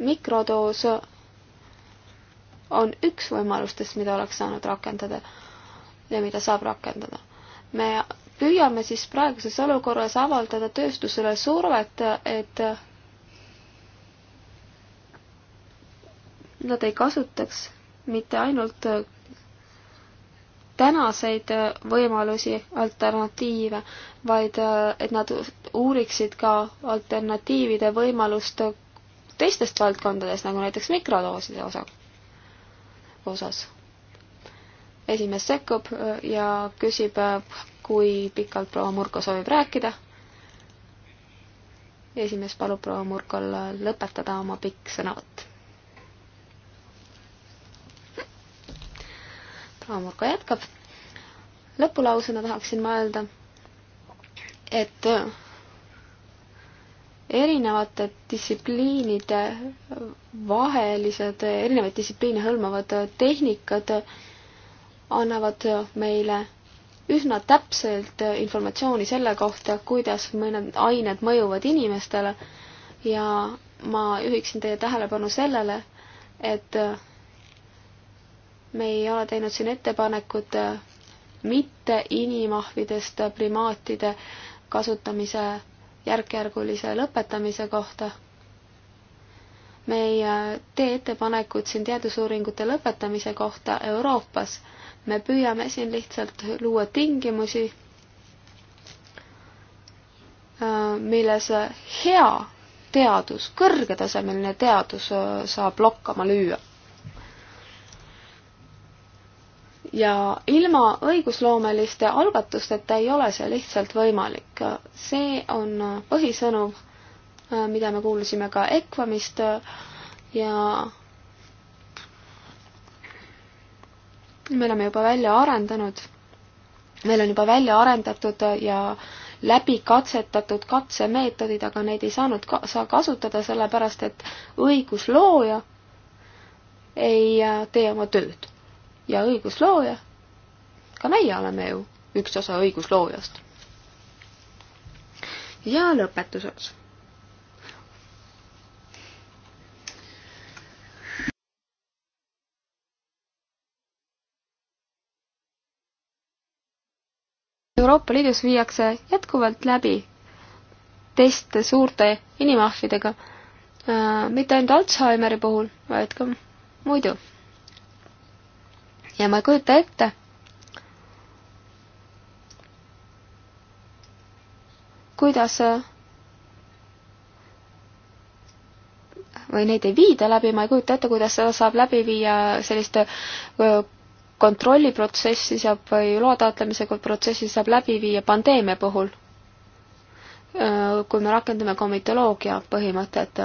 mikrodoos on üks võimalustest, mida oleks saanud rakendada ja mida saab rakendada. me püüame siis praeguses olukorras avaldada tööstusele survet, et nad ei kasutaks mitte ainult tänaseid äh, võimalusi, alternatiive, vaid äh, et nad uuriksid ka alternatiivide võimalust teistest valdkondadest, nagu näiteks mikrodooside osa, osas. esimees sekkub äh, ja küsib, kui pikalt proua Murko soovib rääkida. esimees palub proua Murkol lõpetada oma pikk sõnavõtt Amurka jätkab. lõpulausena tahaksin ma öelda, et äh, erinevate distsipliinide vahelised, erinevaid distsipliine hõlmavad äh, tehnikad äh, annavad meile üsna täpselt informatsiooni selle kohta, kuidas mõned ained mõjuvad inimestele ja ma juhiksin teie tähelepanu sellele, et me ei ole teinud siin ettepanekut äh, mitte inimahvidest primaatide kasutamise järk-järgulise lõpetamise kohta. me ei äh, tee ettepanekut siin teadusuuringute lõpetamise kohta Euroopas. me püüame siin lihtsalt luua tingimusi, äh, milles hea teadus, kõrgetasemeline teadus saab lokkama lüüa ja ilma õigusloomeliste algatusteta ei ole see lihtsalt võimalik. see on põhisõnum, mida me kuulusime ka EKVA-mist ja me oleme juba välja arendanud, meil on juba välja arendatud ja läbi katsetatud katsemeetodid, aga neid ei saanud ka, saa kasutada, sellepärast et õiguslooja ei tee oma tööd ja õiguslooja, ka meie oleme ju üks osa õigusloojast. ja lõpetuseks. Euroopa Liidus viiakse jätkuvalt läbi teste suurte inimahvidega äh,, mitte ainult Alžeimeri puhul, vaid ka muidu ja ma ei kujuta ette, kuidas või neid ei viida läbi, ma ei kujuta ette, kuidas seda saab läbi viia sellist kontrolliprotsessi saab või loa taotlemise protsessi saab läbi viia pandeemia puhul, kui me rakendame komitoloogia põhimõtet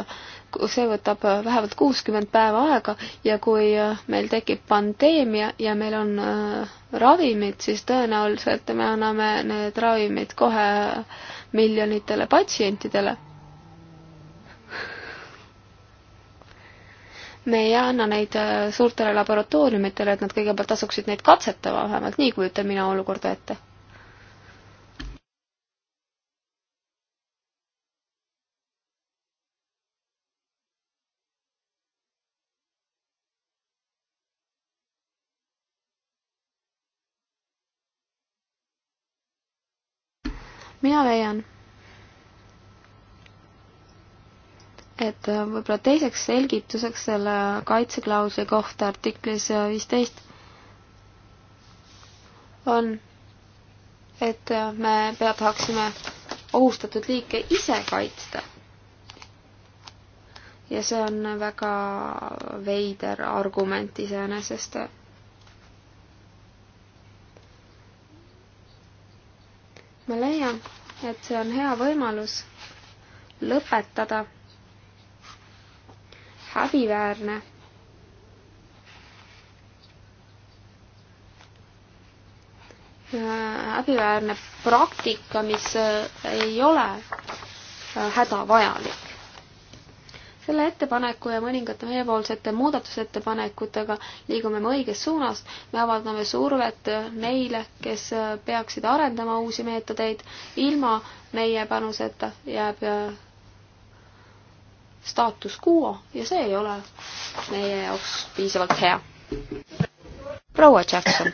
see võtab äh, vähemalt kuuskümmend päeva aega ja kui äh, meil tekib pandeemia ja meil on äh, ravimid, siis tõenäoliselt me anname need ravimid kohe miljonitele patsientidele. me ei anna neid suurtele laboratooriumitele, et nad kõigepealt asuksid neid katsetama, vähemalt nii kujutan mina olukorda ette mina leian, et äh, võib-olla teiseks selgituseks selle kaitseklausli kohta artiklis äh, viisteist on, et äh, me pea tahaksime ohustatud liike ise kaitsta. ja see on väga veider argument iseenesest ma leian, et see on hea võimalus lõpetada häbiväärne äh, häbiväärne praktika, mis äh, ei ole äh, hädavajalik selle ettepaneku ja mõningate meiepoolsete muudatusettepanekutega liigume me õiges suunas, me avaldame survet neile, kes peaksid arendama uusi meetodeid, ilma meie panuseta jääb äh, staatus quo ja see ei ole meie jaoks piisavalt hea. proua Jackson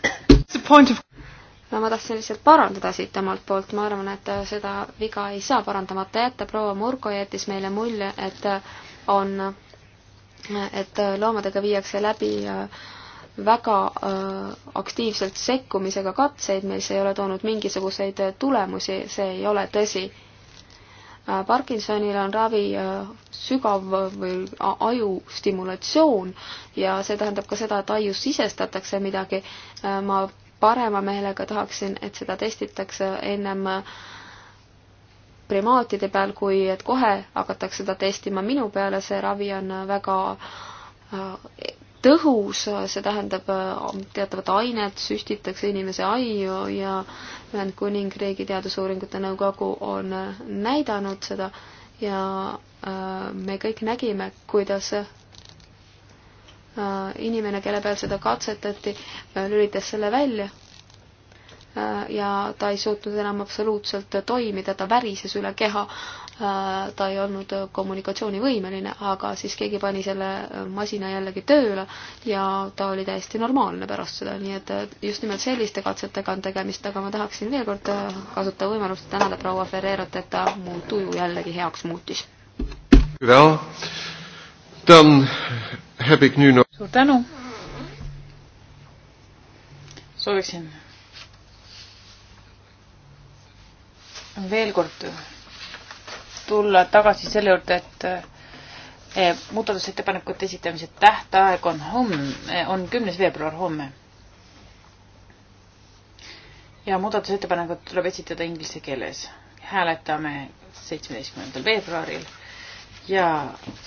no ma tahtsin lihtsalt parandada siit omalt poolt, ma arvan, et äh, seda viga ei saa parandamata jätta, proua Murgo jättis meile mulje, et äh, on, et loomadega viiakse läbi äh, väga äh, aktiivselt sekkumisega katseid, mis ei ole toonud mingisuguseid tulemusi, see ei ole tõsi. Äh, Parkinsonil on ravi sügav või aju stimulatsioon ja see tähendab ka seda, et ajus sisestatakse midagi. ma parema meelega tahaksin, et seda testitakse ennem äh, primaatide peal, kui et kohe hakatakse seda testima minu peale, see ravi on väga äh, tõhus, see tähendab, äh, teatavad ained süstitakse inimese aiu ja Ühendkuningriigi Teadusuuringute Nõukogu on äh, näidanud seda ja me kõik nägime, kuidas inimene, kelle peal seda katsetati, lülitas selle välja Äh, ja ta ei suutnud enam absoluutselt toimida, ta värises üle keha, äh, ta ei olnud kommunikatsioonivõimeline, aga siis keegi pani selle masina jällegi tööle ja ta oli täiesti normaalne pärast seda, nii et äh, just nimelt selliste katsetega on tegemist, aga ma tahaksin veel kord kasutada võimalust tänada proua Ferrerot, et ta mu tuju jällegi heaks muutis. suur tänu! sooviksin veel kord tulla tagasi selle juurde, et eh, muudatusettepanekute esitamise tähtaeg on homme, eh, on kümnes veebruar homme. ja muudatusettepanekud tuleb esitada inglise keeles. hääletame seitsmeteistkümnendal veebruaril ja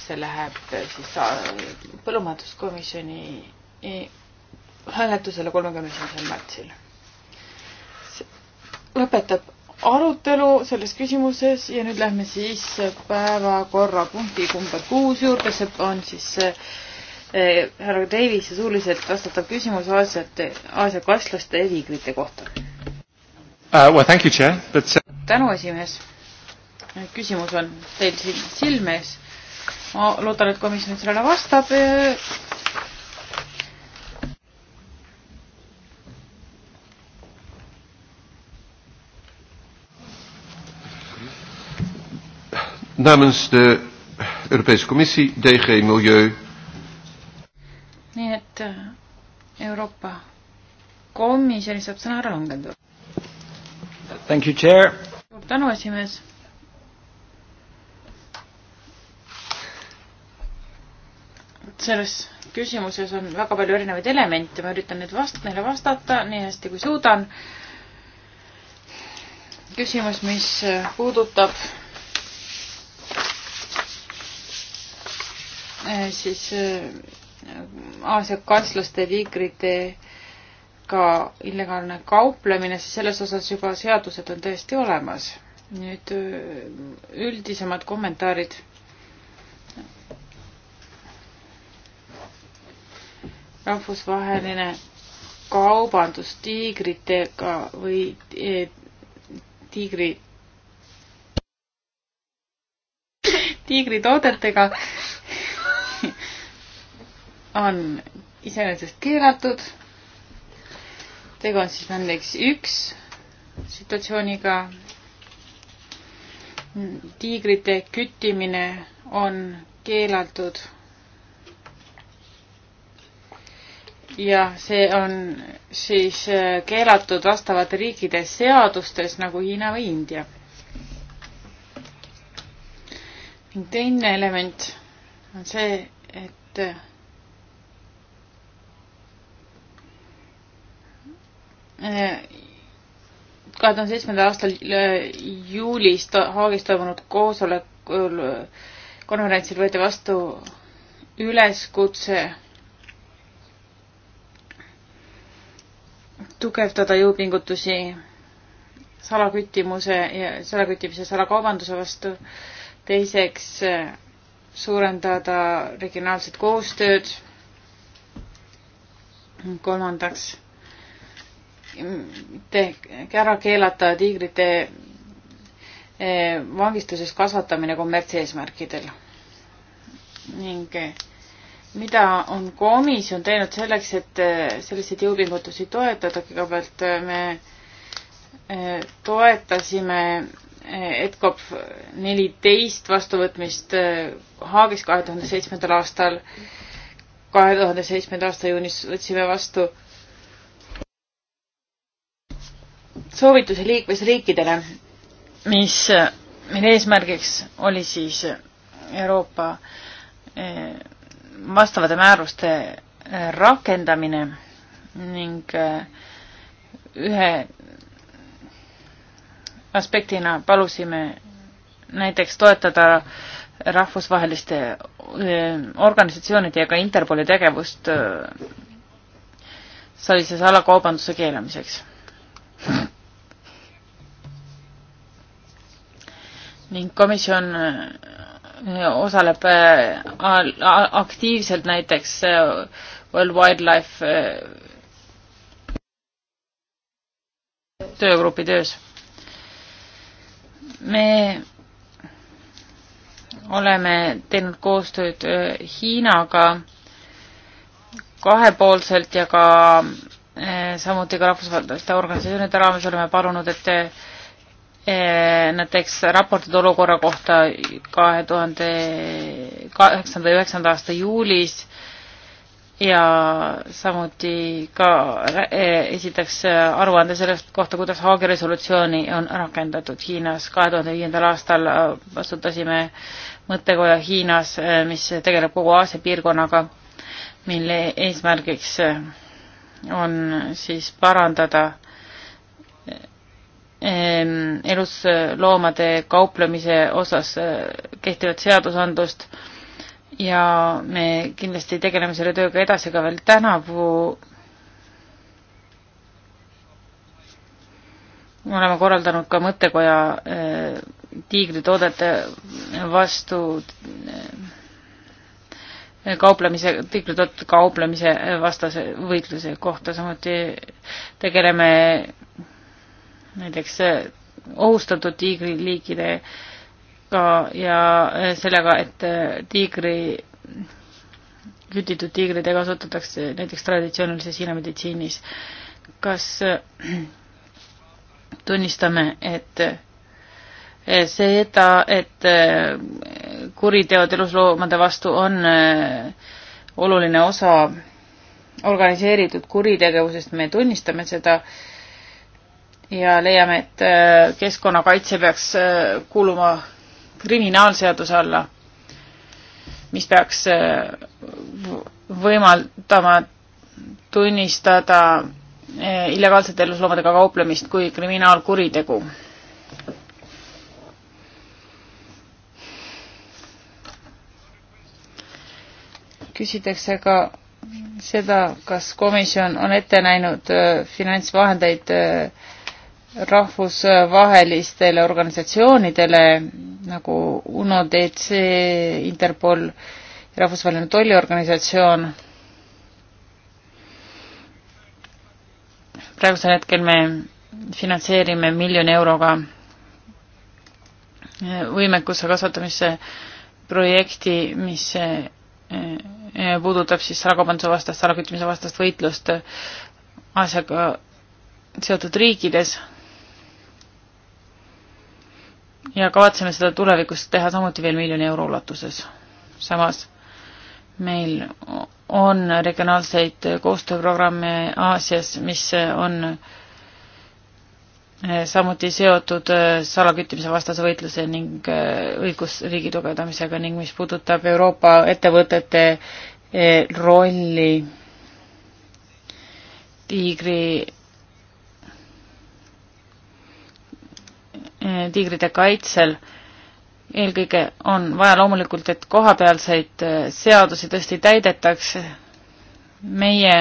see läheb eh, siis põllumajanduskomisjoni hääletusele kolmekümne esimesel märtsil. lõpetab arutelu selles küsimuses ja nüüd lähme siis päevakorrapunkti number kuus juurde, see on siis eh, härra Davise suuliselt vastatav küsimus aasiate, Aasia kasslaste ja tiigrite kohta uh,. Well, thank you, chair, but... Uh, tänu, esimees. küsimus on teil siin silme ees. ma loodan, et komisjon sellele vastab Namens de Europese Commissie, DG Milieu. nii et äh, Euroopa Komisjonil saab sõna ära langendada. Thank you, chair. suur tänu, esimees. selles küsimuses on väga palju erinevaid elemente, ma üritan nüüd vast-, neile vastata nii hästi kui suudan. küsimus, mis äh, puudutab Eh, siis eh, Aasia kaslaste, tiigritega illegaalne kauplemine, siis selles osas juba seadused on täiesti olemas. nüüd eh, üldisemad kommentaarid. rahvusvaheline kaubandus tiigritega või tiigri tiigritoodetega on iseenesest keelatud. tegu on siis näiteks üks situatsiooniga. tiigrite küttimine on keelatud. ja see on siis äh, keelatud vastavate riikide seadustes nagu Hiina või India. ning teine element on see, et kahe tuhande seitsmendal aastal äh, juulis Haagis toimunud koosolekul, äh, konverentsil võeti vastu üleskutse tugevdada jõupingutusi salaküttimuse ja salaküttimise salakaubanduse vastu. teiseks äh, suurendada regionaalset koostööd. kolmandaks ära keelata tiigrite eh, vangistuses kasvatamine kommertseesmärkidel ning eh, mida on komisjon teinud selleks, et eh, selliseid jõupingutusi toetada, kõigepealt me toetasime EDCOP neliteist vastuvõtmist Haagis kahe tuhande seitsmendal aastal. kahe tuhande seitsmenda aasta juunis võtsime vastu soovitusi liikmesriikidele, mis, mille eesmärgiks oli siis Euroopa eh, vastavate määruste eh, rakendamine ning eh, ühe aspektina palusime näiteks toetada rahvusvaheliste organisatsioonide ja ka Interpoli tegevust sellises alakaubanduse keelamiseks ning komisjon äh, osaleb äh, aktiivselt näiteks äh, World Wildlife töögrupi töös. me oleme teinud koostööd Hiinaga kahepoolselt ja ka samuti ka rahvusvaheliste organisatsioonide raames oleme palunud, et Eh, näiteks raportid olukorra kohta kahe tuhande kaheksanda ja üheksanda aasta juulis ja samuti ka eh, esitaks aruande sellest kohta, kuidas Haagi resolutsiooni on rakendatud Hiinas. kahe tuhande viiendal aastal eh, vastutasime mõttekoja Hiinas, mis tegeleb kogu Aasia piirkonnaga, mille eesmärgiks on siis parandada Ehm, elusloomade kauplemise osas äh, kehtivat seadusandlust ja me kindlasti tegeleme selle tööga edasi ka veel tänavu. me oleme korraldanud ka mõttekoja äh, tiigritoodete vastu äh, kauplemise, tiigritoodete kauplemise vastase võitluse kohta, samuti tegeleme näiteks äh, ohustatud tiigriliikidega ja äh, sellega, et äh, tiigri, kütitud tiigreid kasutatakse näiteks traditsioonilises Hiina meditsiinis. kas tunnistame, et seda, et kuriteod elusloomade vastu on oluline osa organiseeritud kuritegevusest, me tunnistame seda äh, ja leiame, et äh, keskkonnakaitse peaks äh, kuuluma kriminaalseaduse alla, mis peaks äh, võimaldama tunnistada illegaalsete elusloomadega kauplemist kui kriminaalkuritegu. küsitakse ka seda, kas komisjon on ette näinud finantsvahendeid äh, rahvusvahelistele organisatsioonidele nagu UNODC, Interpol, rahvusvaheline tolliorganisatsioon. praegusel hetkel me finantseerime miljoni euroga võimekuse kasvatamise projekti, mis eh, puudutab siis salakaubanduse vastast, salakütmise vastast võitlust asjaga seotud riikides ja kavatseme seda tulevikus teha samuti veel miljoni euro ulatuses. samas meil on regionaalseid koostööprogramme Aasias, mis on eh, samuti seotud eh, salaküttimise vastase võitluse ning eh, õigusriigi tugevdamisega ning mis puudutab Euroopa ettevõtete rolli tiigri Eh, tiigride kaitsel. eelkõige on vaja loomulikult, et kohapealseid eh, seadusi tõesti täidetaks. meie,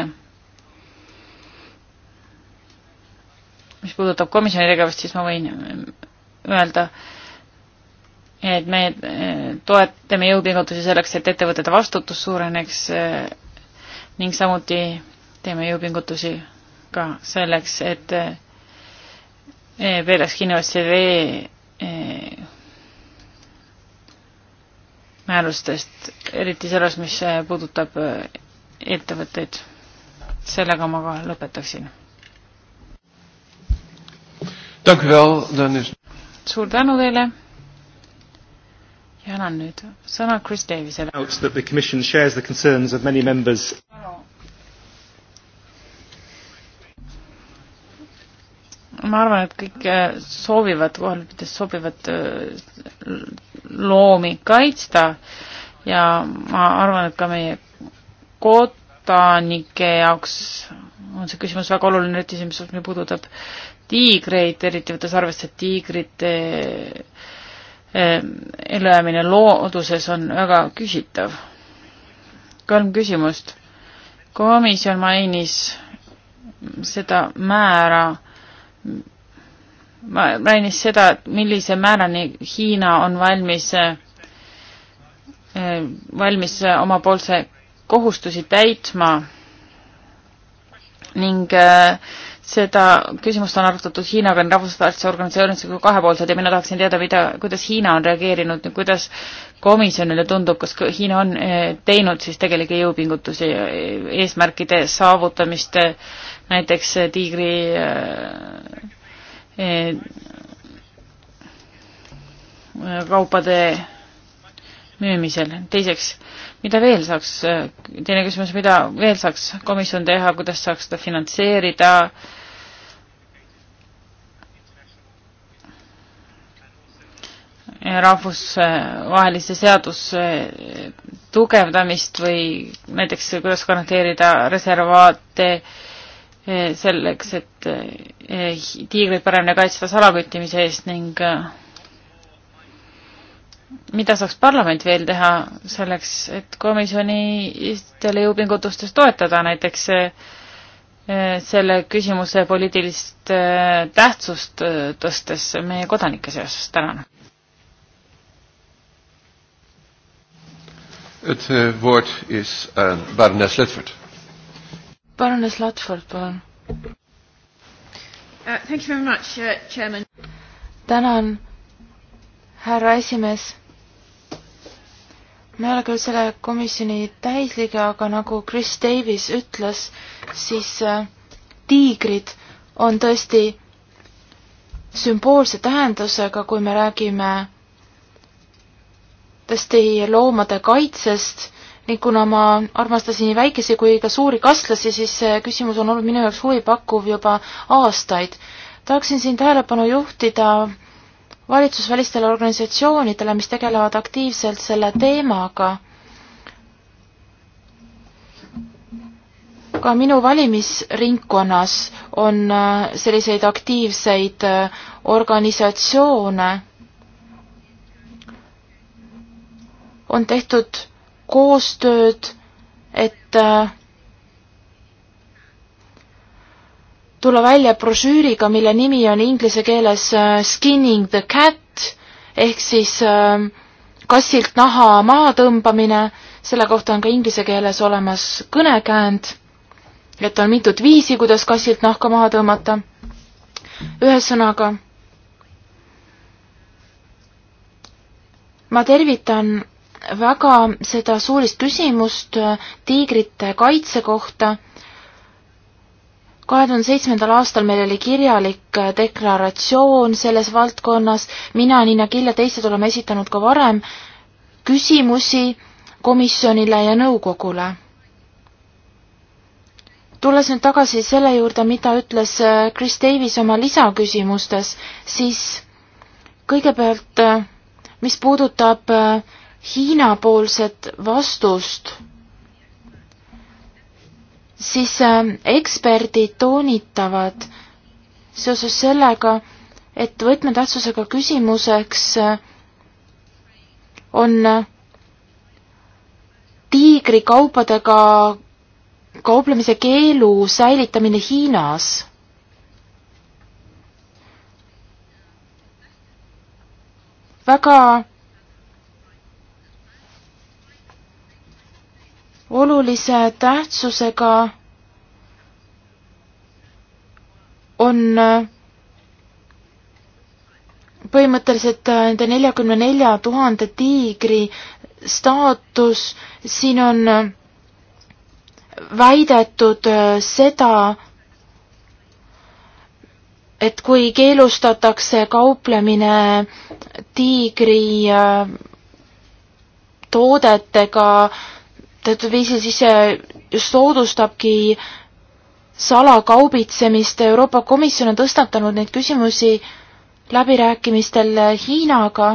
mis puudutab komisjoni tegevust, siis ma võin eh, öelda, et me toetame jõupingutusi selleks, et ettevõtete vastutus suureneks ning samuti teeme jõupingutusi ka selleks, et Belaskin OCD määrustest, eriti selles, mis puudutab ettevõtteid. sellega ma ka lõpetaksin. suur tänu teile ja annan nüüd sõna Chris Davisele. ma arvan, et kõik äh, soovivad, kohalikud sobivad äh, loomi kaitsta ja ma arvan, et ka meie kodanike jaoks on see küsimus väga oluline, eriti see, mis puudutab tiigreid, eriti võttes arvesse, et tiigrite äh, ellujäämine looduses on väga küsitav. kolm küsimust. komisjon mainis seda määra mainis seda, et millise määrani Hiina on valmis, äh, valmis äh, omapoolse kohustusi täitma ning äh, seda küsimust on arutatud Hiinaga nii rahvusvahelise organisatsioonidega kui kahepoolselt ja mina tahaksin teada, mida, kuidas Hiina on reageerinud, kuidas komisjonile tundub, kas Hiina on eh, teinud siis tegelikke jõupingutusi eh, eesmärkide saavutamist eh, näiteks tiigri kaupade müümisel. teiseks, mida veel saaks, teine küsimus, mida veel saaks komisjon teha, kuidas saaks seda finantseerida? rahvusvahelise seaduse tugevdamist või näiteks kuidas garanteerida reservaate eh, selleks, et eh, tiigreid paremini kaitsta salaküttimise eest ning äh, mida saaks parlament veel teha selleks, et komisjoni teile jõupingutustes toetada, näiteks eh, eh, selle küsimuse poliitilist eh, tähtsust tõstes meie kodanike seas, tänan. Het uh, woord is aan uh, barones Ledford. Barones Ledford, palun uh,. Thank you very much uh,, chairman. tänan, härra esimees ma ei ole küll selle komisjoni täisliige, aga nagu Chris Davis ütles, siis äh, tiigrid on tõesti sümboolse tähendusega, kui me räägime tõesti loomade kaitsest ning kuna ma armastasin nii väikesi kui ka suuri kastlasi, siis see küsimus on olnud minu jaoks huvipakkuv juba aastaid. tahaksin siin tähelepanu juhtida valitsusvälistele organisatsioonidele, mis tegelevad aktiivselt selle teemaga. ka minu valimisringkonnas on äh, selliseid aktiivseid äh, organisatsioone. on tehtud koostööd, et äh, tulla välja brošüüriga, mille nimi on inglise keeles äh, Skinning the cat ehk siis ähm, kassilt naha maha tõmbamine, selle kohta on ka inglise keeles olemas kõnekäänd, et on mitut viisi, kuidas kassilt nahka maha tõmmata. ühesõnaga, ma tervitan väga seda suulist küsimust äh, tiigrite kaitse kohta kahe tuhande seitsmendal aastal meil oli kirjalik äh, deklaratsioon selles valdkonnas, mina, Niina Kill ja teised oleme esitanud ka varem küsimusi komisjonile ja nõukogule. tulles nüüd tagasi selle juurde, mida ütles äh, Chris Davis oma lisaküsimustes, siis kõigepealt, äh, mis puudutab Hiina-poolset vastust siis ähm, eksperdid toonitavad seoses sellega, et võtmetähtsusega küsimuseks äh, on äh, tiigrikaupadega kauplemise keelu säilitamine Hiinas. väga olulise tähtsusega on põhimõtteliselt nende neljakümne nelja tuhande tiigri staatus, siin on väidetud seda, et kui keelustatakse kauplemine tiigri toodetega äh, teatud viisil siis see soodustabki salakaubitsemist. Euroopa Komisjon on tõstatanud neid küsimusi läbirääkimistel Hiinaga.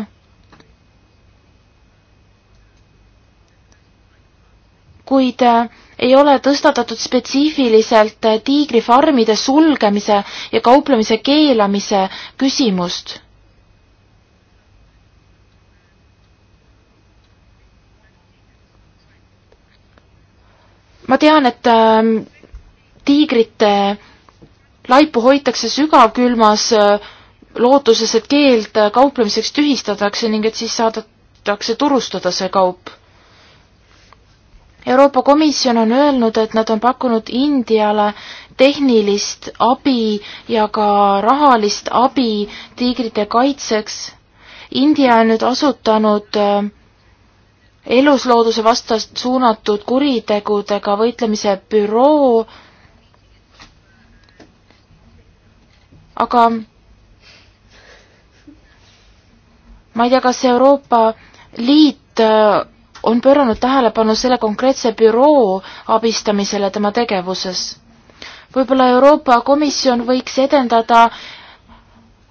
kuid äh, ei ole tõstatatud spetsiifiliselt tiigrifarmide sulgemise ja kauplemise keelamise küsimust ma tean, et ähm, tiigrite laipu hoitakse sügavkülmas äh, lootuses, et keeld äh, kauplemiseks tühistatakse ning et siis saadetakse turustada see kaup. Euroopa Komisjon on öelnud, et nad on pakkunud Indiale tehnilist abi ja ka rahalist abi tiigrite kaitseks. India on nüüd asutanud äh, eluslooduse vastast suunatud kuritegudega võitlemise büroo, aga ma ei tea, kas Euroopa Liit äh, on pööranud tähelepanu selle konkreetse büroo abistamisele tema tegevuses võib-olla Euroopa Komisjon võiks edendada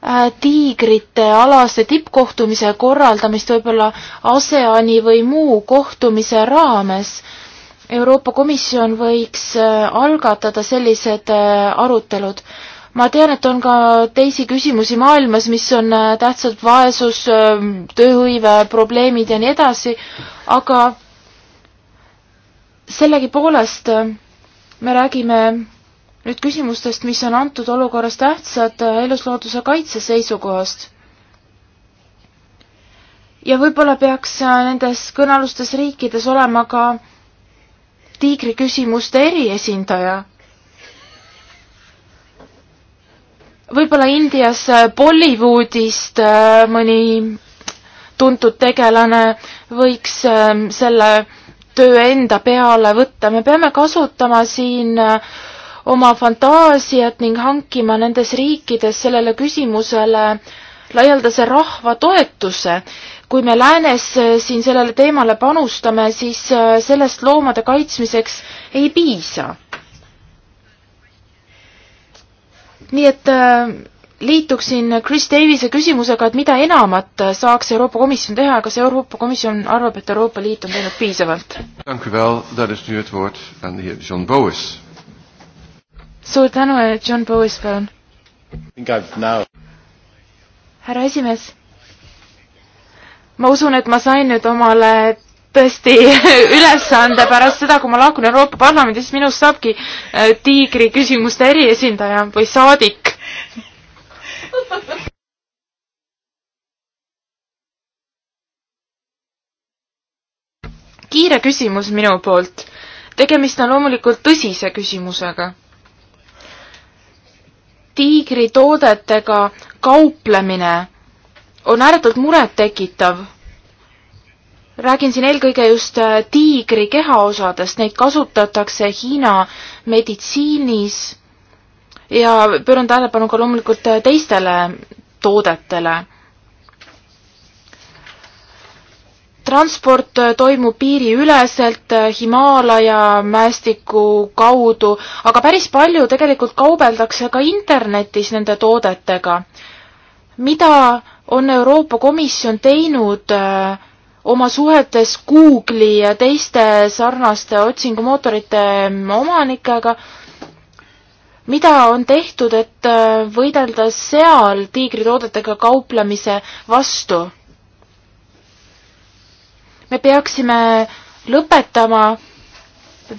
Äh, tiigrite alase tippkohtumise korraldamist võib-olla ASEAN-i või muu kohtumise raames. Euroopa Komisjon võiks äh, algatada sellised äh, arutelud. ma tean, et on ka teisi küsimusi maailmas, mis on tähtsad, vaesus, tööhõive, probleemid ja nii edasi, aga sellegipoolest me räägime nüüd küsimustest, mis on antud olukorras tähtsad äh, eluslooduse kaitse seisukohast. ja võib-olla peaks äh, nendes kõnealustes riikides olema ka tiigri küsimuste eriesindaja. võib-olla Indias äh, Bollywoodist mõni tuntud tegelane võiks ähm, selle töö enda peale võtta, me peame kasutama siin äh, oma fantaasiat ning hankima nendes riikides sellele küsimusele laialdase rahva toetuse. kui me läänes eh, siin sellele teemale panustame, siis eh, sellest loomade kaitsmiseks ei piisa. nii et eh, liituksin Chris Davise küsimusega, et mida enamat saaks Euroopa Komisjon teha, kas Euroopa Komisjon arvab, et Euroopa Liit on teinud piisavalt? suur tänu, eh, John Bowes, palun. härra esimees, ma usun, et ma sain nüüd omale tõesti ülesande pärast seda, kui ma lahkun Euroopa Parlamendi, siis minust saabki eh, tiigri küsimuste eriesindaja või saadik. kiire küsimus minu poolt. tegemist on loomulikult tõsise küsimusega tiigritoodetega kauplemine on ääretult murettekitav. räägin siin eelkõige just äh, tiigri kehaosadest, neid kasutatakse Hiina meditsiinis ja pööran tähelepanu ka loomulikult äh, teistele toodetele transport äh, toimub piiriüleselt äh, Himaalaja mäestiku kaudu, aga päris palju tegelikult kaubeldakse ka internetis nende toodetega. mida on Euroopa Komisjon teinud äh, oma suhetes Google'i ja teiste sarnaste otsingumootorite omanikega, mida on tehtud, et võidelda seal tiigritoodetega kauplemise vastu? me peaksime lõpetama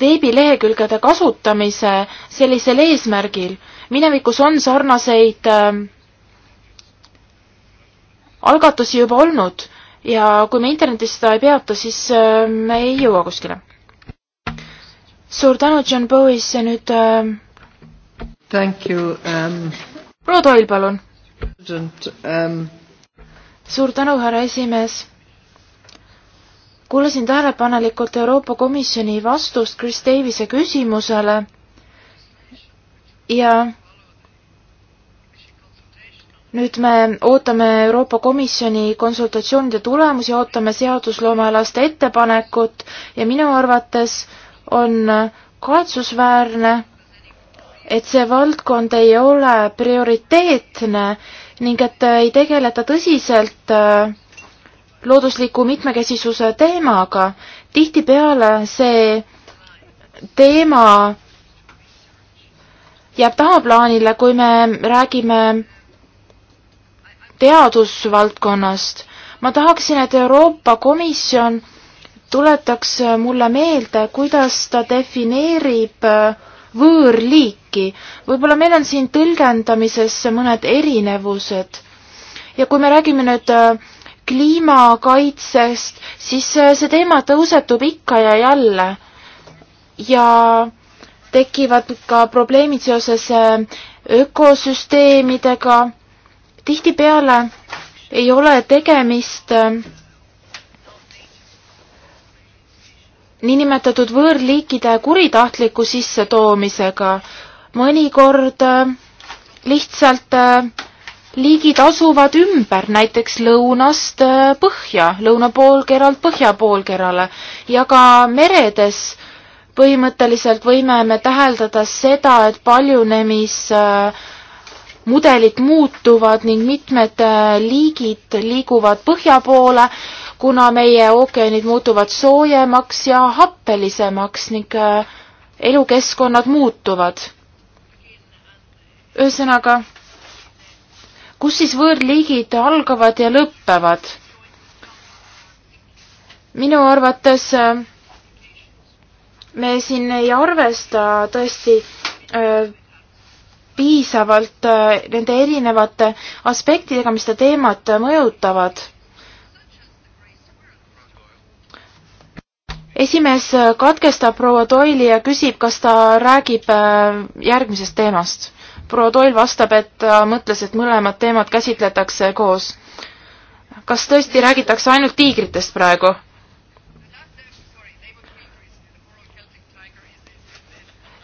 veebilehekülgede kasutamise sellisel eesmärgil. minevikus on sarnaseid äh, algatusi juba olnud ja kui me internetis seda ei peata, siis äh, me ei jõua kuskile. suur tänu, John Bowis ja nüüd äh, Thank you um.... proua Toil, palun. Um... suur tänu, härra esimees kuulasin tähelepanelikult Euroopa Komisjoni vastust Chris Davise küsimusele ja nüüd me ootame Euroopa Komisjoni konsultatsioonide tulemusi, ootame seadusloomealaste ettepanekut ja minu arvates on kahetsusväärne, et see valdkond ei ole prioriteetne ning et ei tegeleta tõsiselt äh, loodusliku mitmekesisuse teemaga. tihtipeale see teema jääb tahaplaanile, kui me räägime teadusvaldkonnast. ma tahaksin, et Euroopa Komisjon tuletaks mulle meelde, kuidas ta defineerib võõrliiki. võib-olla meil on siin tõlgendamises mõned erinevused. ja kui me räägime nüüd äh, kliimakaitsest, siis äh, see teema tõusetub ikka ja jälle. ja tekivad ka probleemid seoses äh, ökosüsteemidega. tihtipeale ei ole tegemist äh, niinimetatud võõrliikide kuritahtliku sissetoomisega. mõnikord lihtsalt liigid asuvad ümber, näiteks lõunast äh, põhja, lõunapoolkeralt põhjapoolkerale ja ka meredes põhimõtteliselt võime me täheldada seda, et paljunemismudelid äh, muutuvad ning mitmed äh, liigid liiguvad põhja poole, kuna meie ookeanid muutuvad soojemaks ja happelisemaks ning elukeskkonnad muutuvad. ühesõnaga kus siis võõrliigid algavad ja lõppevad? minu arvates äh, me siin ei arvesta tõesti öö, äh, piisavalt äh, nende erinevate aspektidega, mis seda teemat mõjutavad. esimees katkestab proua Toili ja küsib, kas ta räägib järgmisest teemast proua Toil vastab, et ta mõtles, et mõlemad teemad käsitletakse koos. kas tõesti räägitakse ainult tiigritest praegu?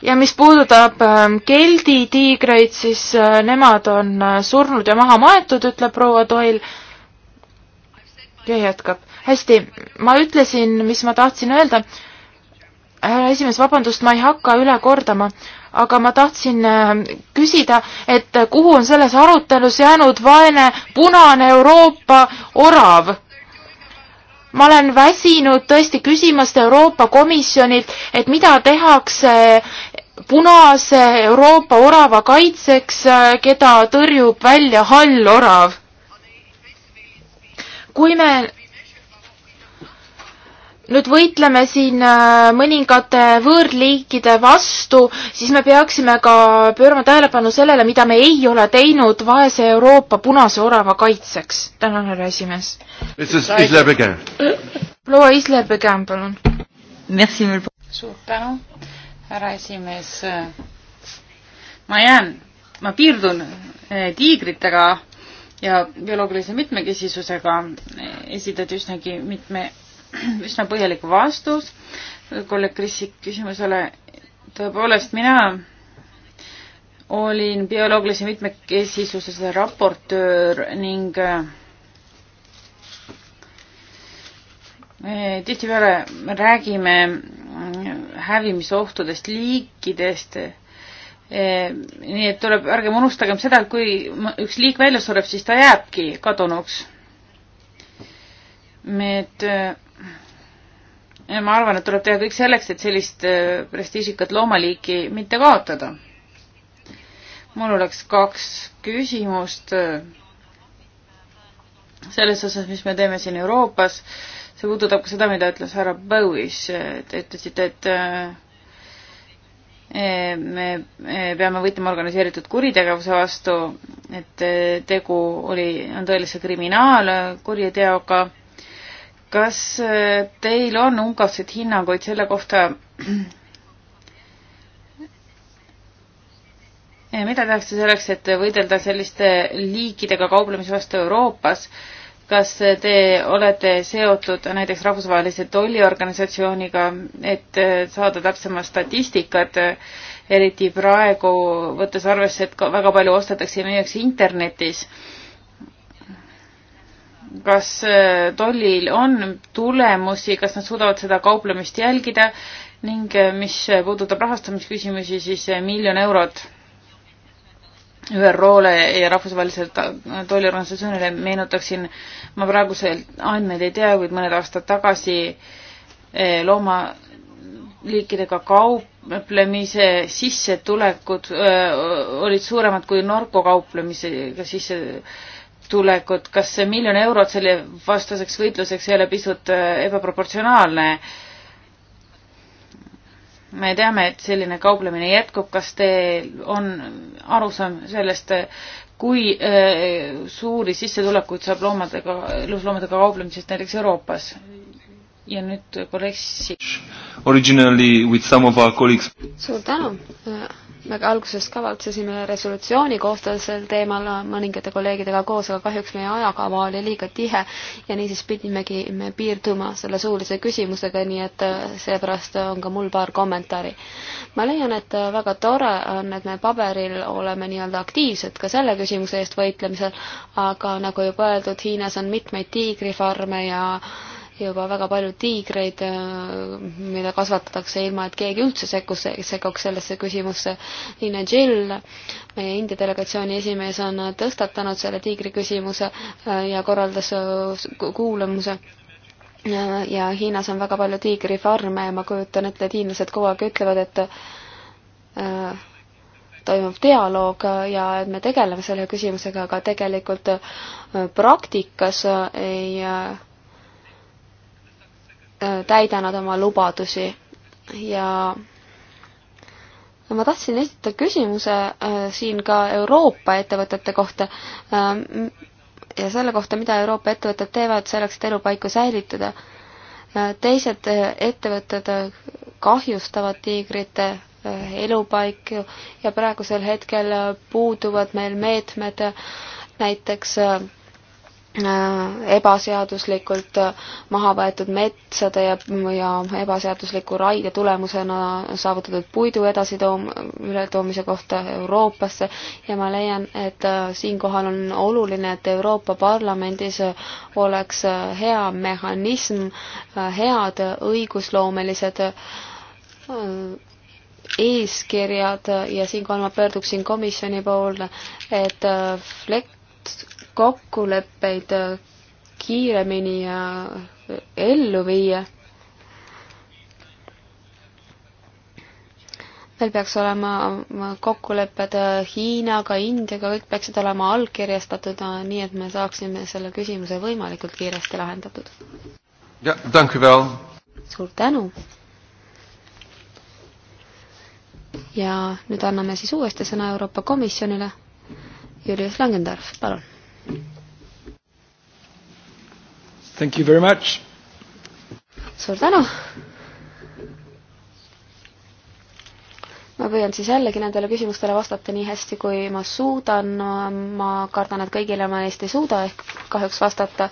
ja mis puudutab ähm, keldi tiigreid, siis äh, nemad on äh, surnud ja maha maetud, ütleb proua Toil. ja jätkab. hästi, ma ütlesin, mis ma tahtsin öelda. härra esimees, vabandust, ma ei hakka üle kordama aga ma tahtsin äh, küsida, et kuhu on selles arutelus jäänud vaene punane Euroopa orav? ma olen väsinud tõesti küsimast Euroopa Komisjonilt, et mida tehakse punase Euroopa orava kaitseks, äh, keda tõrjub välja hall orav. kui me nüüd võitleme siin äh, mõningate võõrliikide vastu, siis me peaksime ka pöörama tähelepanu sellele, mida me ei ole teinud vaese Euroopa punase orava kaitseks. tänan, härra esimees. proua Islebekäm, palun. suur tänu, härra esimees. ma jään, ma piirdun eh, tiigritega ja bioloogilise mitmekesisusega esitati üsnagi mitme üsna põhjalik vastus kolleeg Krissi küsimusele. tõepoolest, mina olin bioloogilise mitmekesisuse raportöör ning äh, tihtipeale räägime äh, hävimisohtudest, liikidest, äh, nii et tuleb, ärgem unustagem seda, et kui üks liik välja sureb, siis ta jääbki kadunuks. et ma arvan, et tuleb teha kõik selleks, et sellist äh, prestiižikat loomaliiki mitte kaotada. mul oleks kaks küsimust äh, selles osas, mis me teeme siin Euroopas. see puudutab ka seda, mida ütles härra Bowis, te ütlesite, et äh, me peame võitlema organiseeritud kuritegevuse vastu, et tegu oli, on tõelise kriminaalkuriteoga kas äh, teil on umbkaudseid hinnanguid selle kohta, mida tehakse selleks, et võidelda selliste liikidega kauplemise vastu Euroopas? kas te olete seotud näiteks rahvusvahelise tolliorganisatsiooniga, et äh, saada täpsemat statistikat, eriti praegu, võttes arvesse, et ka väga palju ostetakse ja müüakse internetis kas äh, tollil on tulemusi, kas nad suudavad seda kauplemist jälgida ning äh, mis puudutab rahastamisküsimusi, siis äh, miljon eurot ÜRO-le ja rahvusvahelisele tolliorganisatsioonile meenutaksin, ma praeguseid andmeid ei tea, kuid mõned aastad tagasi loomaliikidega kauplemise sissetulekud öö, olid suuremad kui narkokauplemisega sisse tulekut, kas see miljon eurot selle vastaseks võitluseks ei ole pisut äh, ebaproportsionaalne? me teame, et selline kauplemine jätkub, kas teil on arusaam sellest, kui äh, suuri sissetulekuid saab loomadega, elusloomadega kauplemisest näiteks Euroopas? ja nüüd kolleeg Sitš. suur tänu me ka alguses kavatsesime resolutsiooni koostada sel teemal mõningate kolleegidega koos, aga kahjuks meie ajakava oli liiga tihe ja niisiis pidimegi me piirduma selle suulise küsimusega, nii et äh, seepärast on ka mul paar kommentaari. ma leian, et äh, väga tore on, et me paberil oleme nii-öelda aktiivsed ka selle küsimuse eest võitlemisel, aga nagu juba öeldud, Hiinas on mitmeid tiigrifarme ja äh, juba väga palju tiigreid, äh, mida kasvatatakse ilma, et keegi üldse sekkus, sekkuks sellesse küsimusse. Nina Jill, meie India delegatsiooni esimees, on tõstatanud selle tiigri küsimuse äh, ja korraldas äh, kuulamuse ja Hiinas on väga palju tiigrifarme ja ma kujutan ette, et hiinlased kogu aeg ütlevad, et toimub dialoog ja et me tegeleme selle küsimusega, aga tegelikult praktikas ei Äh, täida nad oma lubadusi ja ma tahtsin esitada küsimuse äh, siin ka Euroopa ettevõtete kohta ähm, ja selle kohta, mida Euroopa ettevõtted teevad selleks, et elupaiku säilitada. Äh, teised ettevõtted kahjustavad tiigrite elupaiku ja praegusel hetkel puuduvad meil meetmed näiteks Äh, ebaseaduslikult äh, maha võetud metsade ja, ja ebaseadusliku raide tulemusena saavutatud puidu edasitoom-, ületoomise kohta Euroopasse ja ma leian, et äh, siinkohal on oluline, et Euroopa Parlamendis oleks hea mehhanism, head õigusloomelised eeskirjad ja siinkohal ma pöörduksin komisjoni poole, et flek-, kokkuleppeid kiiremini ellu viia. meil peaks olema kokkulepped Hiinaga, Indiaga, kõik peaksid olema allkirjastatud, nii et me saaksime selle küsimuse võimalikult kiiresti lahendatud. jah, tänku veel! suur tänu! ja nüüd anname siis uuesti sõna Euroopa Komisjonile Jürius Langendorf, palun. Thank you very much. suur tänu. ma püüan siis jällegi nendele küsimustele vastata nii hästi, kui ma suudan. ma kardan, et kõigile ma neist ei suuda ehk kahjuks vastata,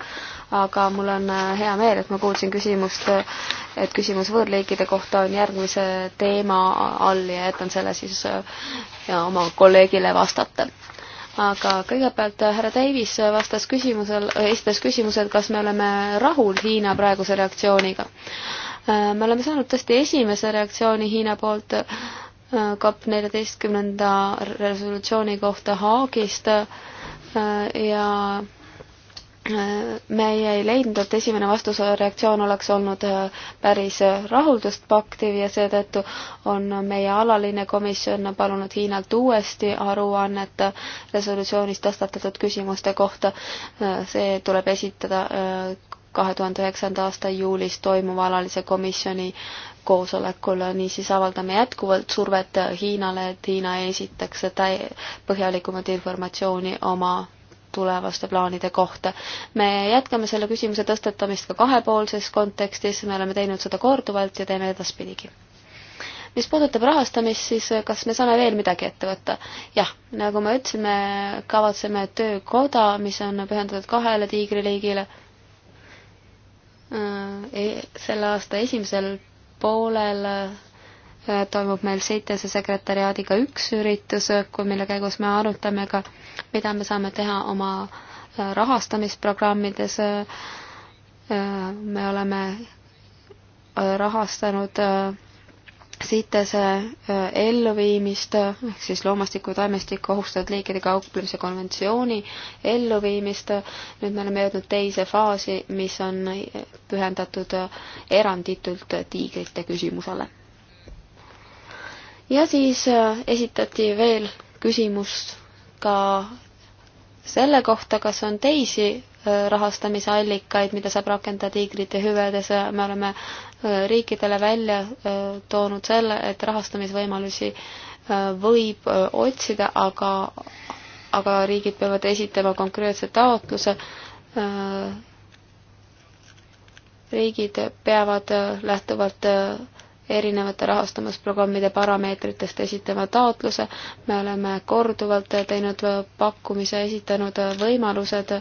aga mul on äh, hea meel, et ma kuulsin küsimust, et küsimus võõrliikide kohta on järgmise teema all ja jätan selle siis äh, oma kolleegile vastata aga kõigepealt äh, härra Davis äh, vastas küsimusel, äh, esitas küsimuse, et kas me oleme rahul Hiina praeguse reaktsiooniga. me oleme saanud tõesti esimese reaktsiooni Hiina poolt COP neljateistkümnenda resolutsiooni kohta Haagist ja me ei leidnud, et esimene vastusreaktsioon oleks olnud äh, päris äh, rahuldust paktiv ja seetõttu on meie alaline komisjon palunud Hiinalt uuesti aruannet äh, resolutsioonis tõstatatud küsimuste kohta. see tuleb esitada kahe tuhande üheksanda aasta juulis toimuva alalise komisjoni koosolekul, niisiis avaldame jätkuvalt survet Hiinale, et Hiina esitaks täi-, põhjalikumat informatsiooni oma tulevaste plaanide kohta. me jätkame selle küsimuse tõstetamist ka kahepoolses kontekstis, me oleme teinud seda korduvalt ja teeme edaspidigi. mis puudutab rahastamist, siis kas me saame veel midagi ette võtta? jah, nagu ma ütlesin, me kavatseme töökoda, mis on pühendatud kahele tiigriliigile, äh, e-, selle aasta esimesel poolel toimub meil seitese sekretäriaadiga üks üritus, mille käigus me arutame ka, mida me saame teha oma äh, rahastamisprogrammides. Äh, me oleme äh, rahastanud CITES-e elluviimist ehk siis loomastiku ja taimestiku ohustatud liikide kauplemise konventsiooni elluviimist. nüüd me oleme jõudnud teise faasi, mis on pühendatud eranditult tiigrite küsimusele ja siis äh, esitati veel küsimus ka selle kohta, kas on teisi äh, rahastamise allikaid, mida saab rakendada tiigrite hüvedes, me oleme äh, riikidele välja toonud selle, et rahastamisvõimalusi võib otsida, aga, aga riigid peavad esitama konkreetse taotluse. riigid peavad lähtuvalt erinevate rahastamisprogrammide parameetritest esitama taotluse, me oleme korduvalt teinud pakkumise, esitanud võimalused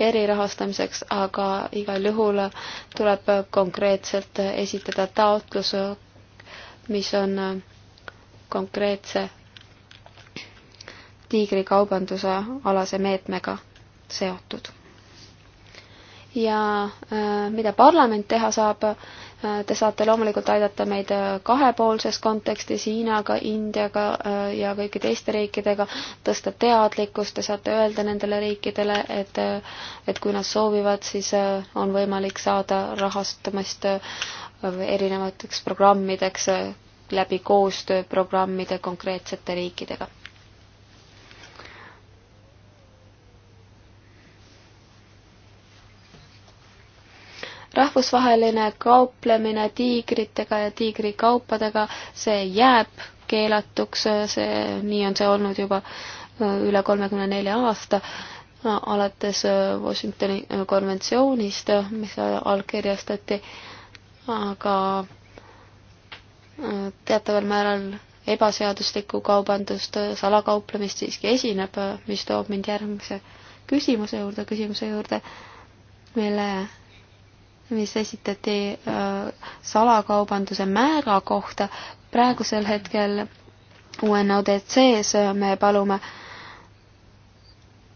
erirahastamiseks, aga igal juhul tuleb konkreetselt esitada taotlus, mis on konkreetse tiigrikaubanduse alase meetmega seotud. ja äh, mida parlament teha saab, Te saate loomulikult aidata meid äh, kahepoolses kontekstis Hiinaga, Indiaga äh, ja kõigi teiste riikidega, tõsta teadlikkust, te saate öelda nendele riikidele, et äh, et kui nad soovivad, siis on võimalik saada rahastamist erinevateks programmideks läbi koostööprogrammide konkreetsete riikidega. rahvusvaheline kauplemine tiigritega ja tiigrikaupadega, see jääb keelatuks, see, nii on see olnud juba äh, üle kolmekümne nelja aasta, äh, alates äh, Washingtoni konventsioonist, mis allkirjastati, aga teataval määral ebaseaduslikku kaubandust, salakauplemist siiski esineb, mis toob mind järgmise küsimuse juurde, küsimuse juurde, mille mis esitati äh, salakaubanduse määra kohta. praegusel hetkel UNODC-s äh, me palume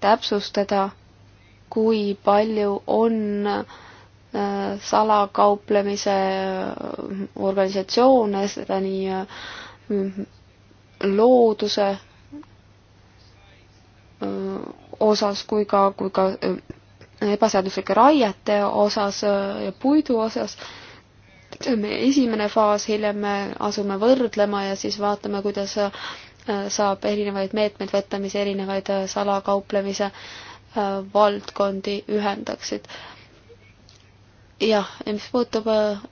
täpsustada, kui palju on äh, salakauplemise organisatsioone, seda nii looduse osas kui ka, kui ka ebaseaduslike raiete osas äh, ja puidu osas. teeme esimene faas, hiljem me asume võrdlema ja siis vaatame, kuidas äh, saab erinevaid meetmeid võtta, mis erinevaid äh, salakauplemise valdkondi ühendaksid. jah, ja mis puutub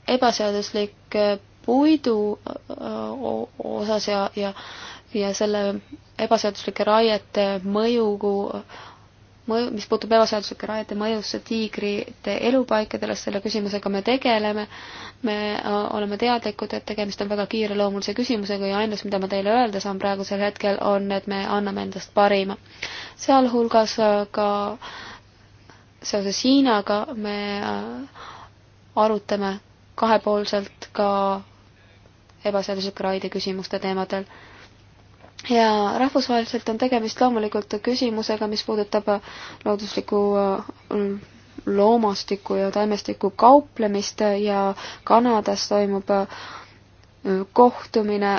ebaseaduslike puidu osas ja, ja, ja selle ebaseaduslike raiete mõju mõju, mis puutub ebaseaduslike raiete mõjusse tiigrite elupaikadele, selle küsimusega me tegeleme. me äh, oleme teadlikud, et tegemist on väga kiireloomulise küsimusega ja ainus, mida ma teile öelda saan praegusel hetkel, on, et me anname endast parima. sealhulgas äh, ka seoses Hiinaga me äh, arutame kahepoolselt ka ebaseaduslike raide küsimuste teemadel ja rahvusvaheliselt on tegemist loomulikult küsimusega, mis puudutab äh, loodusliku äh, mm, loomastiku ja taimestiku kauplemist ja Kanadas toimub äh, kohtumine,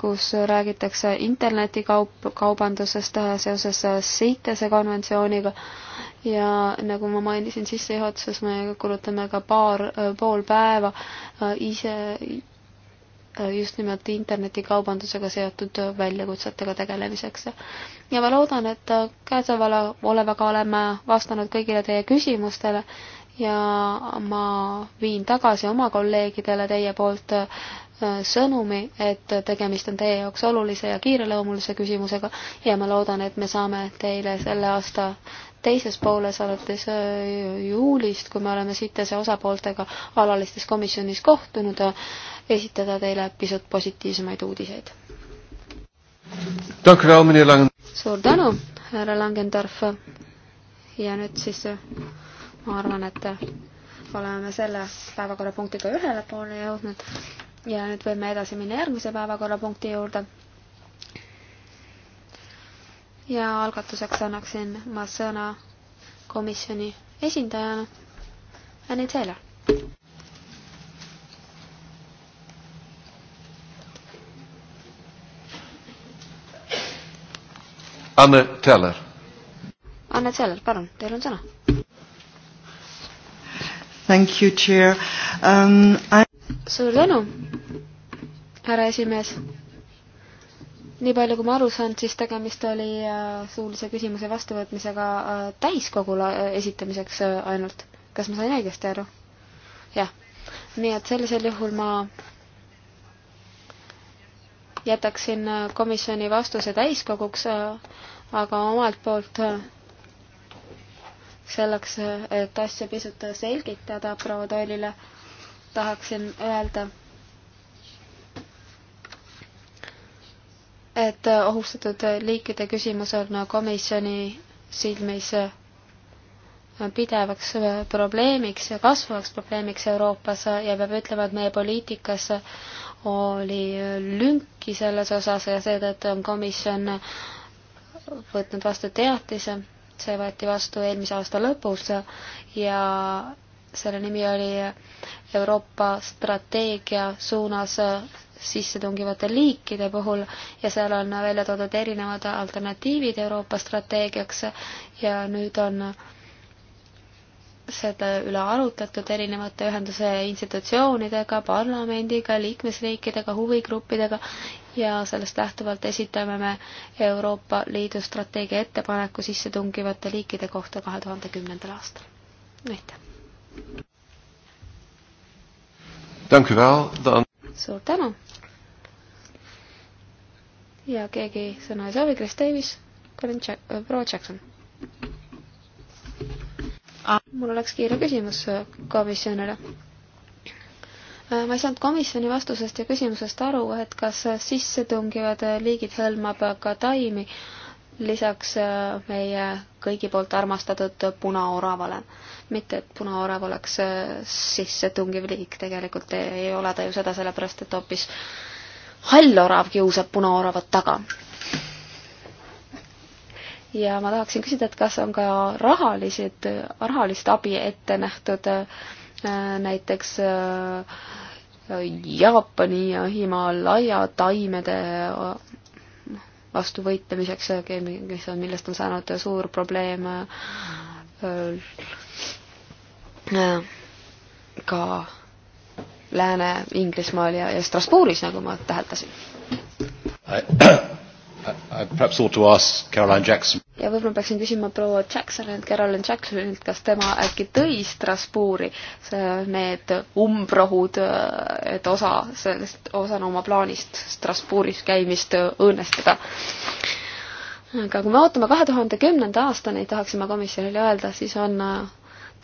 kus räägitakse internetikaup, kaubandusest seoses CITES-e konventsiooniga ja nagu ma mainisin sissejuhatuses, me kulutame ka paar, pool päeva ise Äh, just nimelt internetikaubandusega seotud väljakutsetega tegelemiseks. ja ma loodan, et äh, käesolevaga oleme vastanud kõigile teie küsimustele ja ma viin tagasi oma kolleegidele teie poolt äh, sõnumi, et tegemist on teie jaoks olulise ja kiireloomulise küsimusega ja ma loodan, et me saame teile selle aasta teises pooles alates juulist, kui me oleme CITES-e osapooltega alalistes komisjonis kohtunud, esitada teile pisut positiivsemaid uudiseid. suur tänu, härra Langendorf. ja nüüd siis ma arvan, et oleme selle päevakorrapunktiga ühele poole jõudnud ja nüüd võime edasi minna järgmise päevakorrapunkti juurde. ja algatuseks annaksin ma sõna komisjoni esindajana Anni Taylor. Anne Teller. Anne Teller, palun, teil on sõna. Thank you, chair um,. I... suur tänu, härra esimees. nii palju, kui ma aru saan, siis tegemist oli äh, suulise küsimuse vastuvõtmisega äh, täiskogule äh, esitamiseks ainult. kas ma sain õigesti aru? jah. nii et sellisel juhul ma jätaksin äh, komisjoni vastuse täiskoguks, äh, aga omalt poolt äh, selleks, et asja pisut selgitada proua Toilile, tahaksin öelda, et ohustatud liikide küsimus on komisjoni silmis pidevaks äh, probleemiks ja kasvavaks probleemiks Euroopas äh, ja peab ütlema, et meie poliitikas oli äh, lünki selles osas ja seetõttu on komisjon võtnud vastu teatise, see võeti vastu eelmise aasta lõpus ja selle nimi oli Euroopa strateegia suunas sissetungivate liikide puhul ja seal on välja toodud erinevad alternatiivid Euroopa strateegiaks ja nüüd on äh, seda üle arutletud erinevate ühenduse institutsioonidega, parlamendiga, liikmesriikidega, huvigruppidega ja sellest lähtuvalt esitame me Euroopa Liidu strateegia ettepaneku sissetungivate liikide kohta kahe tuhande kümnendal aastal. aitäh! suur tänu! ja keegi sõna ei soovi, Chris Davis, Colin Jack-, äh, proua Jackson Ah, mul oleks kiire küsimus äh, komisjonile. Äh, ma ei saanud komisjoni vastusest ja küsimusest aru, et kas äh, sissetungivad liigid hõlmab ka taimi lisaks meie kõigi poolt armastatud punaoravale. mitte, et punaorav oleks sissetungiv liik, tegelikult ei ole ta ju seda, sellepärast et hoopis hallorav kiusab punaoravat taga ja ma tahaksin küsida, et kas on ka rahalised, rahalist abi ette nähtud äh, näiteks äh, Jaapani ja Himalaia taimede äh, vastu võitlemiseks, mis on, millest on saanud suur probleem ka Lääne-Inglismaal ja, ja Strasbourgis, nagu ma täheldasin ja võib-olla peaksin küsima proua Jacksonilt, Caroline Jacksonilt, kas tema äkki tõi Strasbourgi need umbrohud, et osa sellest, osana oma plaanist Strasbourgis käimist õõnestada. aga kui me ootame kahe tuhande kümnenda aastani, tahaksime komisjonile öelda, siis on äh,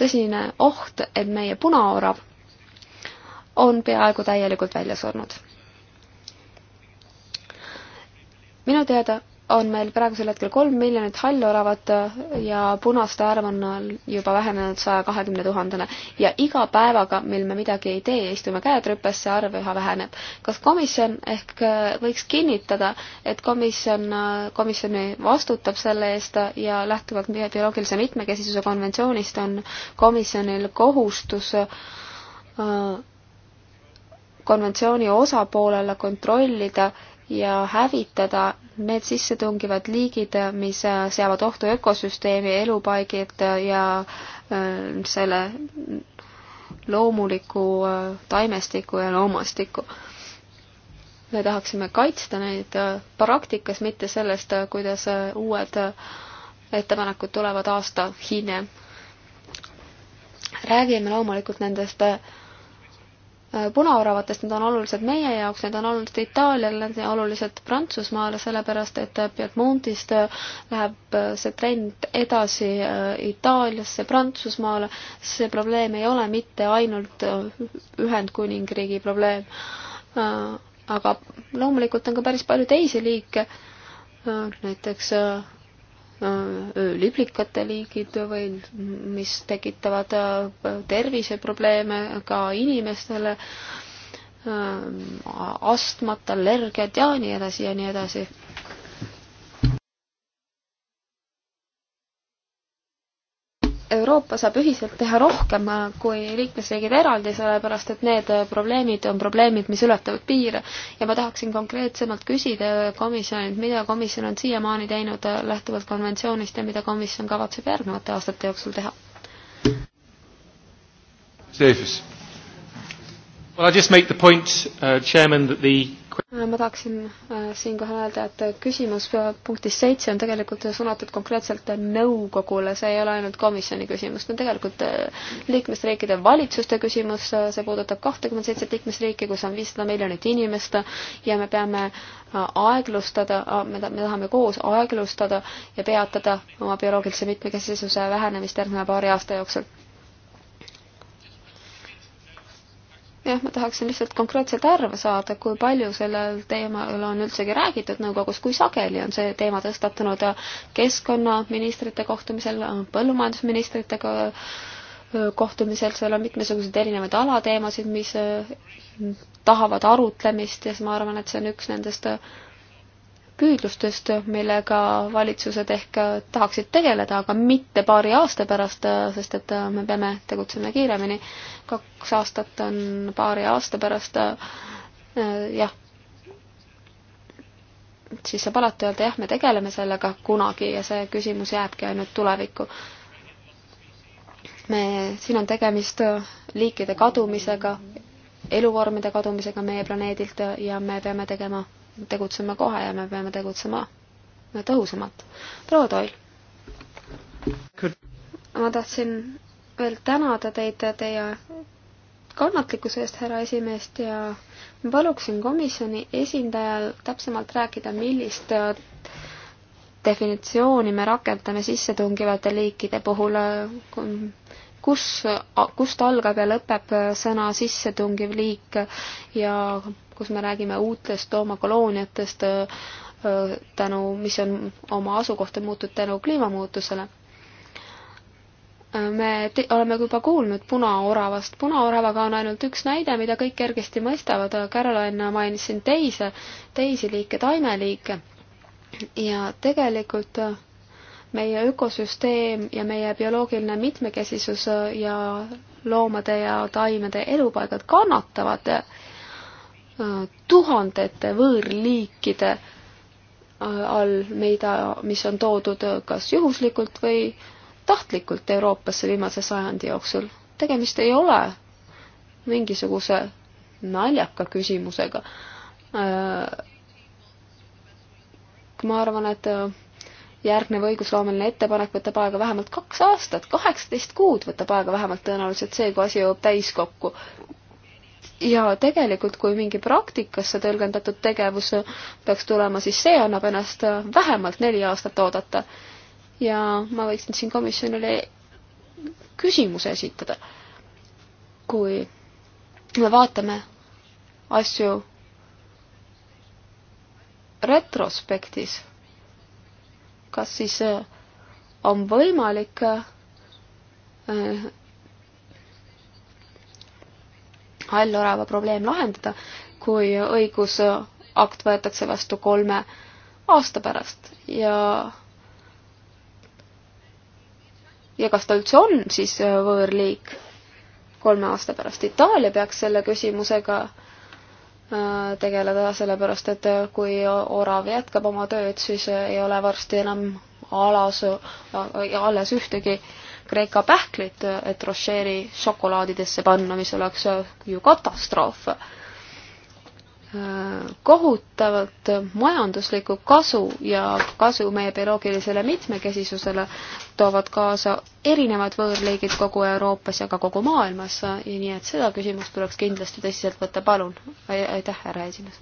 tõsine oht, et meie punaorav on peaaegu täielikult välja surnud minu teada on meil praegusel hetkel kolm miljonit halloravat äh, ja punaste arv on äh, juba vähenenud saja kahekümne tuhandele. ja iga päevaga, mil me midagi ei tee, istume käed rüpes, see arv üha väheneb. kas komisjon ehk äh, võiks kinnitada, et komisjon, komisjoni vastutab selle eest ja lähtuvalt bioloogilise mitmekesisuse konventsioonist on komisjonil kohustus konventsiooni osapoolele kontrollida ja hävitada need sissetungivad liigid, mis äh, seavad ohtu ökosüsteemi, elupaigid äh, ja äh, selle loomuliku taimestiku ja loomastiku. me tahaksime kaitsta neid praktikas, mitte sellest, kuidas uued ettepanekud tulevad aasta hiljem. räägime loomulikult nendest Äh, punaoravatest, need on olulised meie jaoks, need on olulised Itaaliale, olulised Prantsusmaale, sellepärast et Piedmontist äh, läheb äh, see trend edasi Itaaliasse, Prantsusmaale, see probleem ei ole mitte ainult Ühendkuningriigi probleem. aga loomulikult on ka päris palju teisi liike, näiteks Äh, liblikate liigid või mis tekitavad äh, terviseprobleeme ka inimestele, äh, astmat, allergiat ja nii edasi ja nii edasi Euroopa saab ühiselt teha rohkem äh, kui liikmesriigid eraldi, sellepärast et need äh, probleemid on probleemid, mis ületavad piire. ja ma tahaksin konkreetsemalt küsida äh, komisjonilt, mida komisjon on siiamaani teinud lähtuvalt konventsioonist ja mida komisjon kavatseb järgnevate aastate jooksul teha? Davis. Well, I just make the point, uh, Chairman, that the Äh, ma tahaksin äh, siinkohal öelda, et äh, küsimus punktis seitse on tegelikult suunatud konkreetselt nõukogule, see ei ole ainult komisjoni küsimus, see on tegelikult liikmesriikide valitsuste küsimus, see puudutab kahtekümmet seitset liikmesriiki, kus on viissada miljonit inimest ja me peame aeglustada, me tahame koos aeglustada ja peatada oma bioloogilise mitmekesisuse vähenemist järgneva paari aasta jooksul jah, ma tahaksin lihtsalt konkreetselt arve saada, kui palju sellel teemal on üldsegi räägitud nõukogus, kui sageli on see teema tõstatunud keskkonnaministrite kohtumisel, põllumajandusministritega kohtumisel, seal on mitmesuguseid erinevaid alateemasid, mis tahavad arutlemist ja siis ma arvan, et see on üks nendest püüdlustest, millega valitsused ehk tahaksid tegeleda, aga mitte paari aasta pärast, sest et me peame tegutsema kiiremini. kaks aastat on paari aasta pärast, jah. siis saab alati öelda, jah, me tegeleme sellega kunagi ja see küsimus jääbki ainult tulevikku. me, siin on tegemist liikide kadumisega, eluvormide kadumisega meie planeedilt ja me peame tegema tegutsema kohe ja me peame tegutsema tõhusamalt. proua Toil. ma tahtsin veel tänada teid teie kannatlikkuse eest, härra esimeest, ja ma paluksin komisjoni esindajal täpsemalt rääkida, millist definitsiooni me rakendame sissetungivate liikide puhul, kus, kust algab ja lõpeb sõna sissetungiv liik ja kus me räägime uutest loomakolooniatest tänu, mis on oma asukohta muutnud tänu kliimamuutusele me te, oleme juba kuulnud punaoravast. punaoravaga on ainult üks näide, mida kõik kergesti mõistavad. Caroline mainis siin teise, teisi liike, taimeliike. ja tegelikult meie ökosüsteem ja meie bioloogiline mitmekesisus ja loomade ja taimede elupaigad kannatavad tuhandete võõrliikide äh, all, mida, mis on toodud äh, kas juhuslikult või tahtlikult Euroopasse viimase sajandi jooksul. tegemist ei ole mingisuguse naljaka küsimusega. Äh, ma arvan, et järgnev õigusloomeline ettepanek võtab aega vähemalt kaks aastat, kaheksateist kuud võtab aega vähemalt tõenäoliselt see, kui asi jõuab täiskokku ja tegelikult, kui mingi praktikasse tõlgendatud tegevus peaks tulema, siis see annab ennast vähemalt neli aastat oodata. ja ma võiksin siin komisjonile küsimuse esitada. kui me vaatame asju retrospektis, kas siis on võimalik äh, hallorava probleem lahendada, kui õigusakt võetakse vastu kolme aasta pärast ja ja kas ta üldse on siis äh, võõrliik kolme aasta pärast. Itaalia peaks selle küsimusega äh, tegeleda, sellepärast et äh, kui orav jätkab oma tööd, siis ei ole varsti enam alas, alles ühtegi äh, Kreeka pähklit, et Rocheri šokolaadidesse panna, mis oleks ju katastroof. kohutavat majanduslikku kasu ja kasu meie bioloogilisele mitmekesisusele toovad kaasa erinevad võõrliigid kogu Euroopas ja ka kogu maailmas, nii et seda küsimust tuleks kindlasti tõsiselt võtta, palun. aitäh, härra esimees!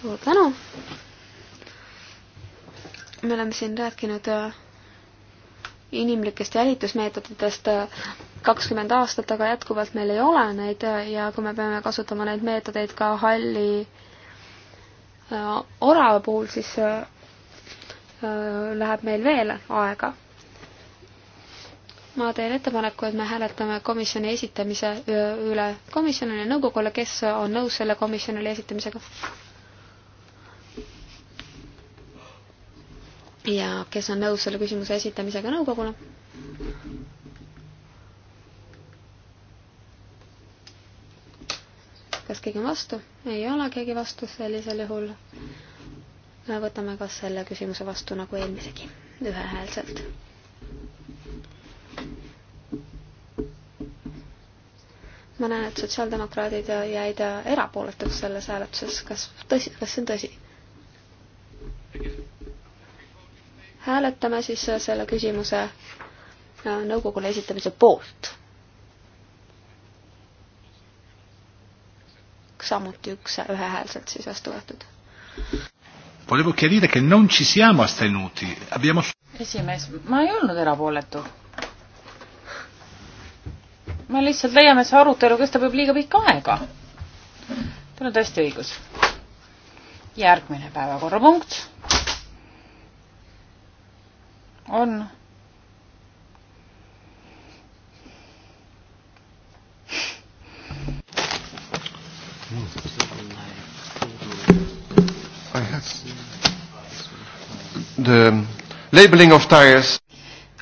suur tänu! me oleme siin rääkinud äh, inimlikest jälitusmeetoditest äh, kakskümmend aastat, aga jätkuvalt meil ei ole neid äh, ja kui me peame kasutama neid meetodeid ka halli orava puhul, siis läheb meil veel aega. ma teen ettepaneku, et me hääletame komisjoni esitamise üle komisjonile ja nõukogule, kes on nõus selle komisjonile esitamisega ja kes on nõus selle küsimuse esitamisega nõukogule. kas keegi on vastu? ei ole keegi vastu, sellisel juhul me võtame kas selle küsimuse vastu nagu eelmisegi, ühehäälselt. ma näen, et sotsiaaldemokraadid jäid erapooletuks selles hääletuses, kas tõsi, kas see on tõsi? hääletame siis selle küsimuse äh, nõukogule esitamise poolt. samuti üks, ühehäälselt siis vastu võetud. Volevo chiarire che non ci siamo astenuti, abbiamo esimees, ma ei olnud erapooletu. ma lihtsalt leiame, et see arutelu kestab juba liiga pikka aega. Teil on tõesti õigus. järgmine päevakorrapunkt on I have the labeling of tires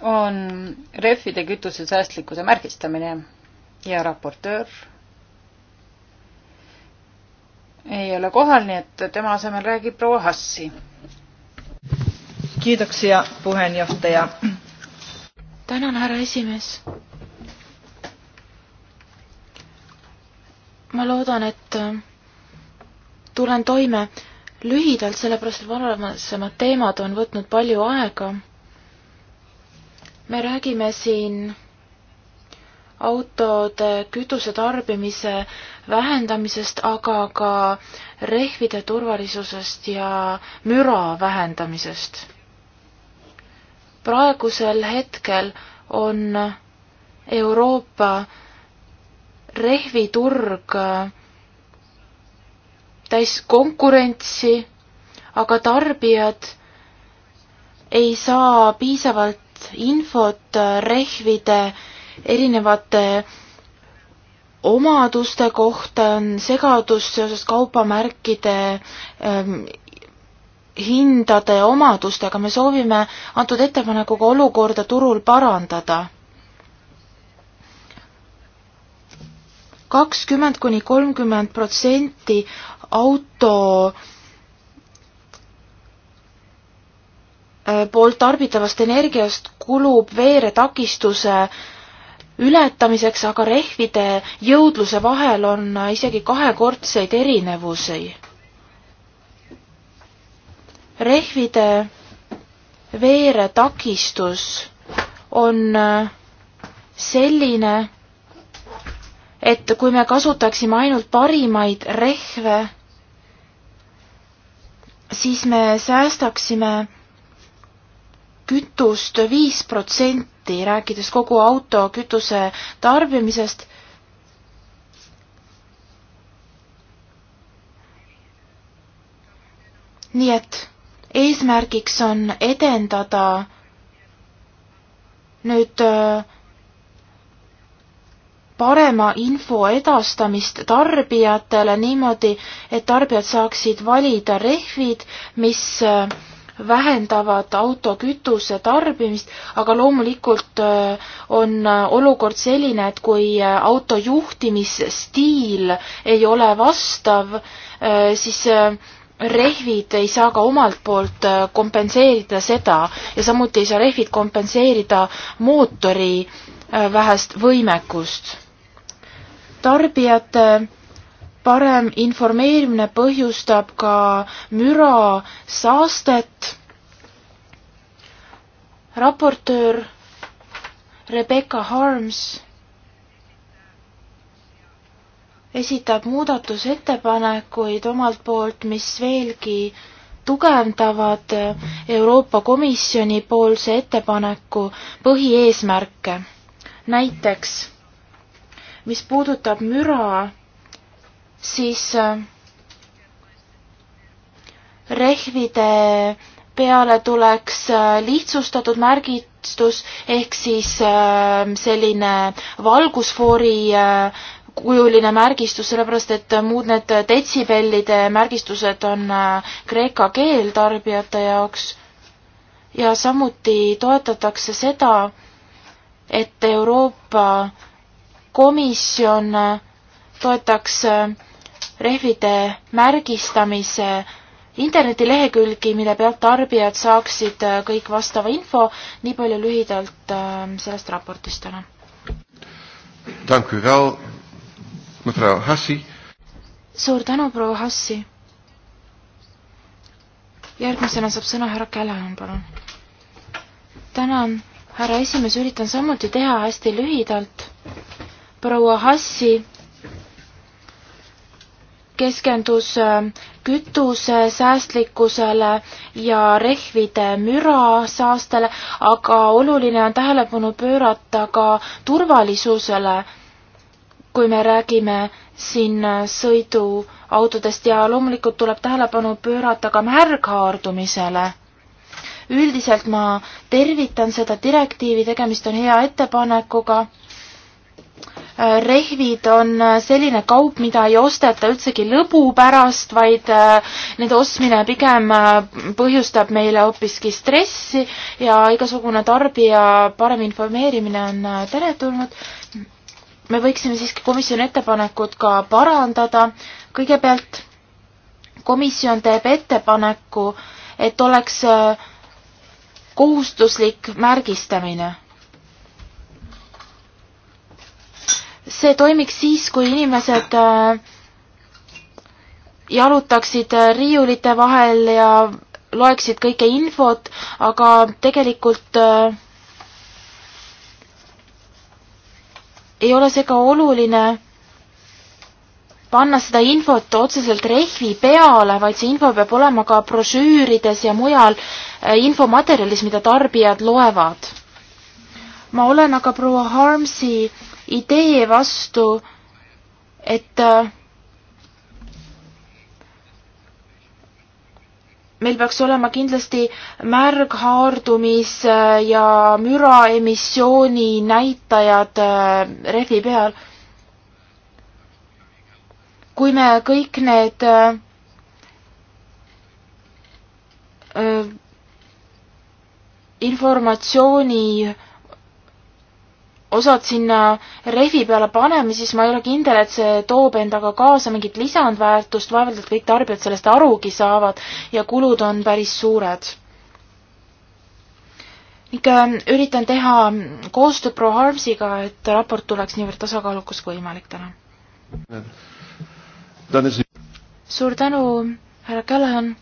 on rehvide kütuse säästlikkuse märgistamine ja raportöör ei ole kohal, nii et tema asemel räägib proua Hassi. Kiitoksia puheenjohtaja. Tänan härra esimees. ma loodan, et äh, tulen toime lühidalt, sellepärast et varemad teemad on võtnud palju aega. me räägime siin autode kütusetarbimise vähendamisest, aga ka rehvide turvalisusest ja müra vähendamisest praegusel hetkel on Euroopa rehviturg täis konkurentsi, aga tarbijad ei saa piisavalt infot rehvide erinevate omaduste kohta, on segadus seoses kaubamärkide ähm, hindade omadustega, me soovime antud ettepanekuga olukorda turul parandada. kakskümmend kuni kolmkümmend protsenti auto äh, poolt tarbitavast energiast kulub veeretakistuse ületamiseks, aga rehvide jõudluse vahel on isegi kahekordseid erinevusi rehvide veeretakistus on äh, selline, et kui me kasutaksime ainult parimaid rehve, siis me säästaksime kütust viis protsenti, rääkides kogu auto kütuse tarbimisest. nii et eesmärgiks on edendada nüüd äh, parema info edastamist tarbijatele niimoodi, et tarbijad saaksid valida rehvid, mis äh, vähendavad autokütuse tarbimist, aga loomulikult äh, on olukord selline, et kui auto juhtimisstiil ei ole vastav, siis rehvid ei saa ka omalt poolt äh, kompenseerida seda ja samuti ei saa rehvid kompenseerida mootori äh, vähest võimekust. tarbijate parem informeerimine põhjustab ka müra saastet. raportöör Rebecca Harms esitab muudatusettepanekuid omalt poolt, mis veelgi tugevdavad Euroopa Komisjoni poolse ettepaneku põhieesmärke. näiteks, mis puudutab müra, siis äh, rehvide peale tuleks äh, lihtsustatud märgistus ehk siis äh, selline valgusfoori kujuline märgistus, sellepärast et muud need detsibellide märgistused on äh, kreeka keel tarbijate jaoks ja samuti toetatakse seda, et Euroopa Komisjon äh, toetaks äh, rehvide märgistamise internetilehekülgi, mille pealt tarbijad saaksid kõik vastava info, nii palju lühidalt sellest raportist täna. Dank u wel mevrouw Hassi. suur tänu, proua Hassi. järgmisena saab sõna härra Kälan, palun. tänan, härra esimees, üritan samuti teha hästi lühidalt. proua Hassi keskendus äh, kütuse säästlikkusele ja rehvide mürasaastele, aga oluline on tähelepanu pöörata ka turvalisusele kui me räägime siin sõiduautodest ja loomulikult tuleb tähelepanu pöörata ka märghaardumisele. üldiselt ma tervitan seda direktiivi, tegemist on hea ettepanekuga. rehvid on selline kaup, mida ei osteta üldsegi lõbu pärast, vaid äh, nende ostmine pigem äh, põhjustab meile hoopiski stressi ja igasugune tarbija parem informeerimine on äh, teretulnud me võiksime siiski komisjoni ettepanekut ka parandada. kõigepealt komisjon teeb ettepaneku, et oleks äh, kohustuslik märgistamine. see toimiks siis, kui inimesed äh, jalutaksid äh, riiulite vahel ja loeksid kõike infot, aga tegelikult äh, ei ole seega oluline panna seda infot otseselt rehvi peale, vaid see info peab olema ka brošüürides ja mujal äh, infomaterjalis, mida tarbijad loevad. ma olen aga proua Harmsi idee vastu, et äh, meil peaks olema kindlasti märghaardumis- äh, ja müraemissiooni näitajad äh, rehvi peal. kui me kõik need äh, informatsiooni osad sinna rehvi peale paneme, siis ma ei ole kindel, et see toob endaga kaasa mingit lisandväärtust, vaevalt et kõik tarbijad sellest arugi saavad ja kulud on päris suured. ikka ähm, üritan teha koostööd Pro Harmsiga, et raport tuleks niivõrd tasakaalukas kui võimalik täna. suur tänu, härra Callahan.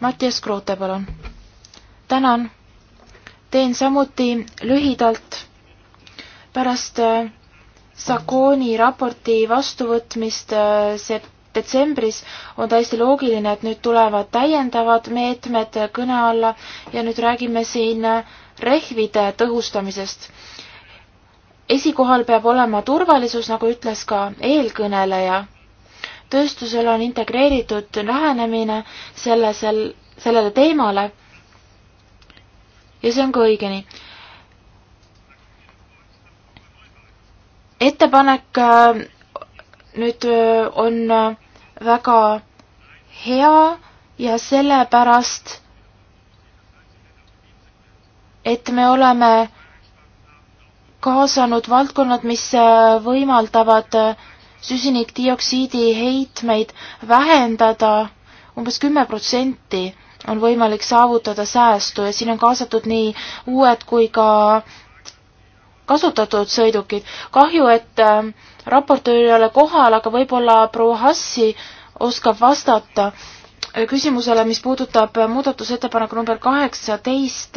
Mattias Kroote, palun. tänan. teen samuti lühidalt pärast äh, Sakoni raporti vastuvõtmist äh, detsembris on täiesti loogiline, et nüüd tulevad täiendavad meetmed kõne alla ja nüüd räägime siin äh, rehvide tõhustamisest. esikohal peab olema turvalisus, nagu ütles ka eelkõneleja. tööstusel on integreeritud lähenemine selle, sel, sellele teemale ja see on ka õige nii ettepanek äh, nüüd äh, on äh, väga hea ja sellepärast, et me oleme kaasanud valdkonnad, mis võimaldavad süsinikdioksiidi heitmeid vähendada umbes kümme protsenti on võimalik saavutada säästu ja siin on kaasatud nii uued kui ka kasutatud sõidukid. kahju, et äh, raportöör ei ole kohal, aga võib-olla proua Hassi oskab vastata äh, küsimusele, mis puudutab äh, muudatusettepaneku number kaheksateist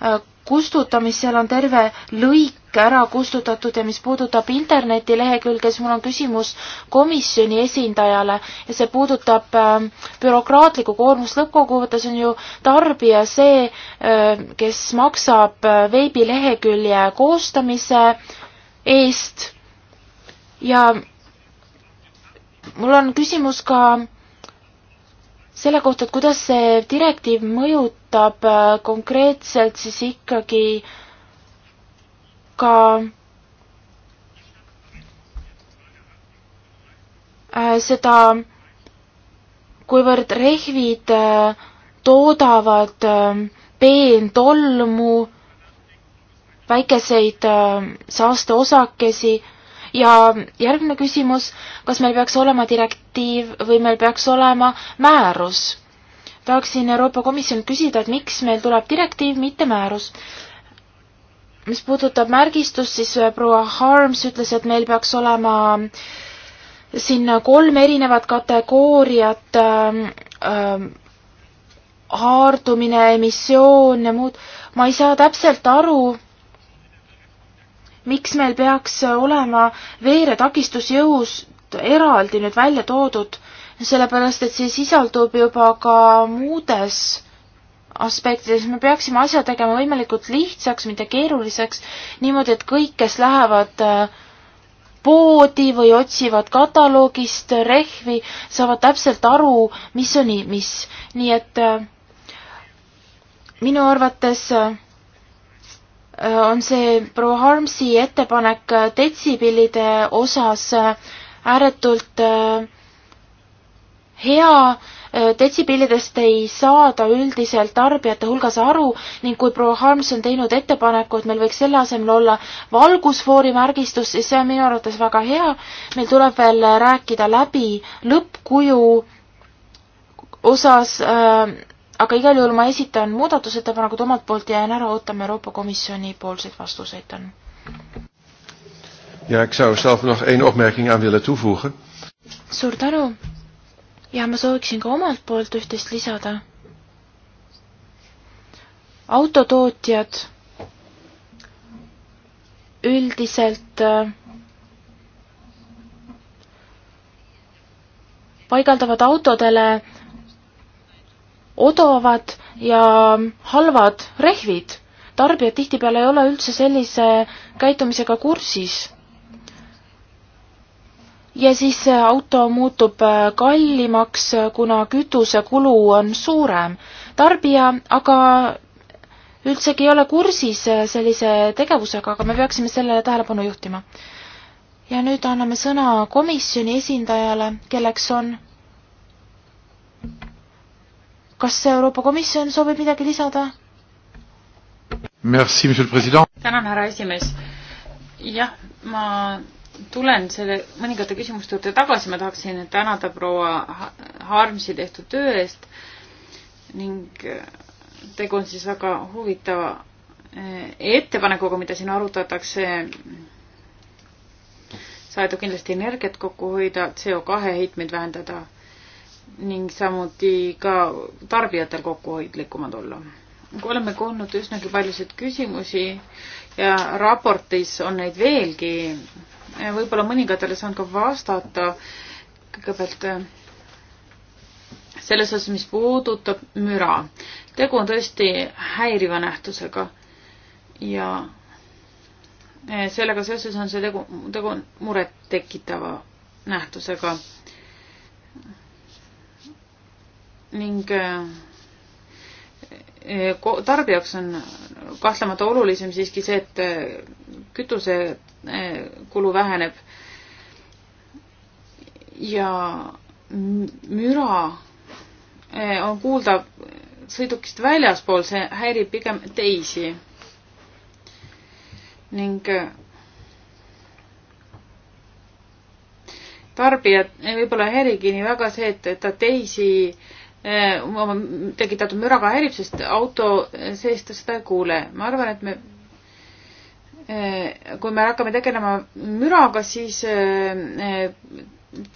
Äh, kustutamist, seal on terve lõik ära kustutatud ja mis puudutab internetilehekülge, siis mul on küsimus komisjoni esindajale ja see puudutab äh, bürokraatlikku koormust, lõppkokkuvõttes on ju tarbija see äh,, kes maksab äh, veebilehekülje koostamise eest ja mul on küsimus ka selle kohta, et kuidas see direktiiv mõjutab äh, konkreetselt siis ikkagi ka äh, seda, kuivõrd rehvid äh, toodavad peentolmu, väikeseid saasteosakesi ja järgmine küsimus, kas meil peaks olema direktiiv või meil peaks olema määrus? tahaksin Euroopa Komisjonilt küsida, et miks meil tuleb direktiiv, mitte määrus? mis puudutab märgistust, siis äh, proua Harms ütles, et meil peaks olema äh, siin kolm erinevat kategooriat äh,, äh, haardumine, emissioon ja muud. ma ei saa täpselt aru, miks meil peaks olema veeretakistus jõus eraldi nüüd välja toodud, sellepärast et see sisaldub juba ka muudes aspektides, me peaksime asja tegema võimalikult lihtsaks, mitte keeruliseks, niimoodi, et kõik, kes lähevad äh, poodi või otsivad kataloogist rehvi, saavad täpselt aru, mis on mis. nii et äh, minu arvates äh, Äh, on see proua Harmsi ettepanek äh, detsibillide osas äh, ääretult hea, detsibillidest ei saada üldiselt tarbijate hulgas aru ning kui proua Harms on teinud ettepaneku, et meil võiks selle asemel olla valgusfoori märgistus, siis see on minu arvates väga hea. meil tuleb veel rääkida läbi lõppkuju osas äh, aga igal juhul ma esitan muudatusettepanekud omalt poolt ja jään ära ootama Euroopa Komisjoni poolseid vastuseid, tänu. ja eks saa self noh, een opmerking aan willen toevoegen. suur tänu ja ma sooviksin ka omalt poolt üht-teist lisada. autotootjad üldiselt äh, paigaldavad autodele äh, odavad ja halvad rehvid. tarbijad tihtipeale ei ole üldse sellise käitumisega kursis. ja siis auto muutub äh, kallimaks, äh, kuna kütusekulu on suurem. tarbija aga üldsegi ei ole kursis äh, sellise tegevusega, aga me peaksime sellele tähelepanu juhtima. ja nüüd anname sõna komisjoni esindajale, kelleks on kas Euroopa Komisjon soovib midagi lisada? tänan, härra esimees. jah, ma tulen selle mõningate küsimuste juurde tagasi, ma tahaksin tänada proua Harmsi tehtud töö eest ning äh, tegu on siis väga huvitava äh, ettepanekuga, mida siin arutatakse. sa aitad kindlasti energiat kokku hoida, CO2 heitmeid vähendada ning samuti ka tarbijatel kokkuhoidlikumad olla. oleme kuulnud üsnagi paljusid küsimusi ja raportis on neid veelgi. võib-olla mõningatele saan ka vastata. kõigepealt äh, selles osas, mis puudutab müra. tegu on tõesti häiriva nähtusega ja äh, sellega seoses on see tegu, tegu on murettekitava nähtusega ning eh, tarbija jaoks on kahtlemata olulisem siiski see, et eh, kütusekulu eh, väheneb ja müra on kuulda sõidukist väljaspool, see häirib pigem teisi. ning tarbijat võib-olla ei häirigi nii väga see, et, et ta teisi äh, Äh, oma tekitatud müraga häirib, sest auto seest ta seda ei kuule. ma arvan, et me, äh, kui me hakkame tegelema müraga, siis äh,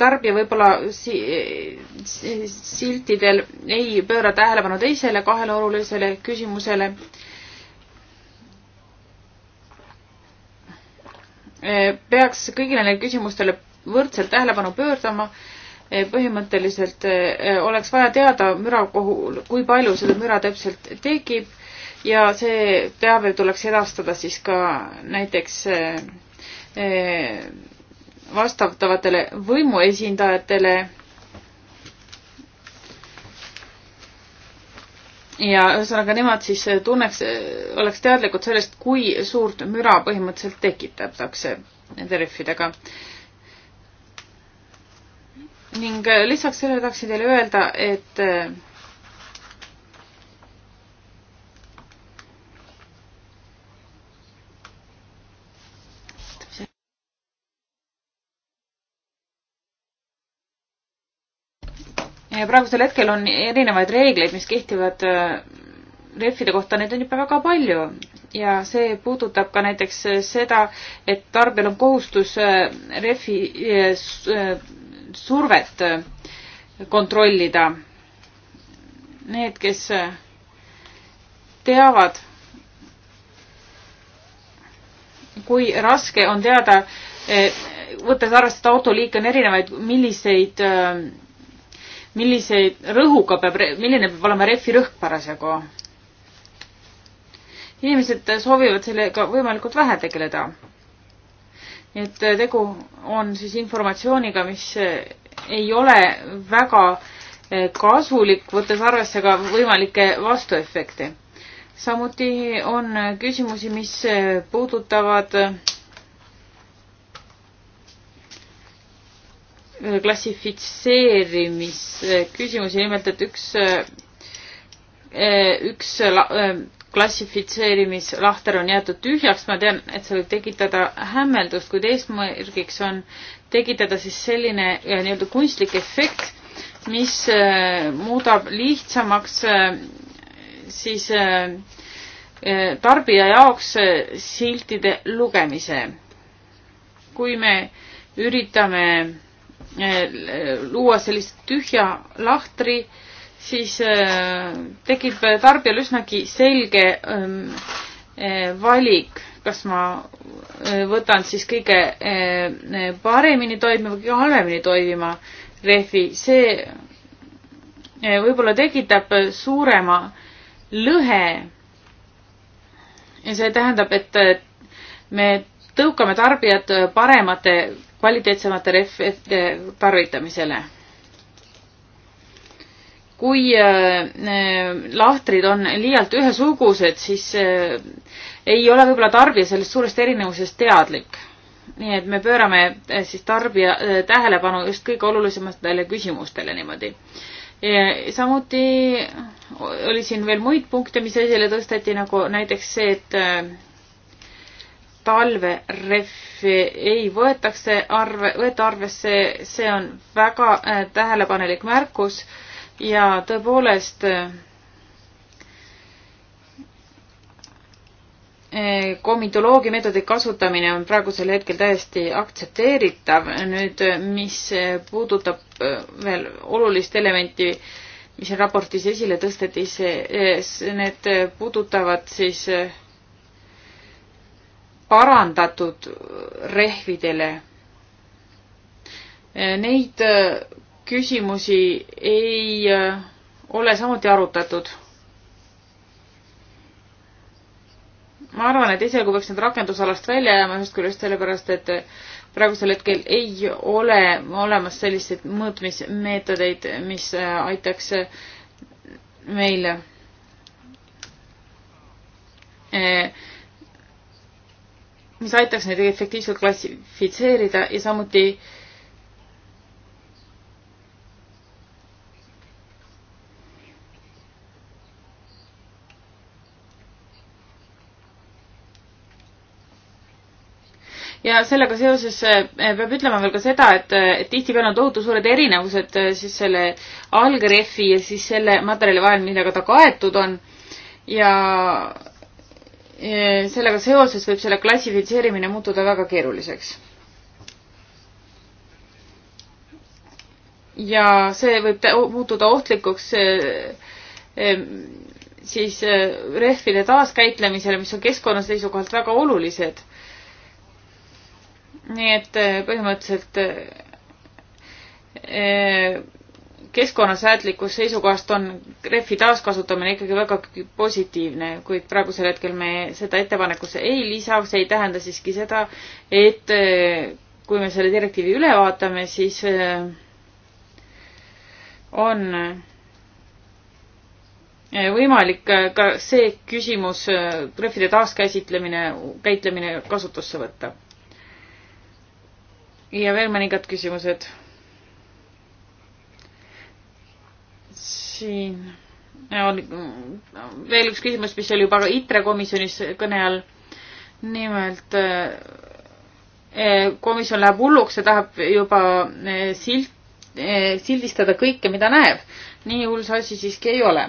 tarbija võib-olla si-, siltidel ei pööra tähelepanu teisele kahele olulisele küsimusele. peaks kõigile neile küsimustele võrdselt tähelepanu pöördama Eh, põhimõtteliselt eh, eh, oleks vaja teada müra kohul, kui palju seda müra täpselt tekib ja see teave tuleks edastada siis ka näiteks vastavatele võimuesindajatele ja ühesõnaga nemad siis tunneks, oleks teadlikud sellest, kui suurt müra põhimõtteliselt tekitatakse nende rehvidega ning äh, lisaks sellele tahaksin teile öelda, et ja äh, praegusel hetkel on erinevaid reegleid, mis kehtivad äh, rehvide kohta, neid on juba väga palju ja see puudutab ka näiteks seda, et tarbijal on kohustus rehvi survet äh, kontrollida. Need, kes äh, teavad, kui raske on teada, äh, võttes arvestada autoliike on erinevaid, milliseid, milliseid rõhuga peab, milline peab olema rehvi rõhk parasjagu. inimesed soovivad sellega võimalikult vähe tegeleda nii et äh, tegu on siis informatsiooniga, mis äh, ei ole väga äh, kasulik, võttes arvesse ka võimalikke vastuefekte. samuti on küsimusi, mis puudutavad klassifitseerimisküsimusi, nimelt et üks, üks klassifitseerimislahter on jäetud tühjaks, ma tean, et see võib tekitada hämmeldust, kuid eesmärgiks on tekitada siis selline äh, nii-öelda kunstlik efekt, mis äh, muudab lihtsamaks äh, siis tarbija jaoks siltide lugemise. kui me üritame luua sellist tühja lahtri, siis äh, tekib tarbijal üsnagi selge ähm, äh, valik, kas ma äh, võtan siis kõige paremini toimiva või kõige halvemini toimiva rehvi. see võib-olla tekitab suurema lõhe. ja see tähendab, et me tõukame tarbijad paremate, kvaliteetsemate rehvide tarvitamisele kui äh, lahtrid on liialt ühesugused, siis äh, ei ole võib-olla tarbija sellest suurest erinevusest teadlik. nii et me pöörame äh, siis tarbija tähelepanu just kõige olulisematele küsimustele niimoodi. samuti oli siin veel muid punkte, mis esile tõsteti, nagu näiteks see, et talverehvi ei võetakse arve, võeta arvesse, see on väga tähelepanelik märkus ja tõepoolest eh, komitoloogia meetodi kasutamine on praegusel hetkel täiesti aktsepteeritav. nüüd, mis puudutab eh, veel olulist elementi, mis raportis esile tõsteti, see, eh, need puudutavad siis parandatud rehvidele. Neid küsimusi ei äh, ole samuti arutatud. ma arvan, et esialgu peaks need rakendusalast välja jääma ühest küljest sellepärast, et äh, praegusel hetkel ei ole olemas selliseid mõõtmismeetodeid, mis äh, aitaks meil mis aitaks neid efektiivselt klassifitseerida ja samuti äh, ja sellega seoses eh, peab ütlema veel ka seda, et, eh, et tihtipeale on tohutu suured erinevused eh, siis selle algrehvi ja siis selle materjali vahel, millega ta kaetud on. ja sellega seoses võib selle klassifitseerimine muutuda väga keeruliseks. ja see võib muutuda ohtlikuks siis rehvide taaskäitlemisele, mis on keskkonna seisukohalt väga olulised nii et äh, põhimõtteliselt äh, keskkonnasäädlikus seisukohast on rehvi taaskasutamine ikkagi väga positiivne, kuid praegusel hetkel me seda ettepanekusse ei lisa, see ei tähenda siiski seda, et äh, kui me selle direktiivi üle vaatame, siis on võimalik ka see küsimus, rehvide taaskäsitlemine, käitlemine kasutusse võtta ja veel mõningad küsimused. siin on veel üks küsimus, mis oli juba ka ITRE komisjonis kõne all. nimelt eh, eh, komisjon läheb hulluks ja tahab juba eh, silt, sildistada kõike, mida näeb. nii hull see asi siiski ei ole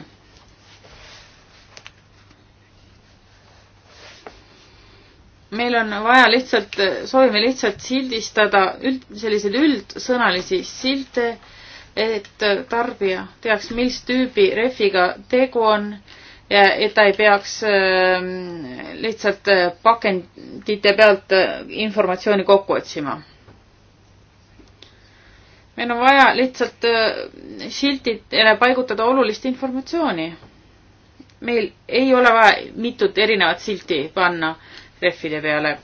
meil on vaja lihtsalt, soovime lihtsalt sildistada üld, selliseid üldsõnalisi silte, et tarbija teaks, mis tüüpi rehviga tegu on ja et ta ei peaks ähm, lihtsalt äh, pakendite pealt äh, informatsiooni kokku otsima. meil on vaja lihtsalt äh, siltidele paigutada olulist informatsiooni. meil ei ole vaja mitut erinevat silti panna rehvide peale.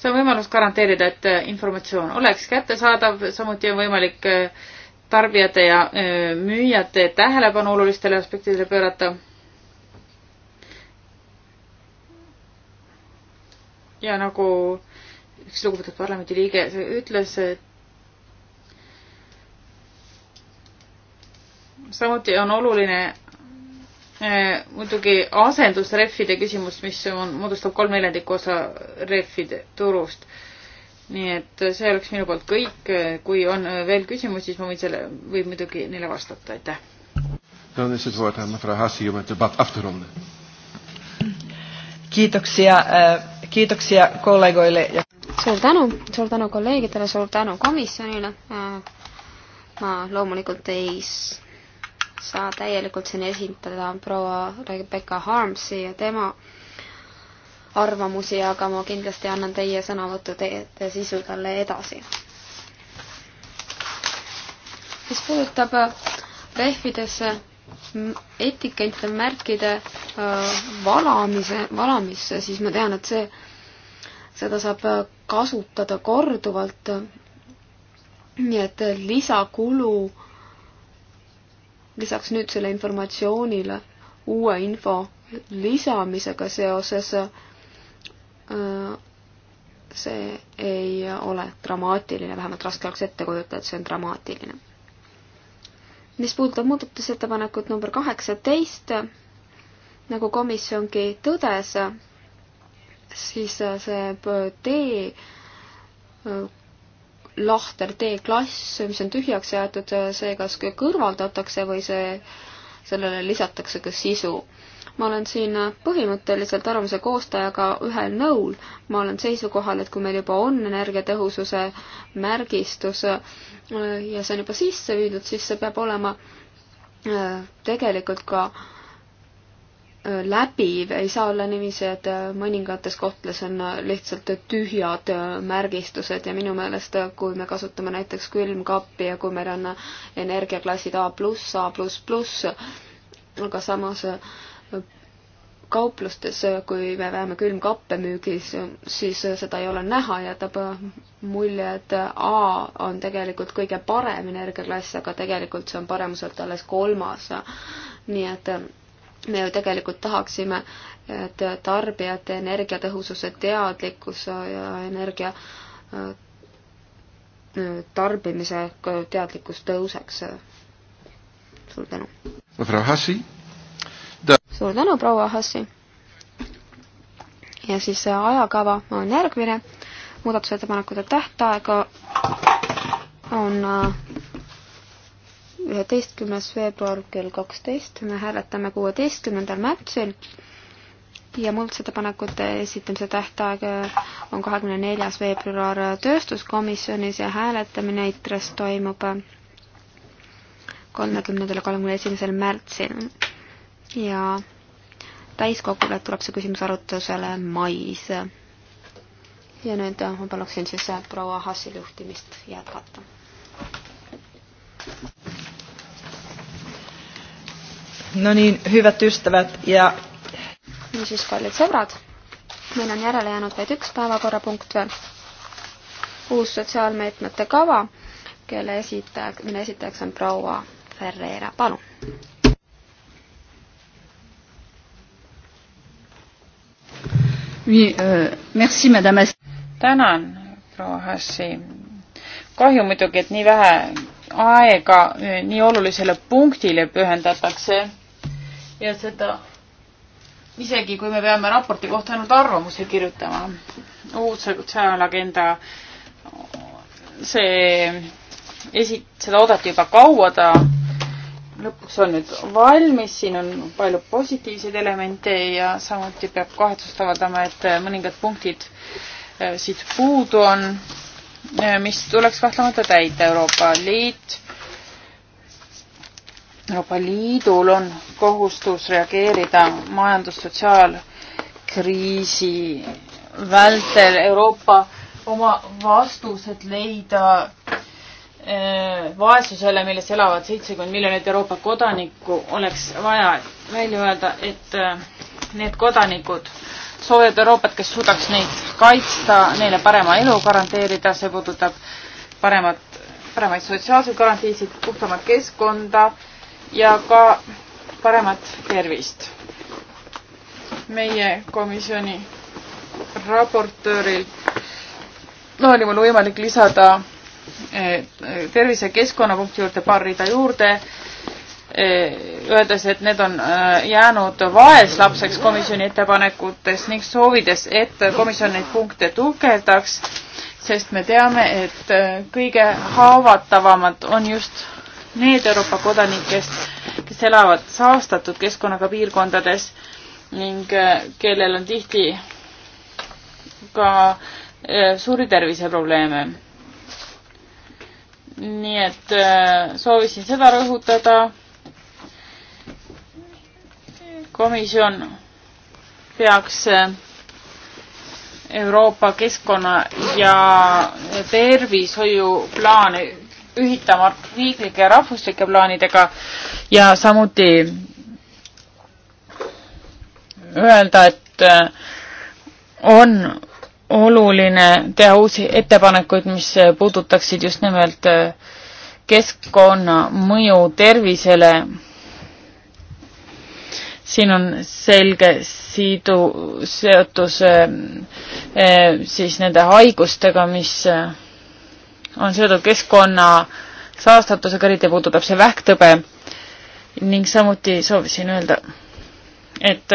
see on võimalus garanteerida, et äh, informatsioon oleks kättesaadav, samuti on võimalik äh, tarbijate ja äh, müüjate tähelepanu olulistele aspektidele pöörata. ja nagu üks lugupeetud parlamendiliige ütles, et samuti on oluline Eh, muidugi asendusrehvide küsimus, mis on, moodustab kolm neljandikku osa rehvide turust. nii et see oleks minu poolt kõik, kui on eh, veel küsimusi, siis ma võin selle, võin muidugi neile vastata, aitäh. Dan is het woord aan mevrouw Hassi om het debat af te ronden. Kiitoksia, eh, kiitoksia kollegoille. Suur tänu, suur tänu kolleegidele, suur tänu komisjonile. Ma loomulikult ei saa täielikult siin esindada proua Rebecca Harmsi ja tema arvamusi, aga ma kindlasti annan teie sõnavõtu teie te sisu talle edasi. mis puudutab äh, rehvidesse äh, etikente märkide äh, valamise, valamisse, siis ma tean, et see, seda saab kasutada korduvalt. nii et lisakulu lisaks nüüd selle informatsioonile uue info lisamisega seoses äh, see ei ole dramaatiline, vähemalt raske oleks ette kujutada, et see on dramaatiline. mis puudutab muudatusettepanekut number kaheksateist, nagu komisjongi tõdes, siis see tee lahter D-klass, mis on tühjaks jäetud, see kas kõrvaldatakse või see, sellele lisatakse ka sisu. ma olen siin põhimõtteliselt arvamuse koostajaga ühel nõul, ma olen seisukohal, et kui meil juba on energiatõhususe märgistus ja see on juba sisse viidud, siis see peab olema äh, tegelikult ka äh, läbiv, ei saa olla niiviisi, et äh, mõningates kohtades on äh, lihtsalt tühjad äh, märgistused ja minu meelest, kui me kasutame näiteks külmkappi ja kui meil on energiaklassid A pluss, A pluss pluss, aga samas kauplustes, kui me veame külmkappe müügis, siis seda ei ole näha, jätab mulje, et A on tegelikult kõige parem energiaklass, aga tegelikult see on paremuselt alles kolmas. nii et me ju tegelikult tahaksime, et tarbijate energiatõhususe teadlikkus ja energia äh, tarbimise teadlikkus tõuseks. suur tänu. suur tänu, proua Hassi. ja siis äh, ajakava on järgmine. muudatusettepanekute tähtaeg on äh, üheteistkümnes veebruar kell kaksteist, me hääletame kuueteistkümnendal märtsil ja muudatusettepanekute esitamise tähtaeg on kahekümne neljas veebruar tööstuskomisjonis ja hääletamine ITRES toimub kolmekümnendal ja kolmekümne esimesel märtsil. ja täiskogule tuleb see küsimus arutusele mais. ja nüüd ma paluksin siis proua Hassil juhtimist jätkata. no niin, hyvät ystävät ja... niisiis, kallid sõbrad, meil on järele jäänud vaid üks päevakorrapunkt veel. uus sotsiaalmeetmete kava, kelle esitaja, mille esitajaks on proua Ferreira, palun. Oui, euh, merci, madame. tänan, proua Hassi. kahju muidugi, et nii vähe aega nii olulisele punktile pühendatakse ja seda isegi, kui me peame raporti kohta ainult arvamusi kirjutama. uus sotsiaalagenda, see esi-, seda oodati juba kaua, ta lõpuks on nüüd valmis, siin on palju positiivseid elemente ja samuti peab kahetsust avaldama, et mõningad punktid äh, siit puudu on, äh, mis tuleks kahtlemata täita, Euroopa Liit Euroopa Liidul on kohustus reageerida majandussotsiaalkriisi vältel Euroopa oma vastused leida eh, vaesusele, milles elavad seitsekümmend miljonit Euroopa kodanikku, oleks vaja välja öelda, et eh, need kodanikud soovivad Euroopat, kes suudaks neid kaitsta, neile parema elu garanteerida, see puudutab paremat, paremaid sotsiaalseid garantiisid, puhtamat keskkonda ja ka paremat tervist. meie komisjoni raportööril no, oli mul võimalik lisada eh, tervise keskkonnapunkti juurde paar rida juurde, eh, öeldes, et need on eh, jäänud vaeslapseks komisjoni ettepanekutes ning soovides, et komisjon neid punkte tugevdaks, sest me teame, et kõige haavatavamad on just need Euroopa kodanikest, kes elavad saastatud keskkonnaga piirkondades ning eh, kellel on tihti ka eh, suuri terviseprobleeme. nii et eh, soovisin seda rõhutada. komisjon peaks Euroopa keskkonna ja tervishoiuplaane ühitama riiklike ja rahvuslike plaanidega ja samuti öelda, et äh, on oluline teha uusi ettepanekuid, mis puudutaksid just nimelt äh, keskkonna mõju tervisele. siin on selge sidu, seotus äh, siis nende haigustega, mis on seotud keskkonna saastatusega, eriti puudutab see vähktõbe ning samuti soovisin öelda, et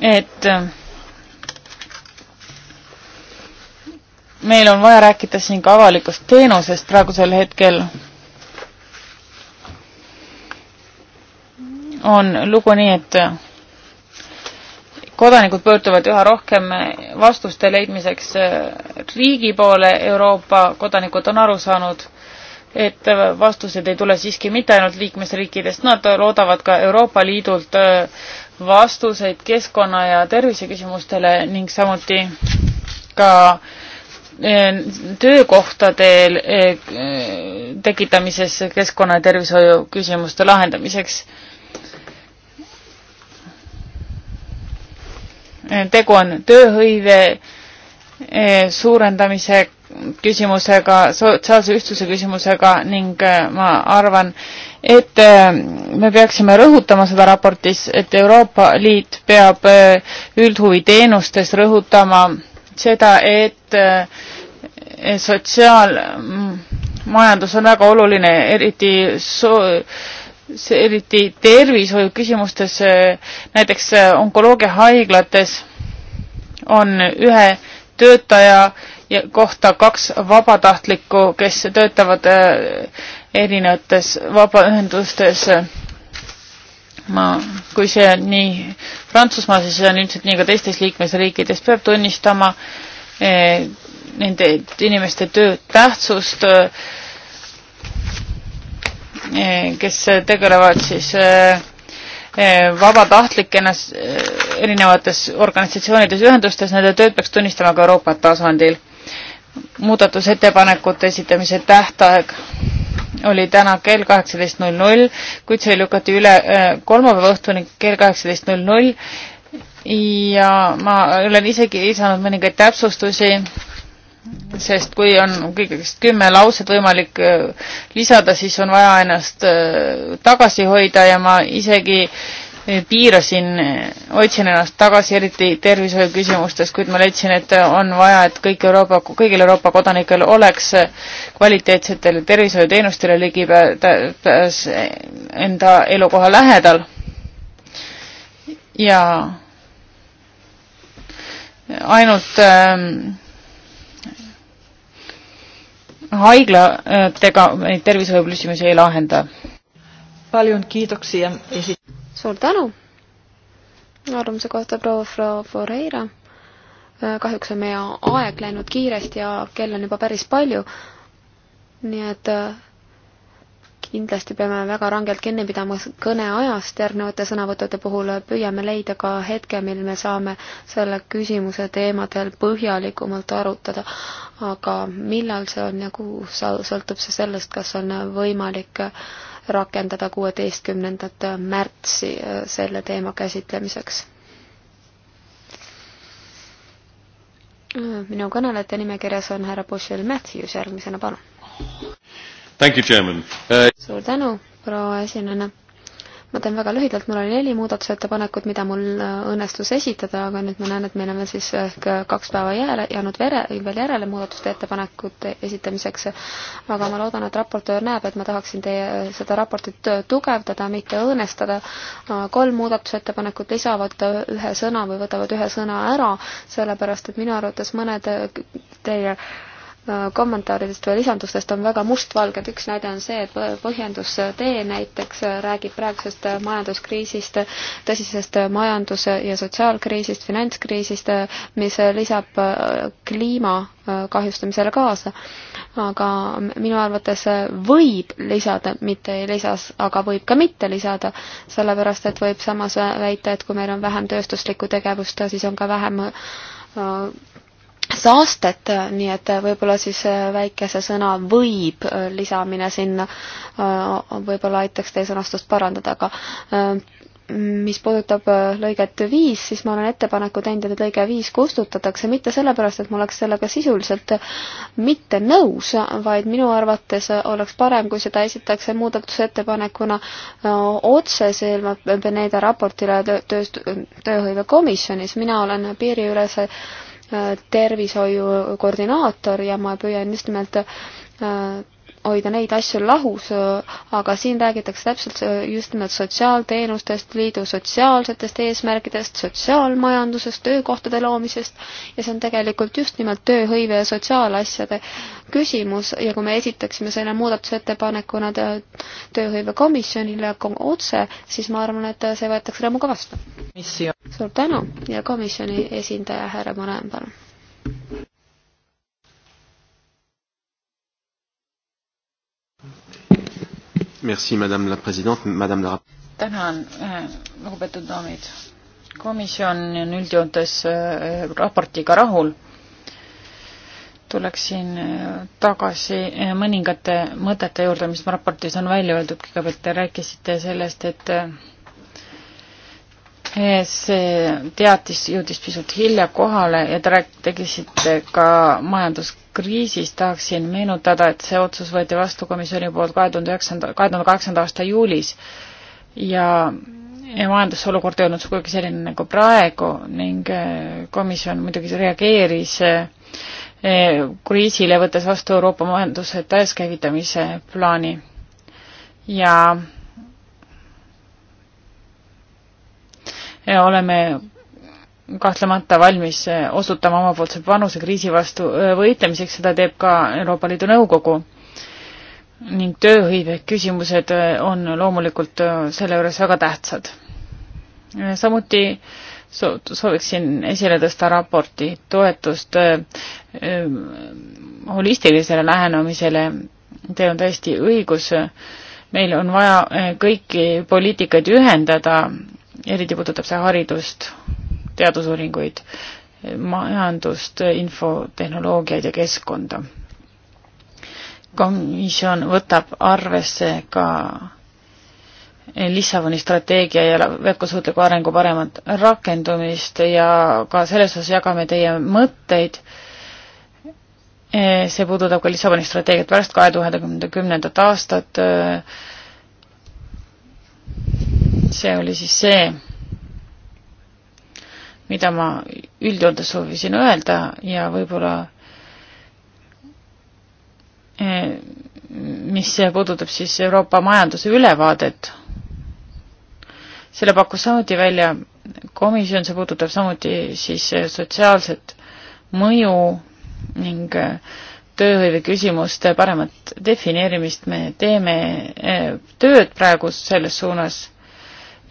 et meil on vaja rääkida siin ka avalikust teenusest praegusel hetkel. on lugu nii, et kodanikud pöörduvad üha rohkem vastuste leidmiseks eh, riigi poole, Euroopa kodanikud on aru saanud, et vastused ei tule siiski mitte ainult liikmesriikidest, nad loodavad ka Euroopa Liidult eh, vastuseid keskkonna ja terviseküsimustele ning samuti ka eh, töökohtade tekitamises keskkonna ja tervishoiu küsimuste lahendamiseks tegu on tööhõive eh, suurendamise küsimusega, sotsiaalse ühtsuse küsimusega ning eh, ma arvan, et eh, me peaksime rõhutama seda raportis, et Euroopa Liit peab üldhuviteenustes rõhutama seda, et sotsiaalmajandus mm, on väga oluline, eriti so-, see eriti tervishoiu küsimustes, eh, näiteks eh, onkoloogiahaiglates on ühe töötaja kohta kaks vabatahtlikku, kes töötavad eh, erinevates vabaühendustes. ma, kui see on nii Prantsusmaal, siis see on ilmselt nii ka teistes liikmesriikides, peab tunnistama nende inimeste töö tähtsust äh, Eh, kes tegelevad siis eh, eh, vabatahtlikena erinevates organisatsioonides, ühendustes, nende tööd peaks tunnistama ka Euroopa tasandil. muudatusettepanekute esitamise tähtaeg oli täna kell kaheksateist null null, kuid see lükati üle kolmapäeva õhtuni kell kaheksateist null null ja ma olen isegi lisanud mõningaid täpsustusi sest kui on kõigest kümme lauset võimalik äh, lisada, siis on vaja ennast äh, tagasi hoida ja ma isegi äh, piirasin, hoidsin ennast tagasi, eriti tervishoiuküsimustes, kuid ma leidsin, et on vaja, et kõik Euroopa, kõigil Euroopa kodanikel oleks kvaliteetsetele tervishoiuteenustele ligipääs enda elukoha lähedal. ja ainult ähm, haiglatega neid tervishoiuküsimusi ei lahenda. palju kiitoksia esi-. suur tänu arvamuse kohta proua Foreira. kahjuks on meie aeg läinud kiiresti ja kell on juba päris palju. nii et kindlasti peame väga rangelt kinni pidama kõneajast järgnevate sõnavõttude puhul, püüame leida ka hetke, mil me saame selle küsimuse teemadel põhjalikumalt arutada. aga millal see on ja kuhu, sõltub see sellest, kas on võimalik rakendada kuueteistkümnendat märtsi selle teema käsitlemiseks. minu kõnelejate nimekirjas on härra Bushel Matthews järgmisena, palun. Uh... suur tänu, proua esinejana. ma teen väga lühidalt, mul oli neli muudatusettepanekut, mida mul äh, õnnestus esitada, aga nüüd ma näen, et meil on veel siis ehk äh, kaks päeva jääle, jäänud vere, veel järele muudatuste ettepanekute esitamiseks. aga ma loodan, et raportöör näeb, et ma tahaksin teie äh, seda raportit tugevdada, mitte õõnestada. kolm muudatusettepanekut lisavad ühe sõna või võtavad ühe sõna ära, sellepärast et minu arvates mõned teie kommentaaridest või lisandustest on väga mustvalged, üks näide on see, et põhjendus D näiteks räägib praegusest majanduskriisist, tõsisest majandus- ja sotsiaalkriisist, finantskriisist, mis lisab äh, kliima äh, kahjustamisele kaasa. aga minu arvates võib lisada, mitte ei lisas, aga võib ka mitte lisada, sellepärast et võib samas väita, et kui meil on vähem tööstuslikku tegevust, siis on ka vähem äh, saastet, nii et võib-olla siis äh, väikese sõna võib lisamine sinna äh, võib-olla aitaks teie sõnastust parandada, aga äh, mis puudutab lõiget viis, siis ma olen ettepaneku teinud, et lõige viis kustutatakse mitte sellepärast, et ma oleks sellega sisuliselt mitte nõus, vaid minu arvates oleks parem, kui seda esitakse muudatusettepanekuna otsese ilma Beneda raportile tööst-, tööhõivekomisjonis. mina olen piiriülese Äh, tervishoiu koordinaator ja ma püüan just nimelt äh, hoida neid asju lahus, aga siin räägitakse täpselt just nimelt sotsiaalteenustest, liidu sotsiaalsetest eesmärkidest, sotsiaalmajandusest, töökohtade loomisest ja see on tegelikult just nimelt tööhõive ja sotsiaalasjade küsimus ja kui me esitaksime selle muudatusettepanekuna tööhõivekomisjonile otse, siis ma arvan, et see võetakse rõõmuga vastu. suur tänu ja komisjoni esindaja härra Maren, palun. Merci, madame la president, madame la tänan, äh, lugupeetud daamid. komisjon on üldjoontes äh, raportiga rahul. tuleksin äh, tagasi mõningate mõtete juurde, mis raportis on välja öeldud, kõigepealt te rääkisite sellest, et see teatis jõudis pisut hilja kohale ja te rääkisite ka majandus- kriisis, tahaksin meenutada, et see otsus võeti vastu komisjoni poolt kahe tuhande üheksanda, kahe tuhande kaheksanda aasta juulis ja, ja majandusolukord ei olnud sugugi selline nagu praegu ning äh, komisjon muidugi reageeris äh, kriisile, võttes vastu Euroopa majanduse taaskäivitamise plaani ja ja oleme kahtlemata valmis eh, osutama omapoolse panuse kriisi vastu eh, võitlemiseks, seda teeb ka Euroopa Liidu Nõukogu. ning tööhõive küsimused eh, on loomulikult selle juures väga tähtsad. samuti so-, sooviksin esile tõsta raporti toetust öö, öö, holistilisele lähenemisele, teil on täiesti õigus, meil on vaja kõiki poliitikaid ühendada, eriti puudutab see haridust teadusuuringuid, majandust, infotehnoloogiaid ja keskkonda. komisjon võtab arvesse ka Lissaboni strateegia ja jätkusuutliku arengu paremat rakendumist ja ka selles osas jagame teie mõtteid. see puudutab ka Lissaboni strateegiat pärast kahe tuhande kümnendat aastat. see oli siis see mida ma üldjoontes soovisin öelda ja võib-olla eh, mis puudutab siis Euroopa majanduse ülevaadet, selle pakkus samuti välja komisjon, see puudutab samuti siis sotsiaalset mõju ning tööhõive küsimuste paremat defineerimist, me teeme eh, tööd praegu selles suunas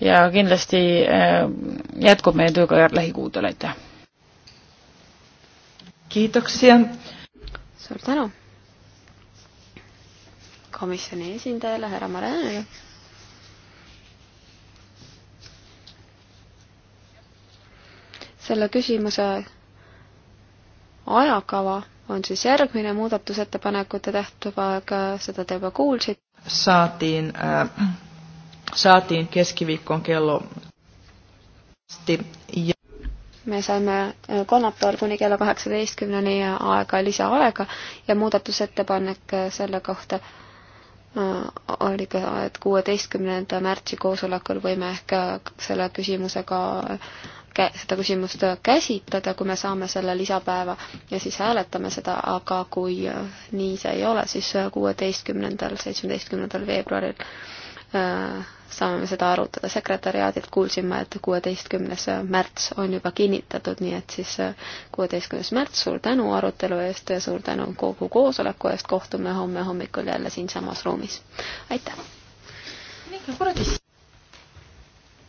ja kindlasti äh, jätkub meie töö ka lähikuudel, aitäh! kiitoksia! suur tänu komisjoni esindajale, härra Marenile! selle küsimuse ajakava on siis järgmine muudatusettepanekute tähtpäev, aga seda te juba kuulsite. saatiin äh, saatiin keskiviikkoon kello asti. me saime äh, kolmapäeval kuni kella kaheksateistkümneni aega lisaaega ja muudatusettepanek äh, selle kohta äh, oli ka, et kuueteistkümnenda märtsi koosolekul võime ehk selle küsimusega seda küsimust käsitleda, kui me saame selle lisapäeva ja siis hääletame seda, aga kui nii see ei ole, siis kuueteistkümnendal, seitsmeteistkümnendal veebruaril äh, saame seda arutada. sekretäriaadilt kuulsime, et kuueteistkümnes märts on juba kinnitatud, nii et siis kuueteistkümnes märts, suur tänu arutelu eest ja suur tänu kogu koosoleku eest, kohtume homme hommikul jälle siinsamas ruumis. aitäh!